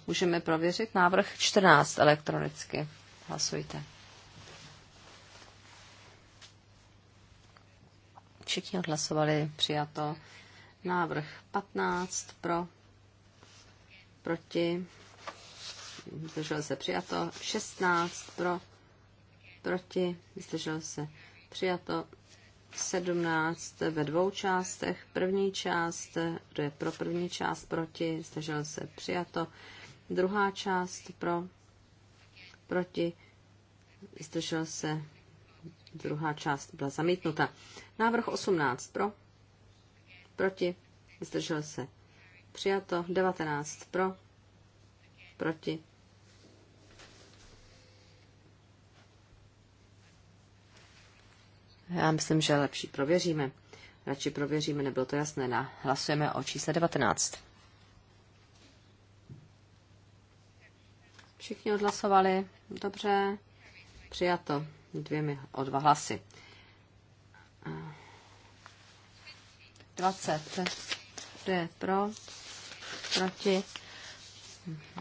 Můžeme prověřit návrh 14 elektronicky. Hlasujte. Všichni odhlasovali, přijato. Návrh 15 pro, proti, zdržel se, přijato. 16 pro, proti, zdržel se, přijato. 17 ve dvou částech. První část, kdo je pro první část, proti, zdržel se, přijato. Druhá část pro, proti, zdržel se, druhá část byla zamítnuta. Návrh 18 pro, proti, zdržel se. Přijato 19 pro, proti. Já myslím, že lepší prověříme. Radši prověříme, nebylo to jasné. Na, hlasujeme o čísle 19. Všichni odhlasovali. Dobře. Přijato dvěmi o dva hlasy. 20. Kdo je pro? Proti?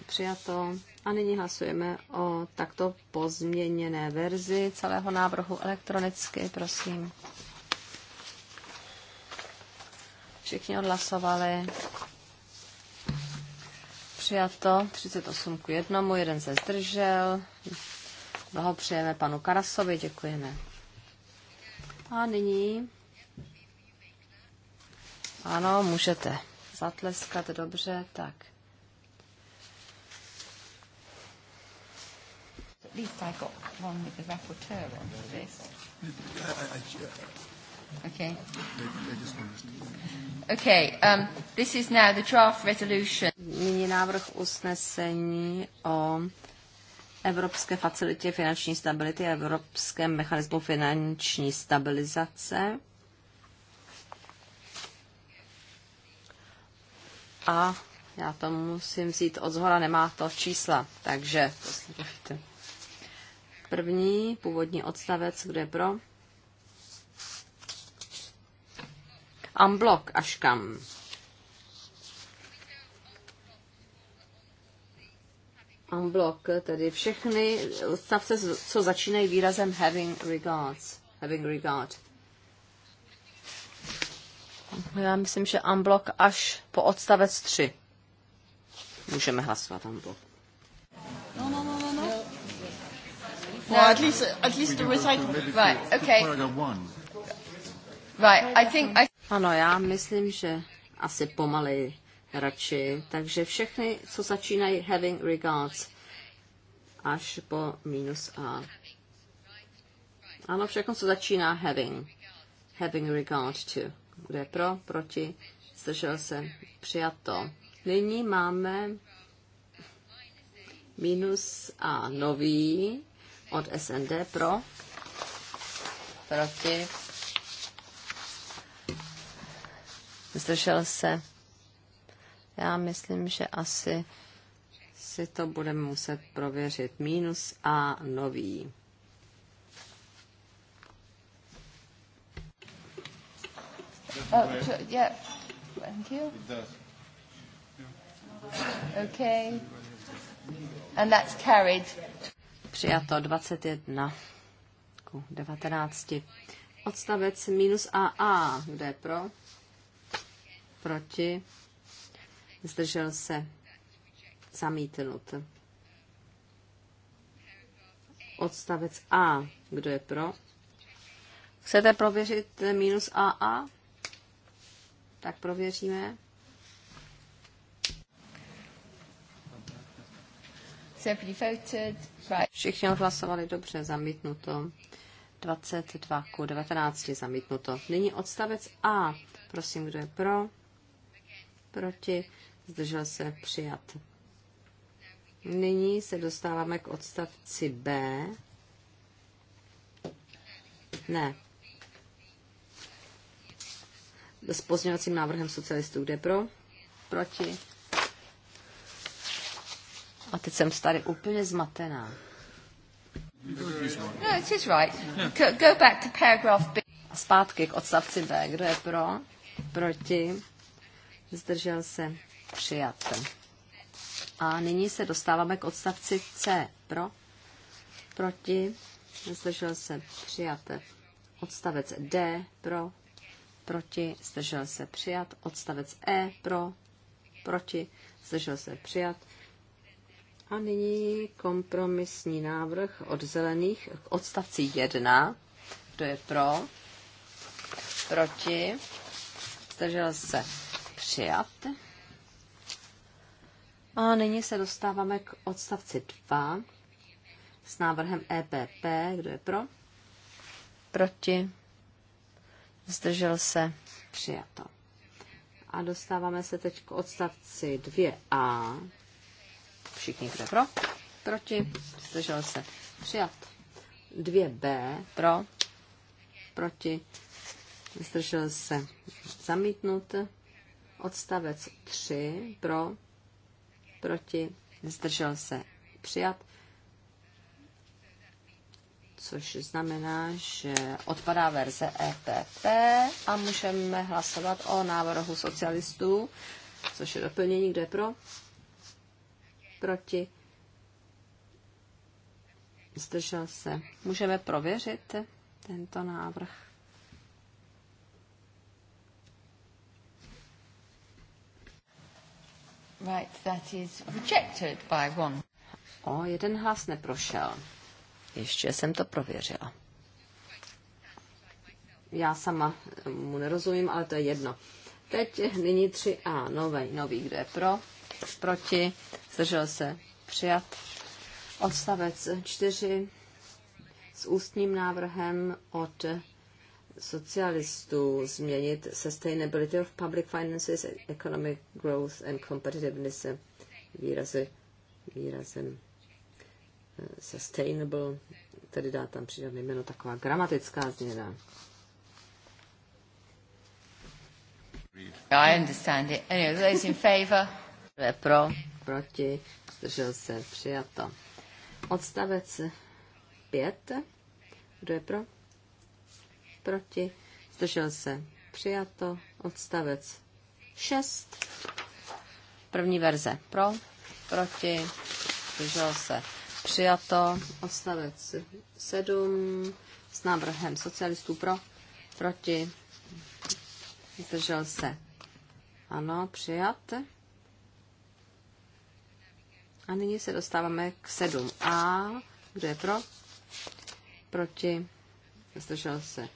Přijato. A nyní hlasujeme o takto pozměněné verzi celého návrhu elektronicky, prosím. Všichni odhlasovali. Přijato 38 k 1, jeden se zdržel. Blahopřejeme panu Karasovi, děkujeme. A nyní ano, můžete zatleskat, dobře, tak. Okay. Okay, um, this is now the draft resolution. Nyní návrh usnesení o Evropské facilitě finanční stability a Evropském mechanismu finanční stabilizace. a já to musím vzít od zhora, nemá to čísla, takže to sledujte. První, původní odstavec, kde je pro? Amblok až kam? Unblock, tedy všechny odstavce, co začínají výrazem having regards. Having regard. Já myslím, že unblock až po odstavec 3. Můžeme hlasovat unblock. No, no, no, no, no. no. No, at least, at least the recital. Right, okay. Right, I think I... Ano, já myslím, že asi pomalej radši. Takže všechny, co začínají having regards, až po minus A. Ano, všechno, co začíná having. Having regard to. Kdo je pro? Proti? Zdržel se? Přijato. Nyní máme minus a nový od SND pro, proti, zdržel se. Já myslím, že asi si to budeme muset prověřit. Minus a nový. Oh, sure, yeah. Thank you. It does. Okay. And that's carried. Přijato 21 ku 19. Odstavec minus AA. Kdo je pro? Proti? Zdržel se. Zamítnut. Odstavec A. Kdo je pro? Chcete prověřit minus AA? Tak prověříme. Všichni hlasovali dobře, zamítnuto. 22 ku 19 zamítnuto. Nyní odstavec A. Prosím, kdo je pro? Proti? Zdržel se přijat. Nyní se dostáváme k odstavci B. Ne, s pozměňovacím návrhem socialistů. Kde pro? Proti? A teď jsem tady úplně zmatená. No, it is right. Go back to paragraph B. A zpátky k odstavci B. Kdo je pro? Proti? Zdržel se? Přijat. A nyní se dostáváme k odstavci C. Pro? Proti? Zdržel se? Přijat. Odstavec D. Pro? proti, zdržel se přijat. Odstavec E pro, proti, zdržel se přijat. A nyní kompromisní návrh od zelených k odstavci 1. Kdo je pro? Proti? Zdržel se přijat. A nyní se dostáváme k odstavci 2 s návrhem EPP. Kdo je pro? Proti? zdržel se, přijato. A dostáváme se teď k odstavci 2a. Všichni, kde pro, proti, zdržel se, přijat. 2b pro, proti, zdržel se, zamítnut. Odstavec 3 pro, proti, zdržel se, přijat což znamená, že odpadá verze EPP a můžeme hlasovat o návrhu socialistů, což je doplnění, kde pro, proti, zdržel se. Můžeme prověřit tento návrh. Right, that is rejected by one. O, jeden hlas neprošel. Ještě jsem to prověřila. Já sama mu nerozumím, ale to je jedno. Teď nyní 3A, nový, nový, kdo je pro, proti, zdržel se, přijat. Odstavec 4 s ústním návrhem od socialistů změnit Sustainability of Public Finances, Economic Growth and Competitiveness výrazy, výrazem sustainable, tedy dá tam přidat jméno, taková gramatická změna. I understand it. Anyway, those in favor? pro? Proti? Zdržel se? Přijato. Odstavec 5. Kdo je pro? Proti? Zdržel se? Přijato. Odstavec 6. První verze. Pro? Proti? Zdržel se? Přijato odstavec 7 s návrhem socialistů pro, proti, zdržel se. Ano, přijat. A nyní se dostáváme k 7a. Kdo je pro? Proti, zdržel se.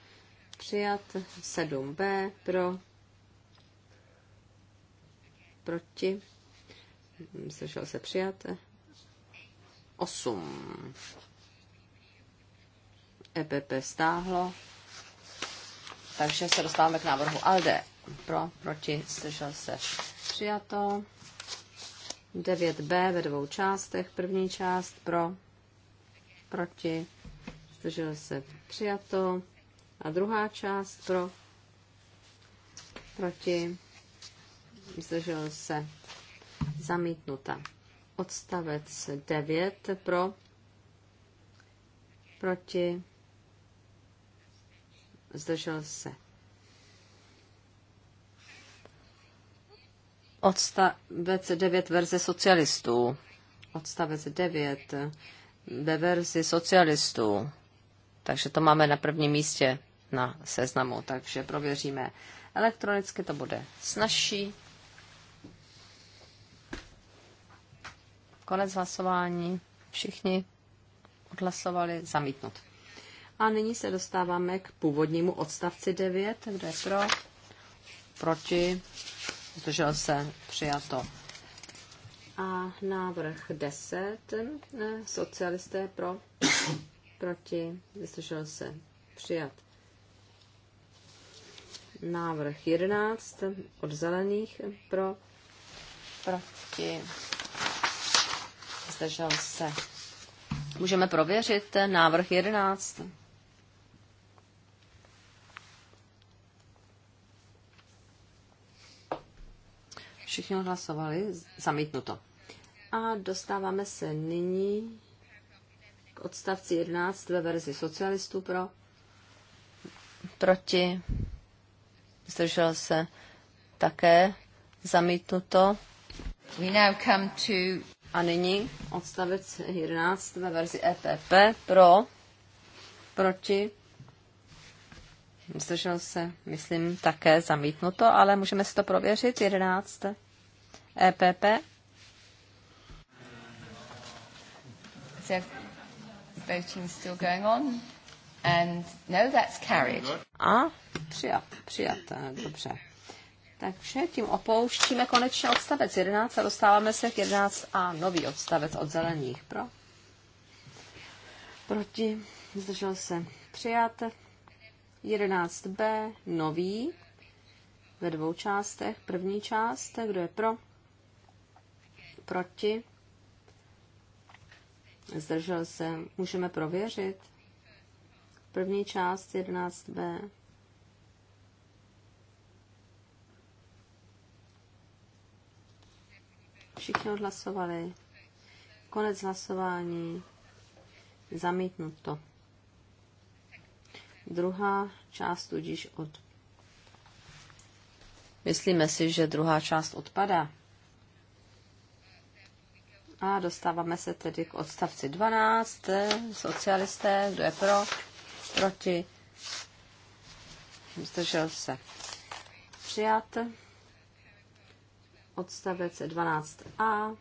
Přijat. 7b pro, proti, zdržel se přijat. 8. EPP stáhlo. Takže se dostáváme k návrhu ALDE. Pro, proti, zdržel se. Přijato. 9b ve dvou částech. První část pro, proti, zdržel se. Přijato. A druhá část pro, proti, zdržel se. Zamítnuta. Odstavec 9 pro, proti, zdržel se. Odstavec 9 verze socialistů. Odstavec 9 ve verzi socialistů. Takže to máme na prvním místě na seznamu, takže prověříme. Elektronicky to bude snažší. Konec hlasování. Všichni odhlasovali zamítnout. A nyní se dostáváme k původnímu odstavci 9, kde je pro, proti, zdržel se, přijato. A návrh 10, socialisté pro, proti, zdržel se, přijat. Návrh 11 od zelených pro, proti, zdržel se. Můžeme prověřit návrh 11. Všichni hlasovali, zamítnuto. A dostáváme se nyní k odstavci 11 ve verzi socialistů pro. Proti. Zdržel se také zamítnuto. We now come to... A nyní odstavec 11 ve verzi EPP pro, proti, zdržel se, myslím, také zamítnuto, ale můžeme si to prověřit, 11 EPP. No, A přijat, přijat, eh, dobře. Takže tím opouštíme konečně odstavec 11 a dostáváme se k 11 a nový odstavec od zelených. Pro? Proti? Zdržel se přijat. 11b, nový, ve dvou částech. První část, kdo je pro? Proti? Zdržel se. Můžeme prověřit. První část 11b. Všichni odhlasovali. Konec hlasování. Zamítnuto. Druhá část tudíž od. Myslíme si, že druhá část odpadá. A dostáváme se tedy k odstavci 12. Socialisté, kdo je pro, proti, zdržel se. Přijat odstavec 12a,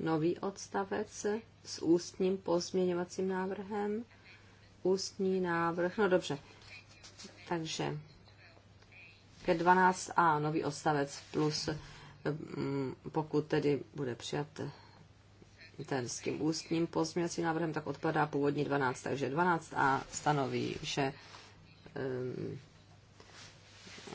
nový odstavec s ústním pozměňovacím návrhem, ústní návrh, no dobře, takže ke 12a nový odstavec plus, mm, pokud tedy bude přijat ten s tím ústním pozměňovacím návrhem, tak odpadá původní 12, takže 12a stanoví, že um,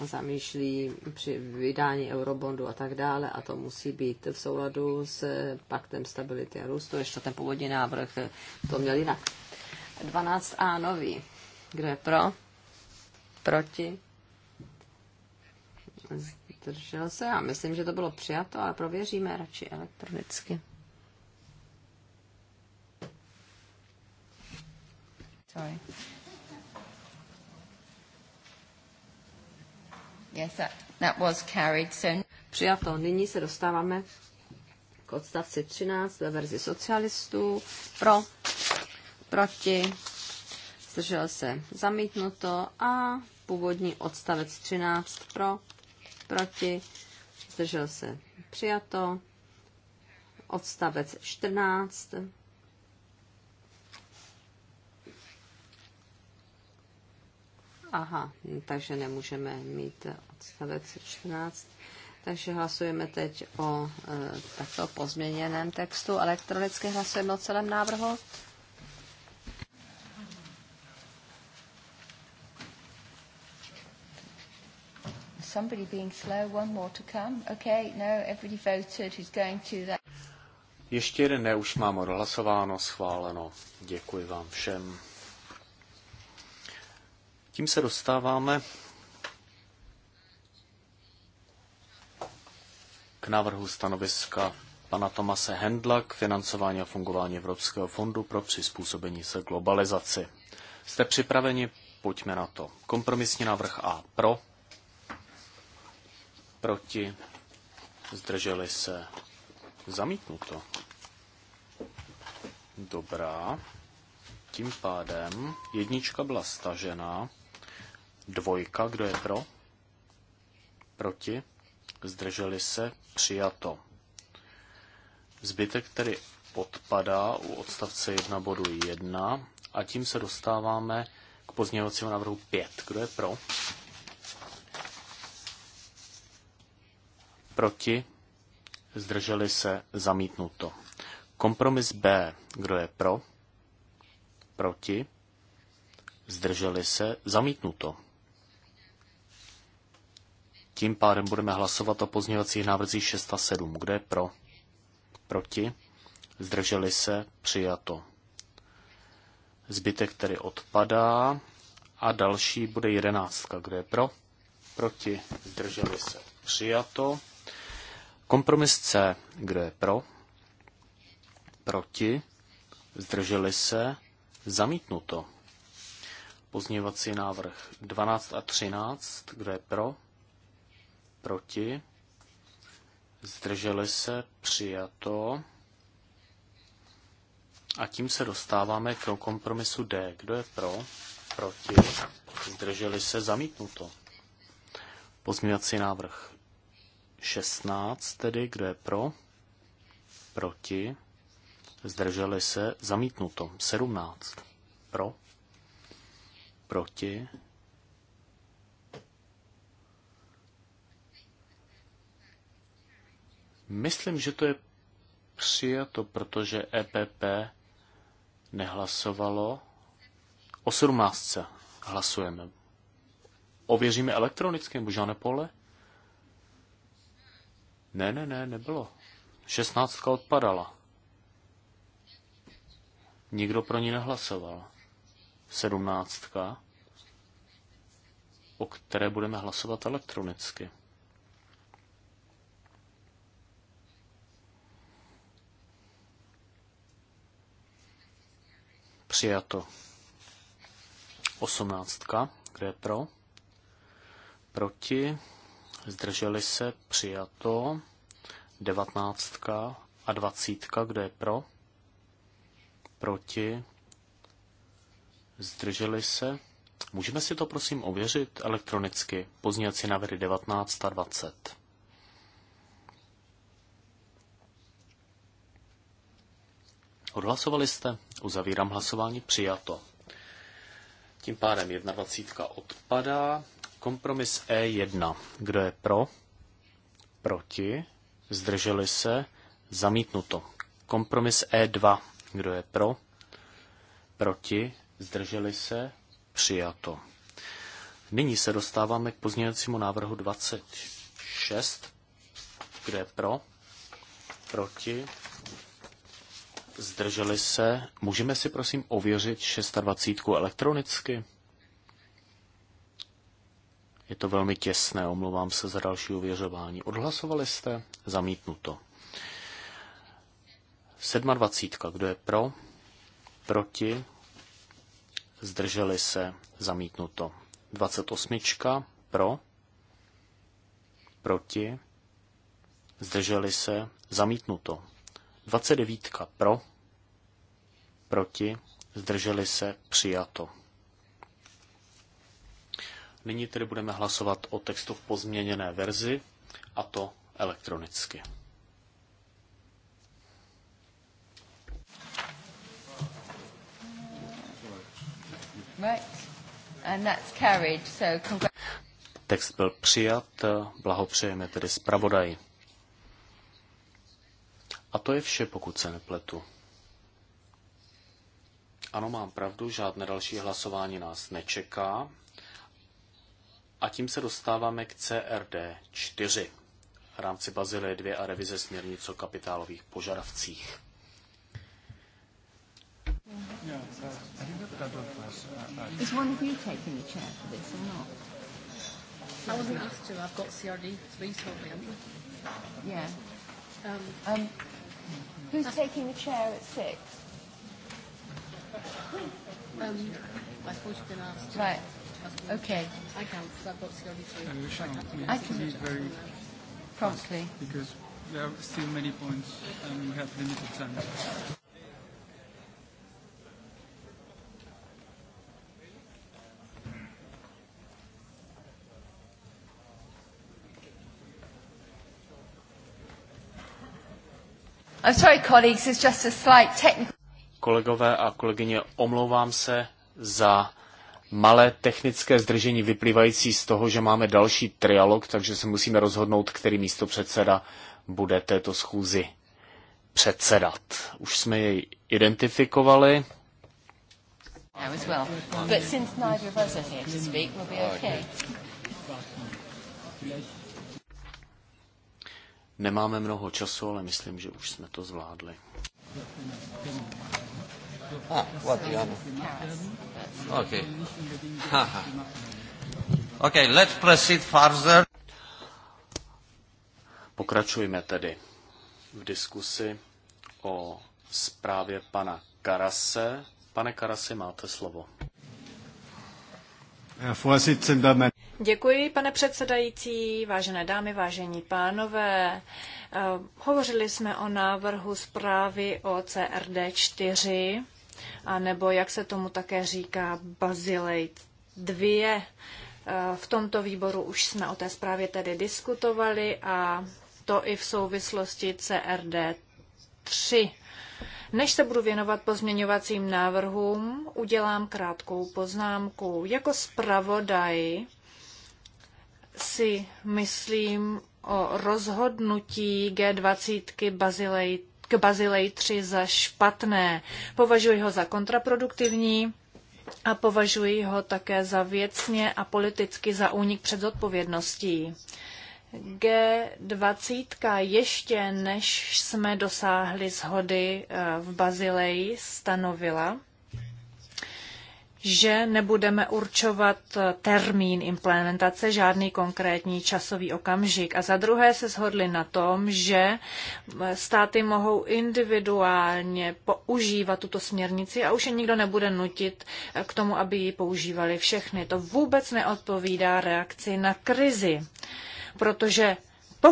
zamýšlí při vydání eurobondu a tak dále a to musí být v souladu s paktem stability a růstu. Ještě ten původní návrh to měl jinak. 12a nový. Kdo je pro? Proti? Zdržel se. Já myslím, že to bylo přijato, ale prověříme radši elektronicky. Sorry. Yes, that, that was carried. So... Přijato. Nyní se dostáváme k odstavci 13 ve verzi socialistů. Pro, proti, zdržel se zamítnuto a původní odstavec 13 pro, proti, zdržel se přijato, odstavec 14 Aha, takže nemůžeme mít odstavec 14. Takže hlasujeme teď o e, takto pozměněném textu. Elektronicky hlasujeme o celém návrhu. Somebody being slow, one more to come. Okay, no, everybody voted who's going to that. Ještě jeden ne, už mám odhlasováno, schváleno. Děkuji vám všem. Tím se dostáváme k návrhu stanoviska pana Tomase Hendla k financování a fungování Evropského fondu pro přizpůsobení se globalizaci. Jste připraveni? Pojďme na to. Kompromisní návrh A pro, proti, zdrželi se, zamítnuto. Dobrá. Tím pádem jednička byla stažena. Dvojka, kdo je pro? Proti? Zdrželi se? Přijato. Zbytek tedy odpadá u odstavce 1 bodu 1 a tím se dostáváme k pozměňovacímu návrhu 5. Kdo je pro? Proti? Zdrželi se? Zamítnuto. Kompromis B. Kdo je pro? Proti? Zdrželi se? Zamítnuto. Tím pádem budeme hlasovat o pozměňovacích návrzích 6 a 7. Kdo je pro? Proti? Zdrželi se? Přijato. Zbytek tedy odpadá. A další bude jedenáctka. Kdo je pro? Proti? Zdrželi se? Přijato. Kompromis C. Kdo je pro? Proti? Zdrželi se? Zamítnuto. Pozměňovací návrh 12 a 13. Kdo je pro? Proti? Zdrželi se? Přijato. A tím se dostáváme k kompromisu D. Kdo je pro? Proti? Zdrželi se? Zamítnuto. Pozměňovací návrh 16, tedy kdo je pro? Proti? Zdrželi se? Zamítnuto. 17. Pro? Proti? Myslím, že to je přijato, protože EPP nehlasovalo. O 17. hlasujeme. Ověříme elektronicky, žádné pole. Ne, ne, ne, nebylo. 16 odpadala. Nikdo pro ní nehlasoval. 17. o které budeme hlasovat elektronicky. Přijato. Osmnáctka. kde je pro? Proti. Zdrželi se. Přijato. Devatnáctka a dvacítka. kde je pro? Proti. Zdrželi se. Můžeme si to prosím ověřit elektronicky. Pozněci návrhy 19 a 20. Odhlasovali jste? Uzavírám hlasování. Přijato. Tím pádem 21 odpadá. Kompromis E1. Kdo je pro? Proti? Zdrželi se? Zamítnuto. Kompromis E2. Kdo je pro? Proti? Zdrželi se? Přijato. Nyní se dostáváme k pozměňovacímu návrhu 26. Kdo je pro? Proti? zdrželi se. Můžeme si prosím ověřit 26 elektronicky? Je to velmi těsné, omlouvám se za další ověřování. Odhlasovali jste? Zamítnuto. 27. Kdo je pro? Proti? Zdrželi se? Zamítnuto. 28. Pro? Proti? Zdrželi se? Zamítnuto. 29 pro, proti, zdrželi se, přijato. Nyní tedy budeme hlasovat o textu v pozměněné verzi, a to elektronicky. Text byl přijat, blahopřejeme tedy zpravodaji. A to je vše, pokud se nepletu. Ano, mám pravdu, žádné další hlasování nás nečeká. A tím se dostáváme k CRD 4 v rámci Bazilie 2 a revize směrnic o kapitálových požadavcích. Yeah, Um, um, Who's taking the chair at six? Um, I thought you've been asked. Right. Okay. I can't, because I've got to go to Sharon, I can be very promptly because there are still many points and we have limited time. I'm sorry, colleagues, it's just a slight technical... Kolegové a kolegyně, omlouvám se za malé technické zdržení vyplývající z toho, že máme další trialog, takže se musíme rozhodnout, který místo předseda bude této schůzi předsedat. Už jsme jej identifikovali. But since neither of us are here to speak, we'll be okay. Nemáme mnoho času, ale myslím, že už jsme to zvládli. Ah, Vatican. Okay. okay, let's proceed further. Pokračujme tedy v diskusi o zprávě pana Karase. Pane Karase, máte slovo. Děkuji, pane předsedající, vážené dámy, vážení pánové. Eh, hovořili jsme o návrhu zprávy o CRD4, anebo jak se tomu také říká, Basilate 2. Eh, v tomto výboru už jsme o té zprávě tedy diskutovali a to i v souvislosti CRD 3. Než se budu věnovat pozměňovacím návrhům, udělám krátkou poznámku. Jako zpravodaj si myslím o rozhodnutí G20 k Bazilej 3 za špatné. Považuji ho za kontraproduktivní a považuji ho také za věcně a politicky za únik před zodpovědností. G20 ještě než jsme dosáhli shody eh, v Bazileji stanovila, že nebudeme určovat termín implementace, žádný konkrétní časový okamžik. A za druhé se shodli na tom, že státy mohou individuálně používat tuto směrnici a už je nikdo nebude nutit k tomu, aby ji používali všechny. To vůbec neodpovídá reakci na krizi, protože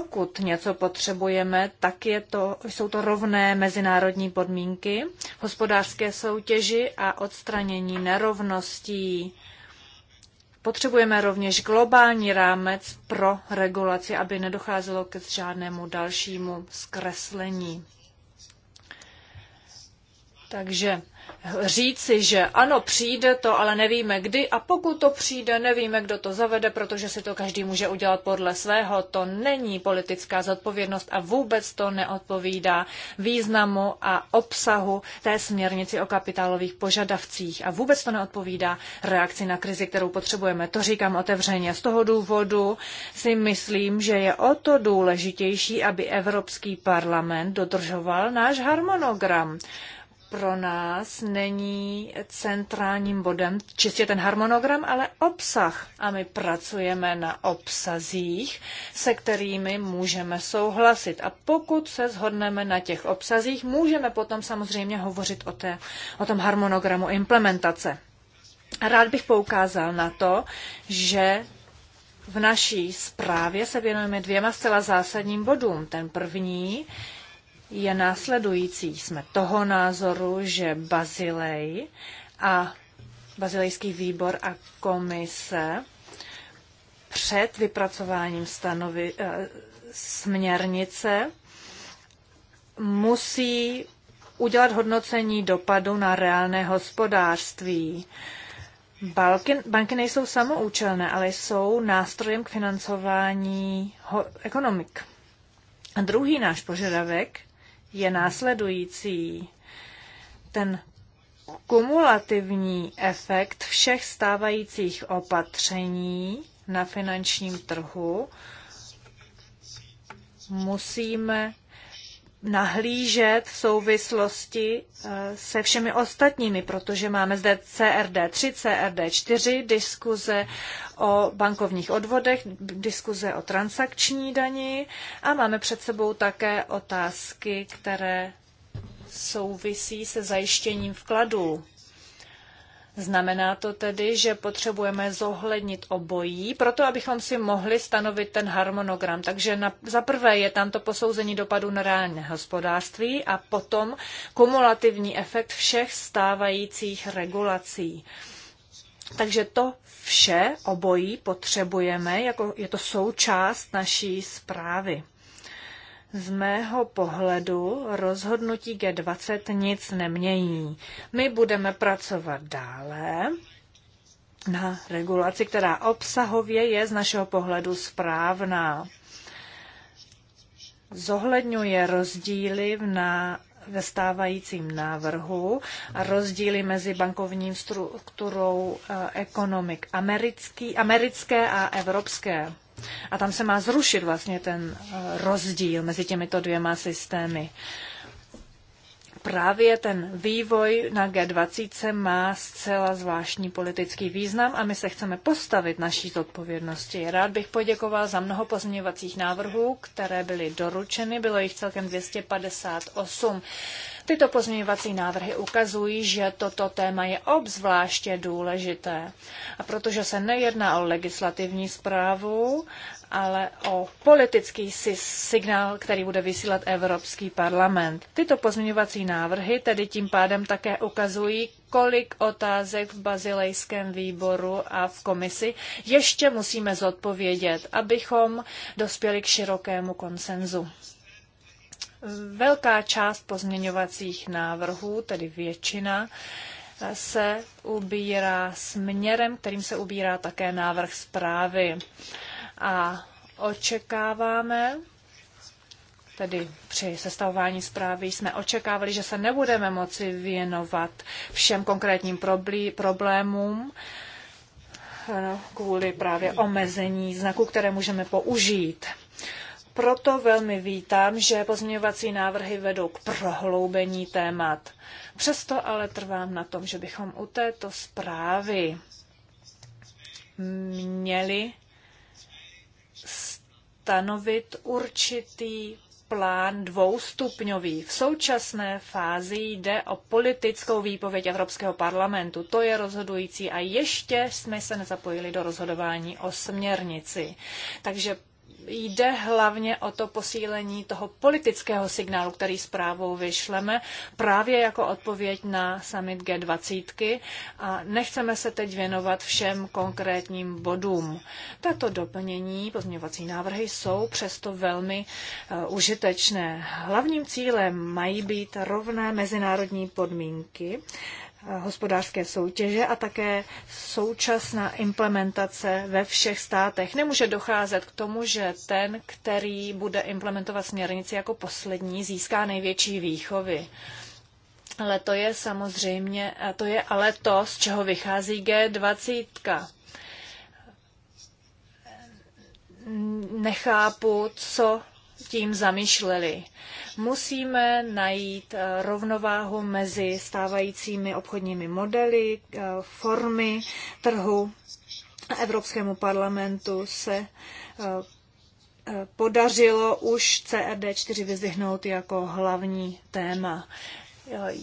pokud něco potřebujeme, tak je to, jsou to rovné mezinárodní podmínky, hospodářské soutěži a odstranění nerovností. Potřebujeme rovněž globální rámec pro regulaci, aby nedocházelo ke žádnému dalšímu zkreslení. Takže říci, že ano, přijde to, ale nevíme kdy a pokud to přijde, nevíme, kdo to zavede, protože si to každý může udělat podle svého. To není politická zodpovědnost a vůbec to neodpovídá významu a obsahu té směrnici o kapitálových požadavcích a vůbec to neodpovídá reakci na krizi, kterou potřebujeme. To říkám otevřeně. Z toho důvodu si myslím, že je o to důležitější, aby Evropský parlament dodržoval náš harmonogram pro nás není centrálním bodem čistě ten harmonogram, ale obsah. A my pracujeme na obsazích, se kterými můžeme souhlasit. A pokud se shodneme na těch obsazích, můžeme potom samozřejmě hovořit o, té, o tom harmonogramu implementace. Rád bych poukázal na to, že v naší zprávě se věnujeme dvěma zcela zásadním bodům. Ten první je následující. Jsme toho názoru, že Bazilej a Bazilejský výbor a komise před vypracováním stanovi, eh, směrnice musí udělat hodnocení dopadu na reálné hospodářství. Balky, banky nejsou samoučelné, ale jsou nástrojem k financování ho, ekonomik. A druhý náš požadavek je následující. Ten kumulativní efekt všech stávajících opatření na finančním trhu musíme nahlížet v souvislosti eh, se všemi ostatními, protože máme zde CRD3, CRD4, diskuze o bankovních odvodech, diskuze o transakční dani a máme před sebou také otázky, které souvisí se zajištěním vkladů. Znamená to tedy, že potřebujeme zohlednit obojí, proto abychom si mohli stanovit ten harmonogram. Takže na, za prvé je tam to posouzení dopadu na reálné hospodářství a potom kumulativní efekt všech stávajících regulací. Takže to vše obojí potřebujeme, jako je to součást naší zprávy z mého pohledu rozhodnutí G20 nic nemění. My budeme pracovat dále na regulaci, která obsahově je z našeho pohledu správná. Zohledňuje rozdíly v na, ve stávajícím návrhu a rozdíly mezi bankovním strukturou eh, ekonomik americký, americké a evropské. A tam se má zrušit vlastně ten eh, rozdíl mezi těmito dvěma systémy. Právě ten vývoj na G20 má zcela zvláštní politický význam a my se chceme postavit naší zodpovědnosti. Rád bych poděkoval za mnoho pozměňovacích návrhů, které byly doručeny, bylo jich celkem 258. Tyto pozměňovací návrhy ukazují, že toto téma je obzvláště důležité. A protože se nejedná o legislativní zprávu, ale o politický signál, který bude vysílat Evropský parlament. Tyto pozměňovací návrhy tedy tím pádem také ukazují, kolik otázek v bazilejském výboru a v komisi ještě musíme zodpovědět, abychom dospěli k širokému konsenzu. Velká část pozměňovacích návrhů, tedy většina, se ubírá směrem, kterým se ubírá také návrh zprávy. A očekáváme, tedy při sestavování zprávy jsme očekávali, že se nebudeme moci věnovat všem konkrétním problémům eh, kvůli právě omezení znaků, které můžeme použít. Proto velmi vítám, že pozměňovací návrhy vedou k prohloubení témat. Přesto ale trvám na tom, že bychom u této zprávy měli stanovit určitý plán dvoustupňový. V současné fázi jde o politickou výpověď Evropského parlamentu. To je rozhodující a ještě jsme se nezapojili do rozhodování o směrnici. Takže jde hlavně o to posílení toho politického signálu, který zprávou vyšleme, právě jako odpověď na summit G20. A nechceme se teď věnovat všem konkrétním bodům. Tato doplnění, pozměňovací návrhy jsou přesto velmi uh, užitečné. Hlavním cílem mají být rovné mezinárodní podmínky hospodářské soutěže a také současná implementace ve všech státech. Nemůže docházet k tomu, že ten, který bude implementovat směrnici jako poslední, získá největší výchovy. Ale to je samozřejmě, to je ale to, z čeho vychází G20. Nechápu, co tím zamýšleli. Musíme najít eh, rovnováhu mezi stávajícími obchodními modely, eh, formy trhu. Evropskému parlamentu se eh, podařilo už CRD4 vyzvihnout jako hlavní téma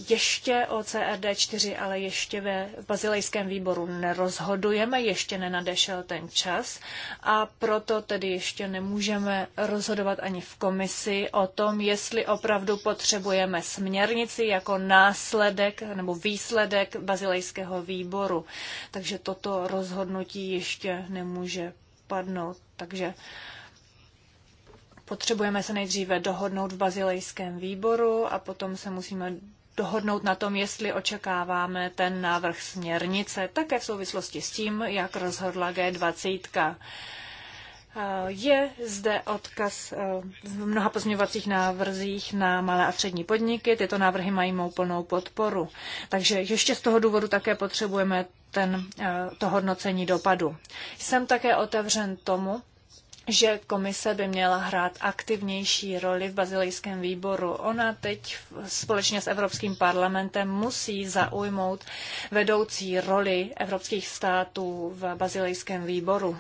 ještě o CRD4, ale ještě ve bazilejském výboru nerozhodujeme, ještě nenadešel ten čas a proto tedy ještě nemůžeme rozhodovat ani v komisi o tom, jestli opravdu potřebujeme směrnici jako následek nebo výsledek bazilejského výboru. Takže toto rozhodnutí ještě nemůže padnout. Takže uh, Potřebujeme se nejdříve dohodnout v bazilejském výboru a potom se musíme dohodnout na tom, jestli očekáváme ten návrh směrnice, také v souvislosti s tím, jak rozhodla G20. Eh, je zde odkaz eh, v mnoha pozměňovacích návrzích na malé a střední podniky. Tyto návrhy mají mou plnou podporu. Takže ještě z toho důvodu také potřebujeme ten, eh, to hodnocení dopadu. Jsem také otevřen tomu, že komise by měla hrát aktivnější roli v bazilejském výboru. Ona teď společně s Evropským parlamentem musí zaujmout vedoucí roli evropských států v bazilejském výboru.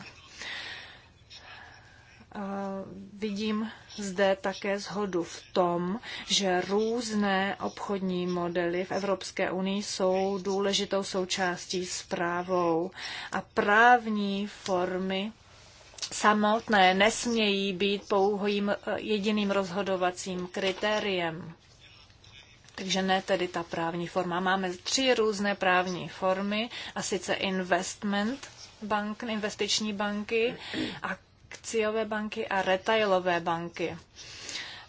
Vidím zde také zhodu v tom, že různé obchodní modely v Evropské unii jsou důležitou součástí zprávou a právní formy samotné nesmějí být pouhým eh, jediným rozhodovacím kritériem. Takže ne tedy ta právní forma. Máme tři různé právní formy, a sice investment bank, investiční banky, akciové banky a retailové banky.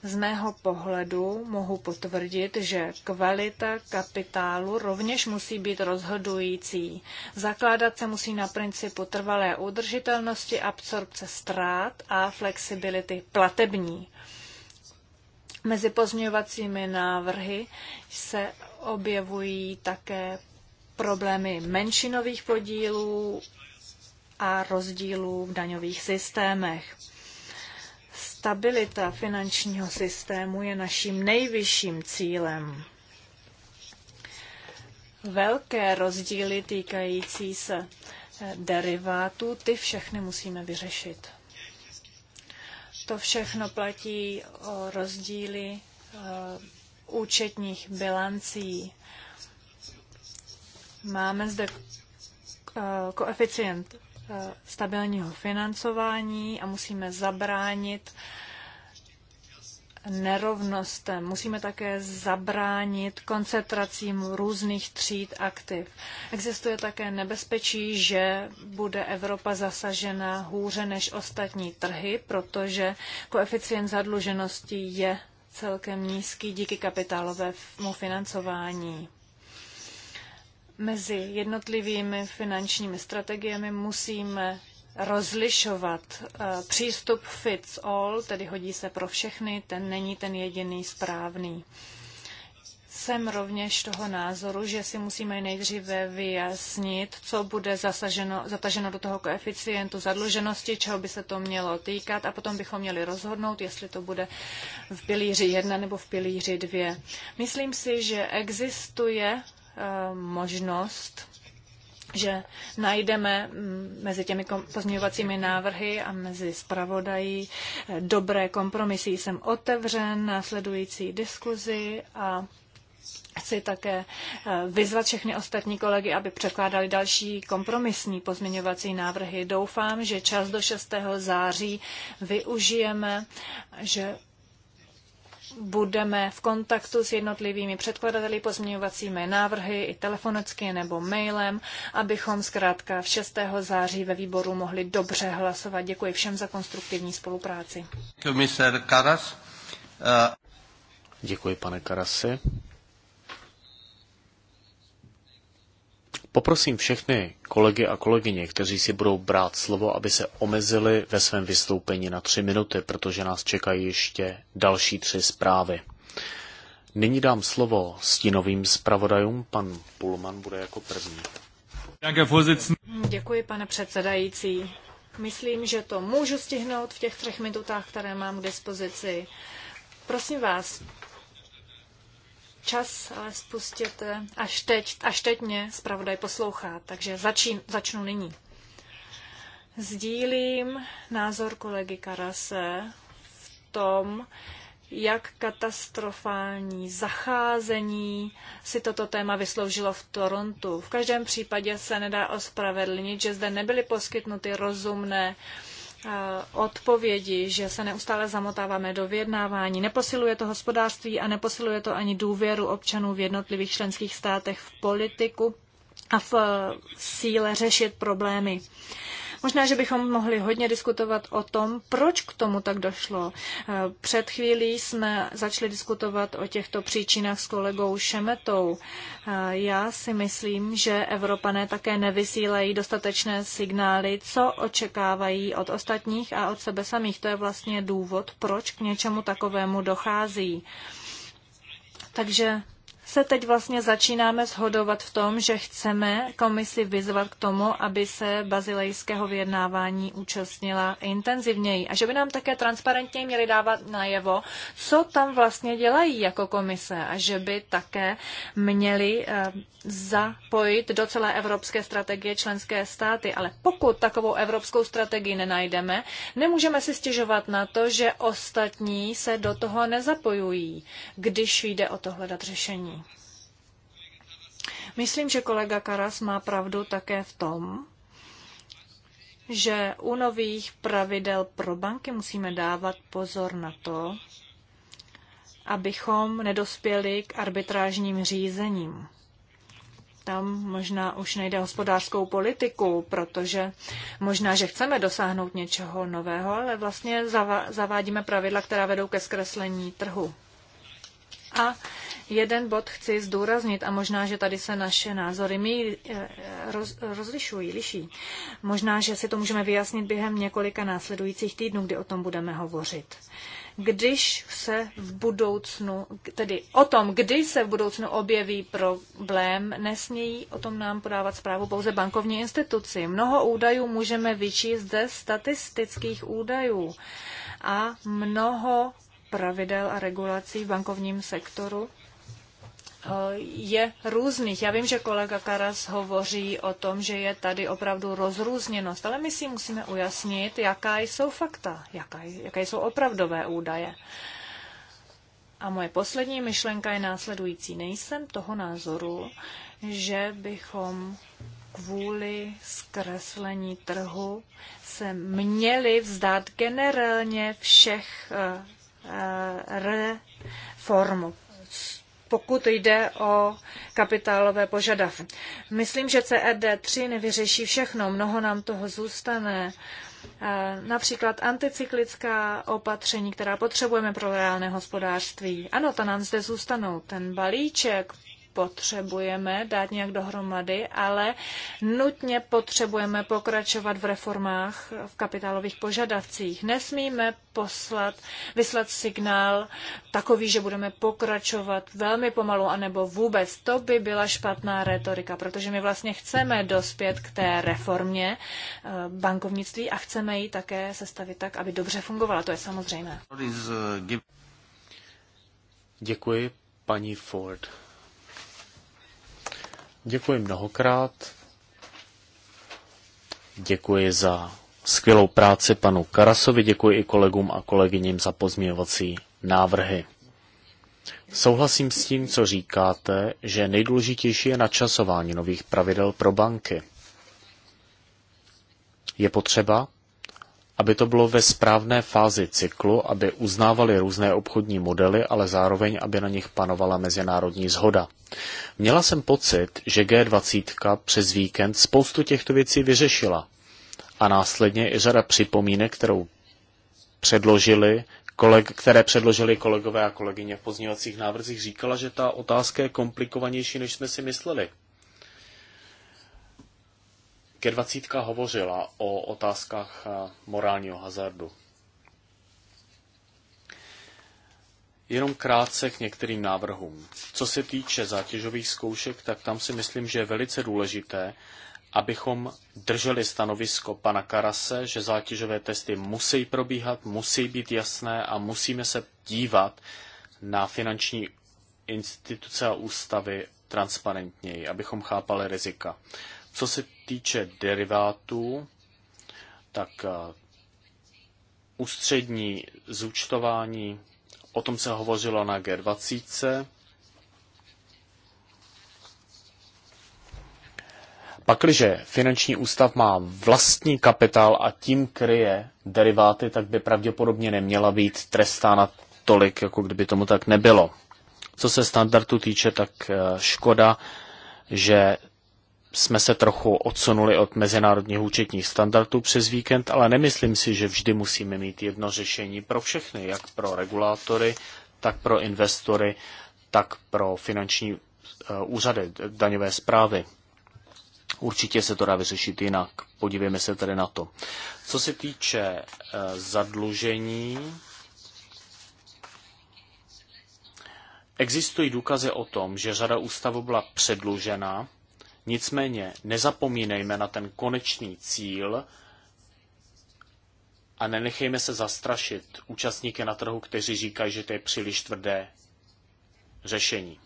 Z mého pohledu mohu potvrdit, že kvalita kapitálu rovněž musí být rozhodující. Zakládat se musí na principu trvalé udržitelnosti, absorpce ztrát a flexibility platební. Mezi pozměňovacími návrhy se objevují také problémy menšinových podílů a rozdílů v daňových systémech. Stabilita finančního systému je naším nejvyšším cílem. Velké rozdíly týkající se eh, derivátů, ty všechny musíme vyřešit. To všechno platí o rozdíly eh, účetních bilancí. Máme zde eh, koeficient Eh, stabilního financování a musíme zabránit nerovnostem. Musíme také zabránit koncentracím různých tříd aktiv. Existuje také nebezpečí, že bude Evropa zasažena hůře než ostatní trhy, protože koeficient zadluženosti je celkem nízký díky kapitálovému financování mezi jednotlivými finančními strategiemi musíme rozlišovat eh, přístup fits all, tedy hodí se pro všechny, ten není ten jediný správný. Jsem rovněž toho názoru, že si musíme nejdříve vyjasnit, co bude zasaženo, zataženo do toho koeficientu zadluženosti, čeho by se to mělo týkat a potom bychom měli rozhodnout, jestli to bude v pilíři 1 nebo v pilíři 2. Myslím si, že existuje Eh, možnost, že najdeme mm, mezi těmi pozměňovacími návrhy a mezi zpravodají eh, dobré kompromisy. Jsem otevřen následující diskuzi a chci také eh, vyzvat všechny ostatní kolegy, aby překládali další kompromisní pozměňovací návrhy. Doufám, že čas do 6. září využijeme, že budeme v kontaktu s jednotlivými předkladateli pozměňovacími návrhy i telefonicky nebo mailem, abychom zkrátka v 6. září ve výboru mohli dobře hlasovat. Děkuji všem za konstruktivní spolupráci. Karas. Uh, Děkuji, pane Karasi. Poprosím všechny kolegy a kolegyně, kteří si budou brát slovo, aby se omezili ve svém vystoupení na tři minuty, protože nás čekají ještě další tři zprávy. Nyní dám slovo stínovým zpravodajům. Pan Pulman bude jako první. Děkuji, pane předsedající. Myslím, že to můžu stihnout v těch třech minutách, které mám k dispozici. Prosím vás, čas, ale spustit až teď, až teď mě zpravodaj poslouchá, takže začín, začnu nyní. Sdílím názor kolegy Karase v tom, jak katastrofální zacházení si toto téma vysloužilo v Torontu. V každém případě se nedá ospravedlnit, že zde nebyly poskytnuty rozumné uh, Eh, odpovědi, že se neustále zamotáváme do vyjednávání. Neposiluje to hospodářství a neposiluje to ani důvěru občanů v jednotlivých členských státech v politiku a v eh, síle řešit problémy. Možná, že bychom mohli hodně diskutovat o tom, proč k tomu tak došlo. Eh, před chvílí jsme začali diskutovat o těchto příčinách s kolegou Šemetou. Eh, já si myslím, že Evropané také nevysílají dostatečné signály, co očekávají od ostatních a od sebe samých. To je vlastně důvod, proč k něčemu takovému dochází. Takže se teď vlastně začínáme shodovat v tom, že chceme komisi vyzvat k tomu, aby se bazilejského vyjednávání účastnila intenzivněji a že by nám také transparentně měli dávat najevo, co tam vlastně dělají jako komise a že by také měli eh, zapojit do celé evropské strategie členské státy. Ale pokud takovou evropskou strategii nenajdeme, nemůžeme si stěžovat na to, že ostatní se do toho nezapojují, když jde o to hledat řešení. Myslím, že kolega Karas má pravdu také v tom, že u nových pravidel pro banky musíme dávat pozor na to, abychom nedospěli k arbitrážním řízením. Tam možná už nejde hospodářskou politiku, protože možná, že chceme dosáhnout něčeho nového, ale vlastně zavádíme pravidla, která vedou ke zkreslení trhu. A jeden bod chci zdůraznit a možná, že tady se naše názory mi eh, roz, rozlišují, liší. Možná, že si to můžeme vyjasnit během několika následujících týdnů, kdy o tom budeme hovořit když se v budoucnu, tedy o tom, kdy se v budoucnu objeví problém, nesmějí o tom nám podávat zprávu pouze bankovní instituci. Mnoho údajů můžeme vyčíst ze statistických údajů a mnoho pravidel a regulací v bankovním sektoru je různých. Já vím, že kolega Karas hovoří o tom, že je tady opravdu rozrůzněnost, ale my si musíme ujasnit, jaká jsou fakta, jaká, jaké jsou opravdové údaje. A moje poslední myšlenka je následující. Nejsem toho názoru, že bychom kvůli zkreslení trhu se měli vzdát generálně všech eh, eh, reform pokud jde o kapitálové požadavky. Myslím, že CRD3 e nevyřeší všechno, mnoho nám toho zůstane. Například anticyklická opatření, která potřebujeme pro reálné hospodářství. Ano, ta nám zde zůstanou. Ten balíček potřebujeme dát nějak dohromady, ale nutně potřebujeme pokračovat v reformách v kapitálových požadavcích. Nesmíme poslat, vyslat signál takový, že budeme pokračovat velmi pomalu, anebo vůbec. To by byla špatná retorika, protože my vlastně chceme dospět k té reformě eh, bankovnictví a chceme ji také sestavit tak, aby dobře fungovala. To je samozřejmé. Eh, Děkuji, paní Ford. Děkuji mnohokrát. Děkuji za skvělou práci panu Karasovi, děkuji i kolegům a kolegyním za pozměňovací návrhy. Souhlasím s tím, co říkáte, že nejdůležitější je načasování nových pravidel pro banky. Je potřeba, aby to bylo ve správné fázi cyklu, aby uznávali různé obchodní modely, ale zároveň, aby na nich panovala mezinárodní zhoda. Měla jsem pocit, že G20 přes víkend spoustu těchto věcí vyřešila. A následně i řada připomínek, kterou předložili, koleg, které předložili kolegové a kolegyně v pozdějovacích návrzích, říkala, že ta otázka je komplikovanější, než jsme si mysleli. G20 hovořila o otázkách eh, morálního hazardu. Jenom krátce k některým návrhům. Co se týče zátěžových zkoušek, tak tam si myslím, že je velice důležité, abychom drželi stanovisko pana Karase, že zátěžové testy musí probíhat, musí být jasné a musíme se dívat na finanční instituce a ústavy transparentněji, abychom chápali rizika. Co se týče derivátů, tak eh, ústřední zúčtování, o tom se hovořilo na G20. Pakliže finanční ústav má vlastní kapitál a tím kryje deriváty, tak by pravděpodobně neměla být trestána tolik, jako kdyby tomu tak nebylo. Co se standardu týče, tak eh, škoda, že jsme se trochu odsunuli od mezinárodních účetních standardů přes víkend, ale nemyslím si, že vždy musíme mít jedno řešení pro všechny, jak pro regulátory, tak pro investory, tak pro finanční eh, úřady, daňové zprávy. Určitě se to dá vyřešit jinak. Podívejme se tedy na to. Co se týče eh, zadlužení, existují důkazy o tom, že řada ústavů byla předlužena Nicméně nezapomínejme na ten konečný cíl a nenechejme se zastrašit účastníky na trhu, kteří říkají, že to je příliš tvrdé řešení.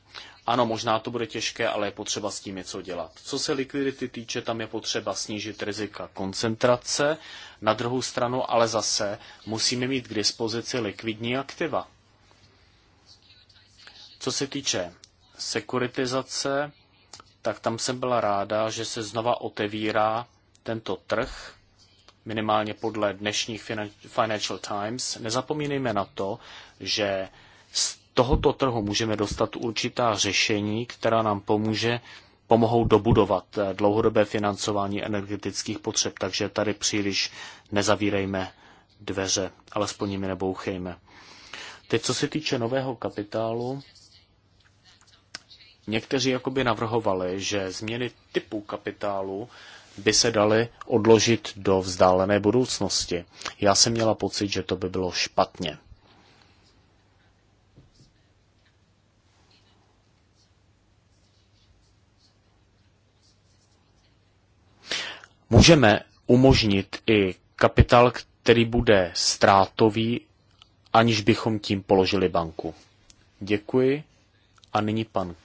Ano, možná to bude těžké, ale je potřeba s tím něco dělat. Co se likvidity týče, tam je potřeba snížit rizika koncentrace. Na druhou stranu ale zase musíme mít k dispozici likvidní aktiva. Co se týče sekuritizace, tak tam jsem byla ráda, že se znova otevírá tento trh, minimálně podle dnešních Financial Times. Nezapomínejme na to, že z tohoto trhu můžeme dostat určitá řešení, která nám pomůže pomohou dobudovat eh, dlouhodobé financování energetických potřeb, takže tady příliš nezavírejme dveře, alespoň nimi nebouchejme. Teď, co se týče nového kapitálu, Někteří jakoby navrhovali, že změny typu kapitálu by se daly odložit do vzdálené budoucnosti. Já jsem měla pocit, že to by bylo špatně. Můžeme umožnit i kapitál, který bude ztrátový, aniž bychom tím položili banku. Děkuji. A nyní pan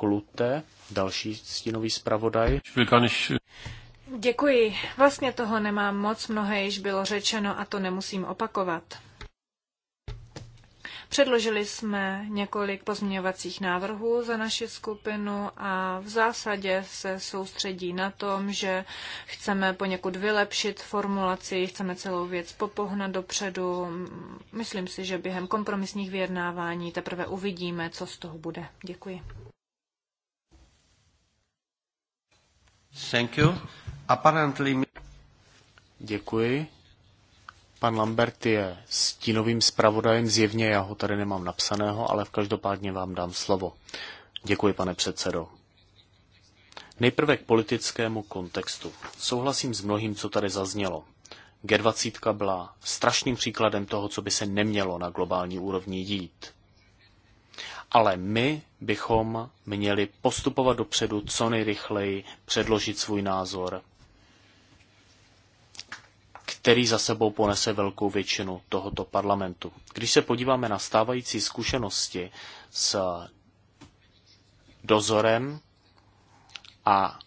Klute, další stínový zpravodaj. Děkuji. Vlastně toho nemám moc, mnohé již bylo řečeno a to nemusím opakovat. Předložili jsme několik pozměňovacích návrhů za naši skupinu a v zásadě se soustředí na tom, že chceme poněkud vylepšit formulaci, chceme celou věc popohnat dopředu. Myslím si, že během kompromisních vyjednávání teprve uvidíme, co z toho bude. Děkuji. Thank you. Apparently... Děkuji. Pan Lambert je stínovým zpravodajem, zjevně já ho tady nemám napsaného, ale v každopádně vám dám slovo. Děkuji, pane předsedo. Nejprve k politickému kontextu. Souhlasím s mnohým, co tady zaznělo. G20 byla strašným příkladem toho, co by se nemělo na globální úrovni dít. Ale my bychom měli postupovat dopředu co nejrychleji, předložit svůj názor, který za sebou ponese velkou většinu tohoto parlamentu. Když se podíváme na stávající zkušenosti s dozorem a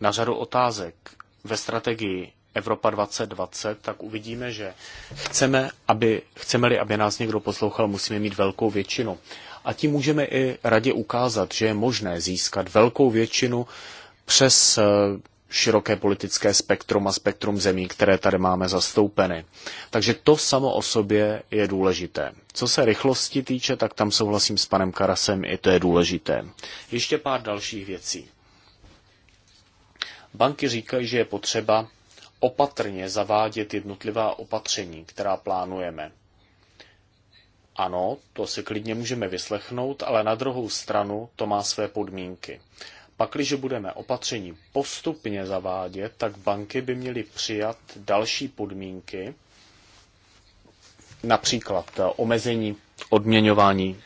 na řadu otázek ve strategii Evropa 2020, tak uvidíme, že chceme, aby, chceme-li, aby nás někdo poslouchal, musíme mít velkou většinu. A tím můžeme i radě ukázat, že je možné získat velkou většinu přes eh, široké politické spektrum a spektrum zemí, které tady máme zastoupeny. Takže to samo o sobě je důležité. Co se rychlosti týče, tak tam souhlasím s panem Karasem, i to je důležité. Ještě pár dalších věcí. Banky říkají, že je potřeba opatrně zavádět jednotlivá opatření, která plánujeme. Ano, to si klidně můžeme vyslechnout, ale na druhou stranu to má své podmínky. Pakliže budeme opatření postupně zavádět, tak banky by měly přijat další podmínky, například omezení odměňování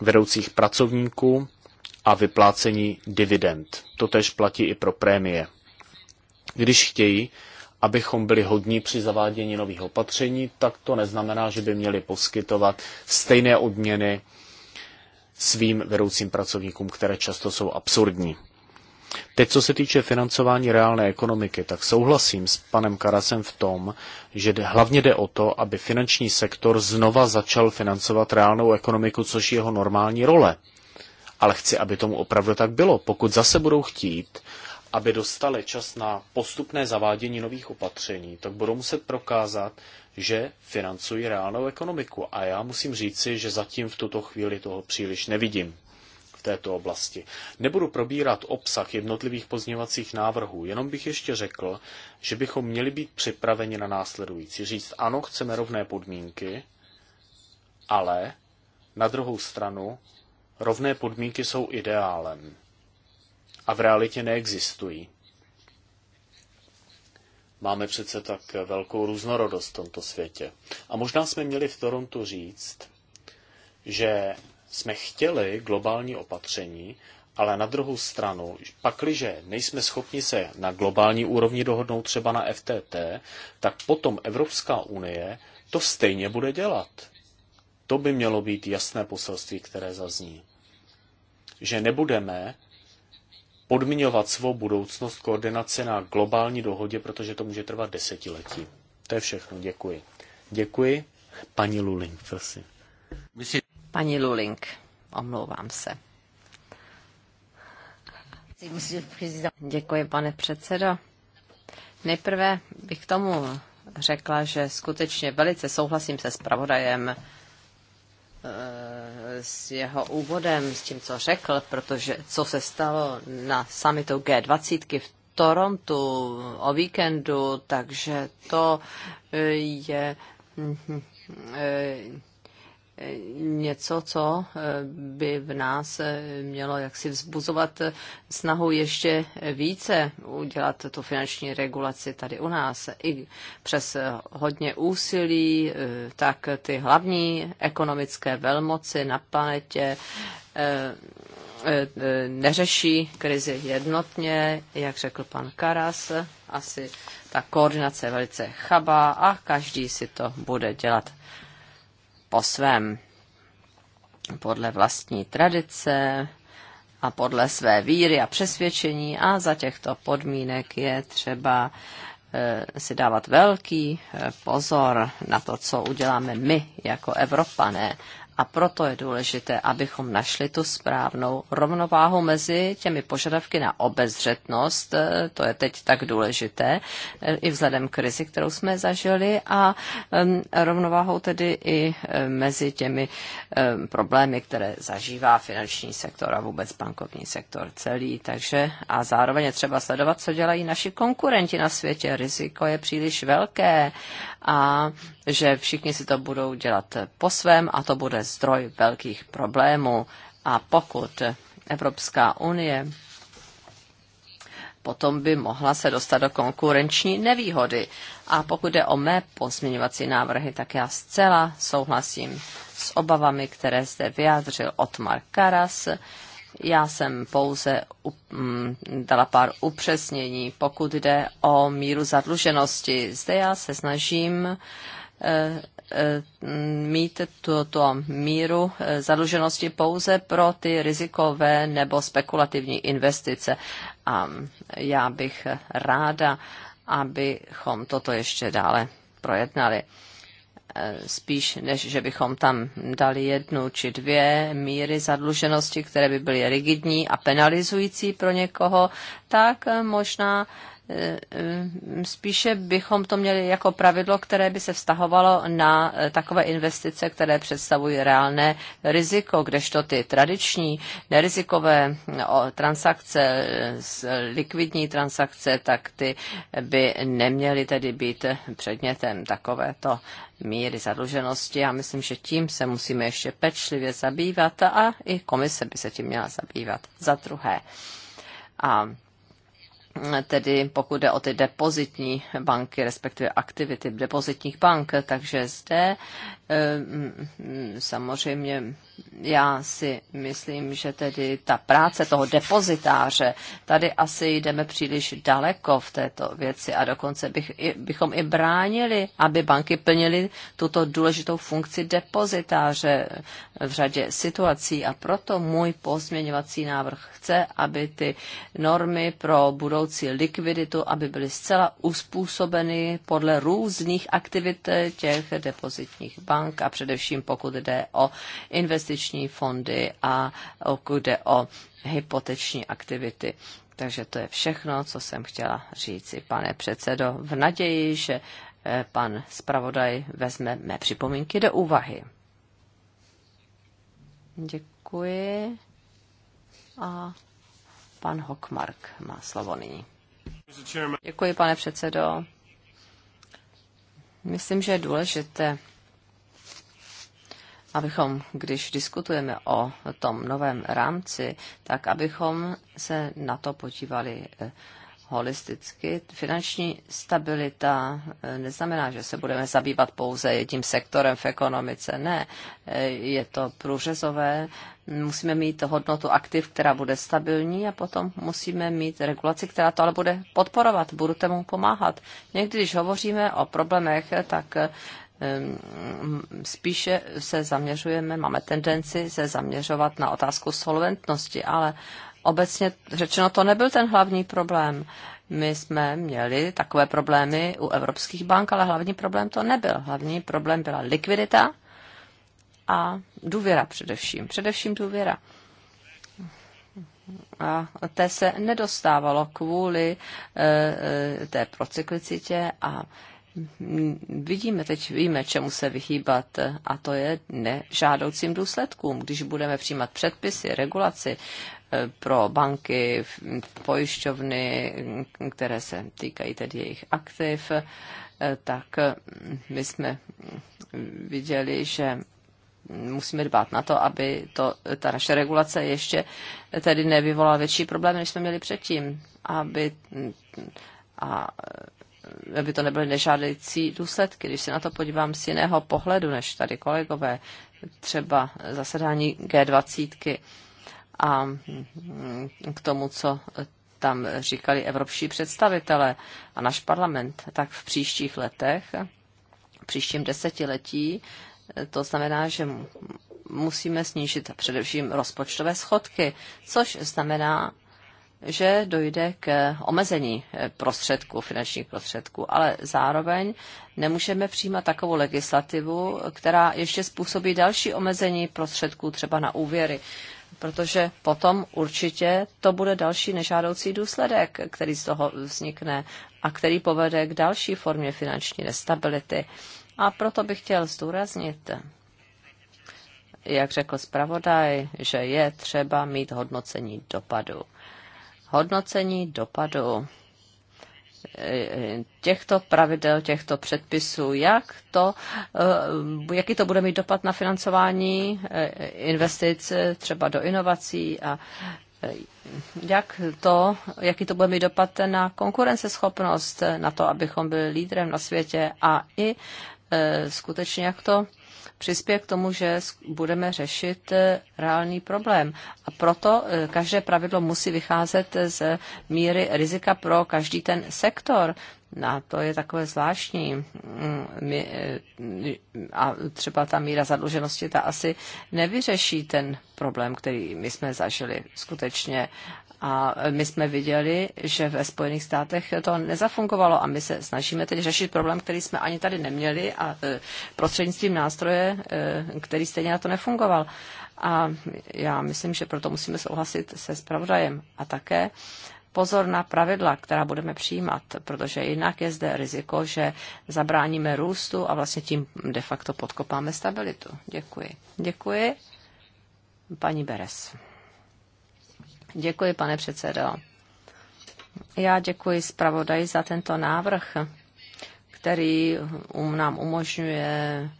vedoucích pracovníků a vyplácení dividend. To tež platí i pro prémie. Když chtějí, abychom byli hodní při zavádění nových opatření, tak to neznamená, že by měli poskytovat stejné odměny svým vedoucím pracovníkům, které často jsou absurdní. Teď, co se týče financování reálné ekonomiky, tak souhlasím s panem Karasem v tom, že hlavně jde o to, aby finanční sektor znova začal financovat reálnou ekonomiku, což je jeho normální role. Ale chci, aby tomu opravdu tak bylo. Pokud zase budou chtít, aby dostali čas na postupné zavádění nových opatření, tak budou muset prokázat, že financují reálnou ekonomiku. A já musím říci, že zatím v tuto chvíli toho příliš nevidím v této oblasti. Nebudu probírat obsah jednotlivých pozněvacích návrhů, jenom bych ještě řekl, že bychom měli být připraveni na následující. Říct, ano, chceme rovné podmínky, ale na druhou stranu rovné podmínky jsou ideálem a v realitě neexistují. Máme přece tak velkou různorodost v tomto světě. A možná jsme měli v Torontu říct, že jsme chtěli globální opatření, ale na druhou stranu, pakliže nejsme schopni se na globální úrovni dohodnout třeba na FTT, tak potom Evropská unie to stejně bude dělat. To by mělo být jasné poselství, které zazní. Že nebudeme podmiňovat svou budoucnost koordinace na globální dohodě, protože to může trvat desetiletí. To je všechno, děkuji. Děkuji. Paní Luling, prosím. Paní Luling, omlouvám se. Děkuji, pane předsedo. Nejprve bych tomu řekla, že skutečně velice souhlasím se spravodajem Eh, s jeho úvodem, s tím, co řekl, protože co se stalo na summitu G20 v Torontu o víkendu, takže to eh, je mm, mm, eh, něco, co eh, by v nás eh, mělo jaksi vzbuzovat eh, snahu ještě více udělat tu finanční regulaci tady u nás. I přes hodně úsilí, tak ty hlavní ekonomické velmoci na planetě neřeší krizi jednotně, jak řekl pan Karas, asi ta koordinace je velice chabá a každý si to bude dělat po svém, podle vlastní tradice a podle své víry a přesvědčení a za těchto podmínek je třeba eh, si dávat velký eh, pozor na to, co uděláme my jako Evropané. A proto je důležité, abychom našli tu správnou rovnováhu mezi těmi požadavky na obezřetnost, eh, to je teď tak důležité, eh, i vzhledem k krizi, kterou jsme zažili, a rovnováhou tedy i eh, mezi těmi problémy, které zažívá finanční sektor a vůbec bankovní sektor celý. Takže a zároveň je třeba sledovat, co dělají naši konkurenti na světě. Riziko je příliš velké a že všichni si to budou dělat po svém a to bude zdroj velkých problémů. A pokud Evropská unie potom by mohla se dostat do konkurenční nevýhody. A pokud jde o mé pozměňovací návrhy, tak já zcela souhlasím s obavami, které zde vyjádřil Otmar Karas. Já jsem pouze mm, dala pár upřesnění, pokud jde o míru zadluženosti. Zde já se snažím uh, Eh, eh, mít tuto míru eh, zadluženosti pouze pro ty rizikové nebo spekulativní investice. A já bych ráda, abychom toto ještě dále projednali spíš než, že bychom tam dali jednu či dvě míry zadluženosti, které by byly rigidní a penalizující pro někoho, tak možná Eh, eh, spíše bychom to měli jako pravidlo, které by se vztahovalo na eh, takové investice, které představují reálné riziko, kdežto ty tradiční nerizikové mm, transakce, likvidní transakce, tak ty by neměly tedy být předmětem takovéto míry zadluženosti. Já myslím, že tím se musíme ještě pečlivě zabývat a i komise by se tím měla zabývat. Za druhé. A tedy pokud jde o ty depozitní banky, respektive aktivity depozitních bank. Takže zde Ehm, samozřejmě já si myslím, že tedy ta práce toho depozitáře, tady asi jdeme příliš daleko v této věci a dokonce bych, bychom i bránili, aby banky plnily tuto důležitou funkci depozitáře v řadě situací a proto můj pozměňovací návrh chce, aby ty normy pro budoucí likviditu, aby byly zcela uspůsobeny podle různých aktivit těch depozitních bank bank a především pokud jde o investiční fondy a pokud jde o hypoteční aktivity. Takže to je všechno, co jsem chtěla říci, pane předsedo, v naději, že eh, pan zpravodaj vezme mé připomínky do úvahy. Děkuji. A pan Hokmark má slovo nyní. Děkuji, pane předsedo. Myslím, že je důležité abychom, když diskutujeme o tom novém rámci, tak abychom se na to podívali eh, holisticky. Finanční stabilita eh, neznamená, že se budeme zabývat pouze jedním sektorem v ekonomice. Ne, eh, je to průřezové. Musíme mít hodnotu aktiv, která bude stabilní a potom musíme mít regulaci, která to ale bude podporovat, budu tomu pomáhat. Někdy, když hovoříme o problémech, tak Ehm, spíše se zaměřujeme, máme tendenci se zaměřovat na otázku solventnosti, ale obecně řečeno to nebyl ten hlavní problém. My jsme měli takové problémy u evropských bank, ale hlavní problém to nebyl. Hlavní problém byla likvidita a důvěra především. Především důvěra. A té se nedostávalo kvůli e, té procyklicitě a vidíme, teď víme, čemu se vyhýbat a to je nežádoucím důsledkům. Když budeme přijímat předpisy, regulaci eh, pro banky, pojišťovny, které se týkají tedy jejich aktiv, eh, tak eh, my jsme viděli, že musíme dbát na to, aby to, ta naše regulace ještě tedy nevyvolala větší problémy, než jsme měli předtím. Aby, a aby to nebyly nežádající důsledky. Když se na to podívám z jiného pohledu než tady kolegové, třeba zasedání G20 a mm, k tomu, co tam říkali evropští představitelé a náš parlament, tak v příštích letech, v příštím desetiletí, to znamená, že musíme snížit především rozpočtové schodky, což znamená že dojde k omezení eh, prostředků, finančních prostředků, ale zároveň nemůžeme přijímat takovou legislativu, která ještě způsobí další omezení prostředků třeba na úvěry, protože potom určitě to bude další nežádoucí důsledek, který z toho vznikne a který povede k další formě finanční nestability. A proto bych chtěl zdůraznit, jak řekl zpravodaj, že je třeba mít hodnocení dopadu hodnocení dopadu eh, těchto pravidel, těchto předpisů, jak to, eh, jaký to bude mít dopad na financování eh, investic třeba do inovací a jak to, jaký to bude mít dopad na konkurenceschopnost, na to, abychom byli lídrem na světě a i skutečně jak to přispěje k tomu, že budeme řešit eh, reálný problém. A proto eh, každé pravidlo musí vycházet z míry rizika pro každý ten sektor. A to je takové zvláštní. Mm, eh, a třeba ta míra zadluženosti, ta asi nevyřeší ten problém, který my jsme zažili skutečně. A my jsme viděli, že ve Spojených státech to nezafungovalo a my se snažíme teď řešit problém, který jsme ani tady neměli a e, prostřednictvím nástroje, e, který stejně na to nefungoval. A já myslím, že proto musíme souhlasit se zpravodajem a také pozor na pravidla, která budeme přijímat, protože jinak je zde riziko, že zabráníme růstu a vlastně tím de facto podkopáme stabilitu. Děkuji. Děkuji. Paní Beres. Děkuji, pane předsedo. Já děkuji zpravodaji za tento návrh, který um, nám umožňuje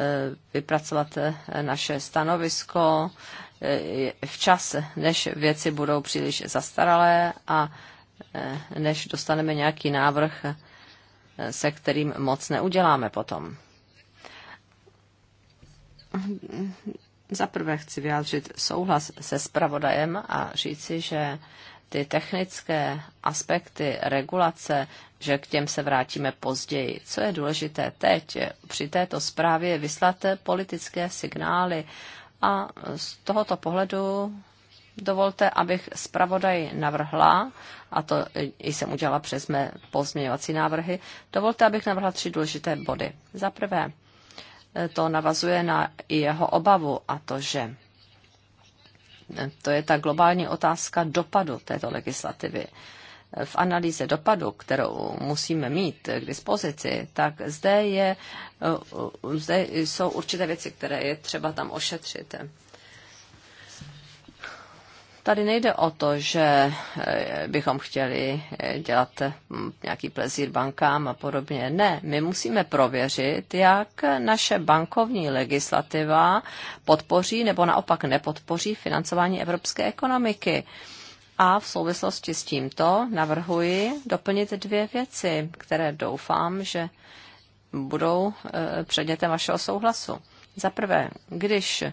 eh, vypracovat eh, naše stanovisko eh, včas, než věci budou příliš zastaralé a než dostaneme nějaký návrh, se kterým moc neuděláme potom. Za prvé chci vyjádřit souhlas se spravodajem a říci, že ty technické aspekty regulace, že k těm se vrátíme později. Co je důležité teď při této zprávě vyslat politické signály a z tohoto pohledu dovolte, abych zpravodaj navrhla, a to jsem udělala přes mé pozměňovací návrhy, dovolte, abych navrhla tři důležité body. Za prvé, E, to navazuje na jeho obavu a to, že e, to je ta globální otázka dopadu této legislativy. E, v analýze dopadu, kterou musíme mít k dispozici, tak zde, je, zde jsou určité věci, které je třeba tam ošetřit. Tady nejde o to, že eh, bychom chtěli eh, dělat eh, nějaký plezír bankám a podobně. Ne, my musíme prověřit, jak naše bankovní legislativa podpoří nebo naopak nepodpoří financování evropské ekonomiky. A v souvislosti s tímto navrhuji doplnit dvě věci, které doufám, že budou předmětem vašeho souhlasu. Za prvé, když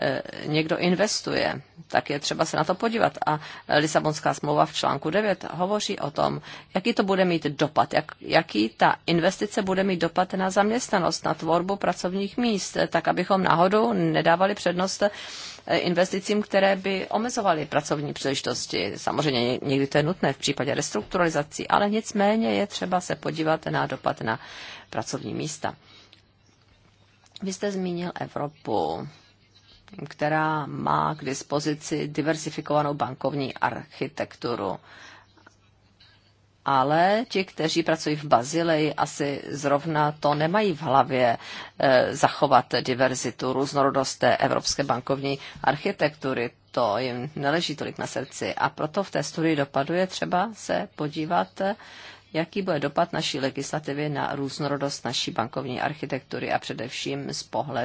Eh, někdo investuje, tak je třeba se na to podívat. A Lisabonská smlouva v článku 9 hovoří o tom, jaký to bude mít dopad, jak, jaký ta investice bude mít dopad na zaměstnanost, na tvorbu pracovních míst, tak abychom náhodou nedávali přednost eh, investicím, které by omezovaly pracovní příležitosti. Samozřejmě někdy to je nutné v případě restrukturalizací, ale nicméně je třeba se podívat na dopad na pracovní místa. Vy jste zmínil Evropu která má k dispozici diversifikovanou bankovní architekturu. Ale ti, kteří pracují v Bazileji, asi zrovna to nemají v hlavě e, zachovat diverzitu, různorodost té evropské bankovní architektury. To jim neleží tolik na srdci. A proto v té studii dopadu je třeba se podívat, jaký bude dopad naší legislativy na různorodost naší bankovní architektury a především z pohledu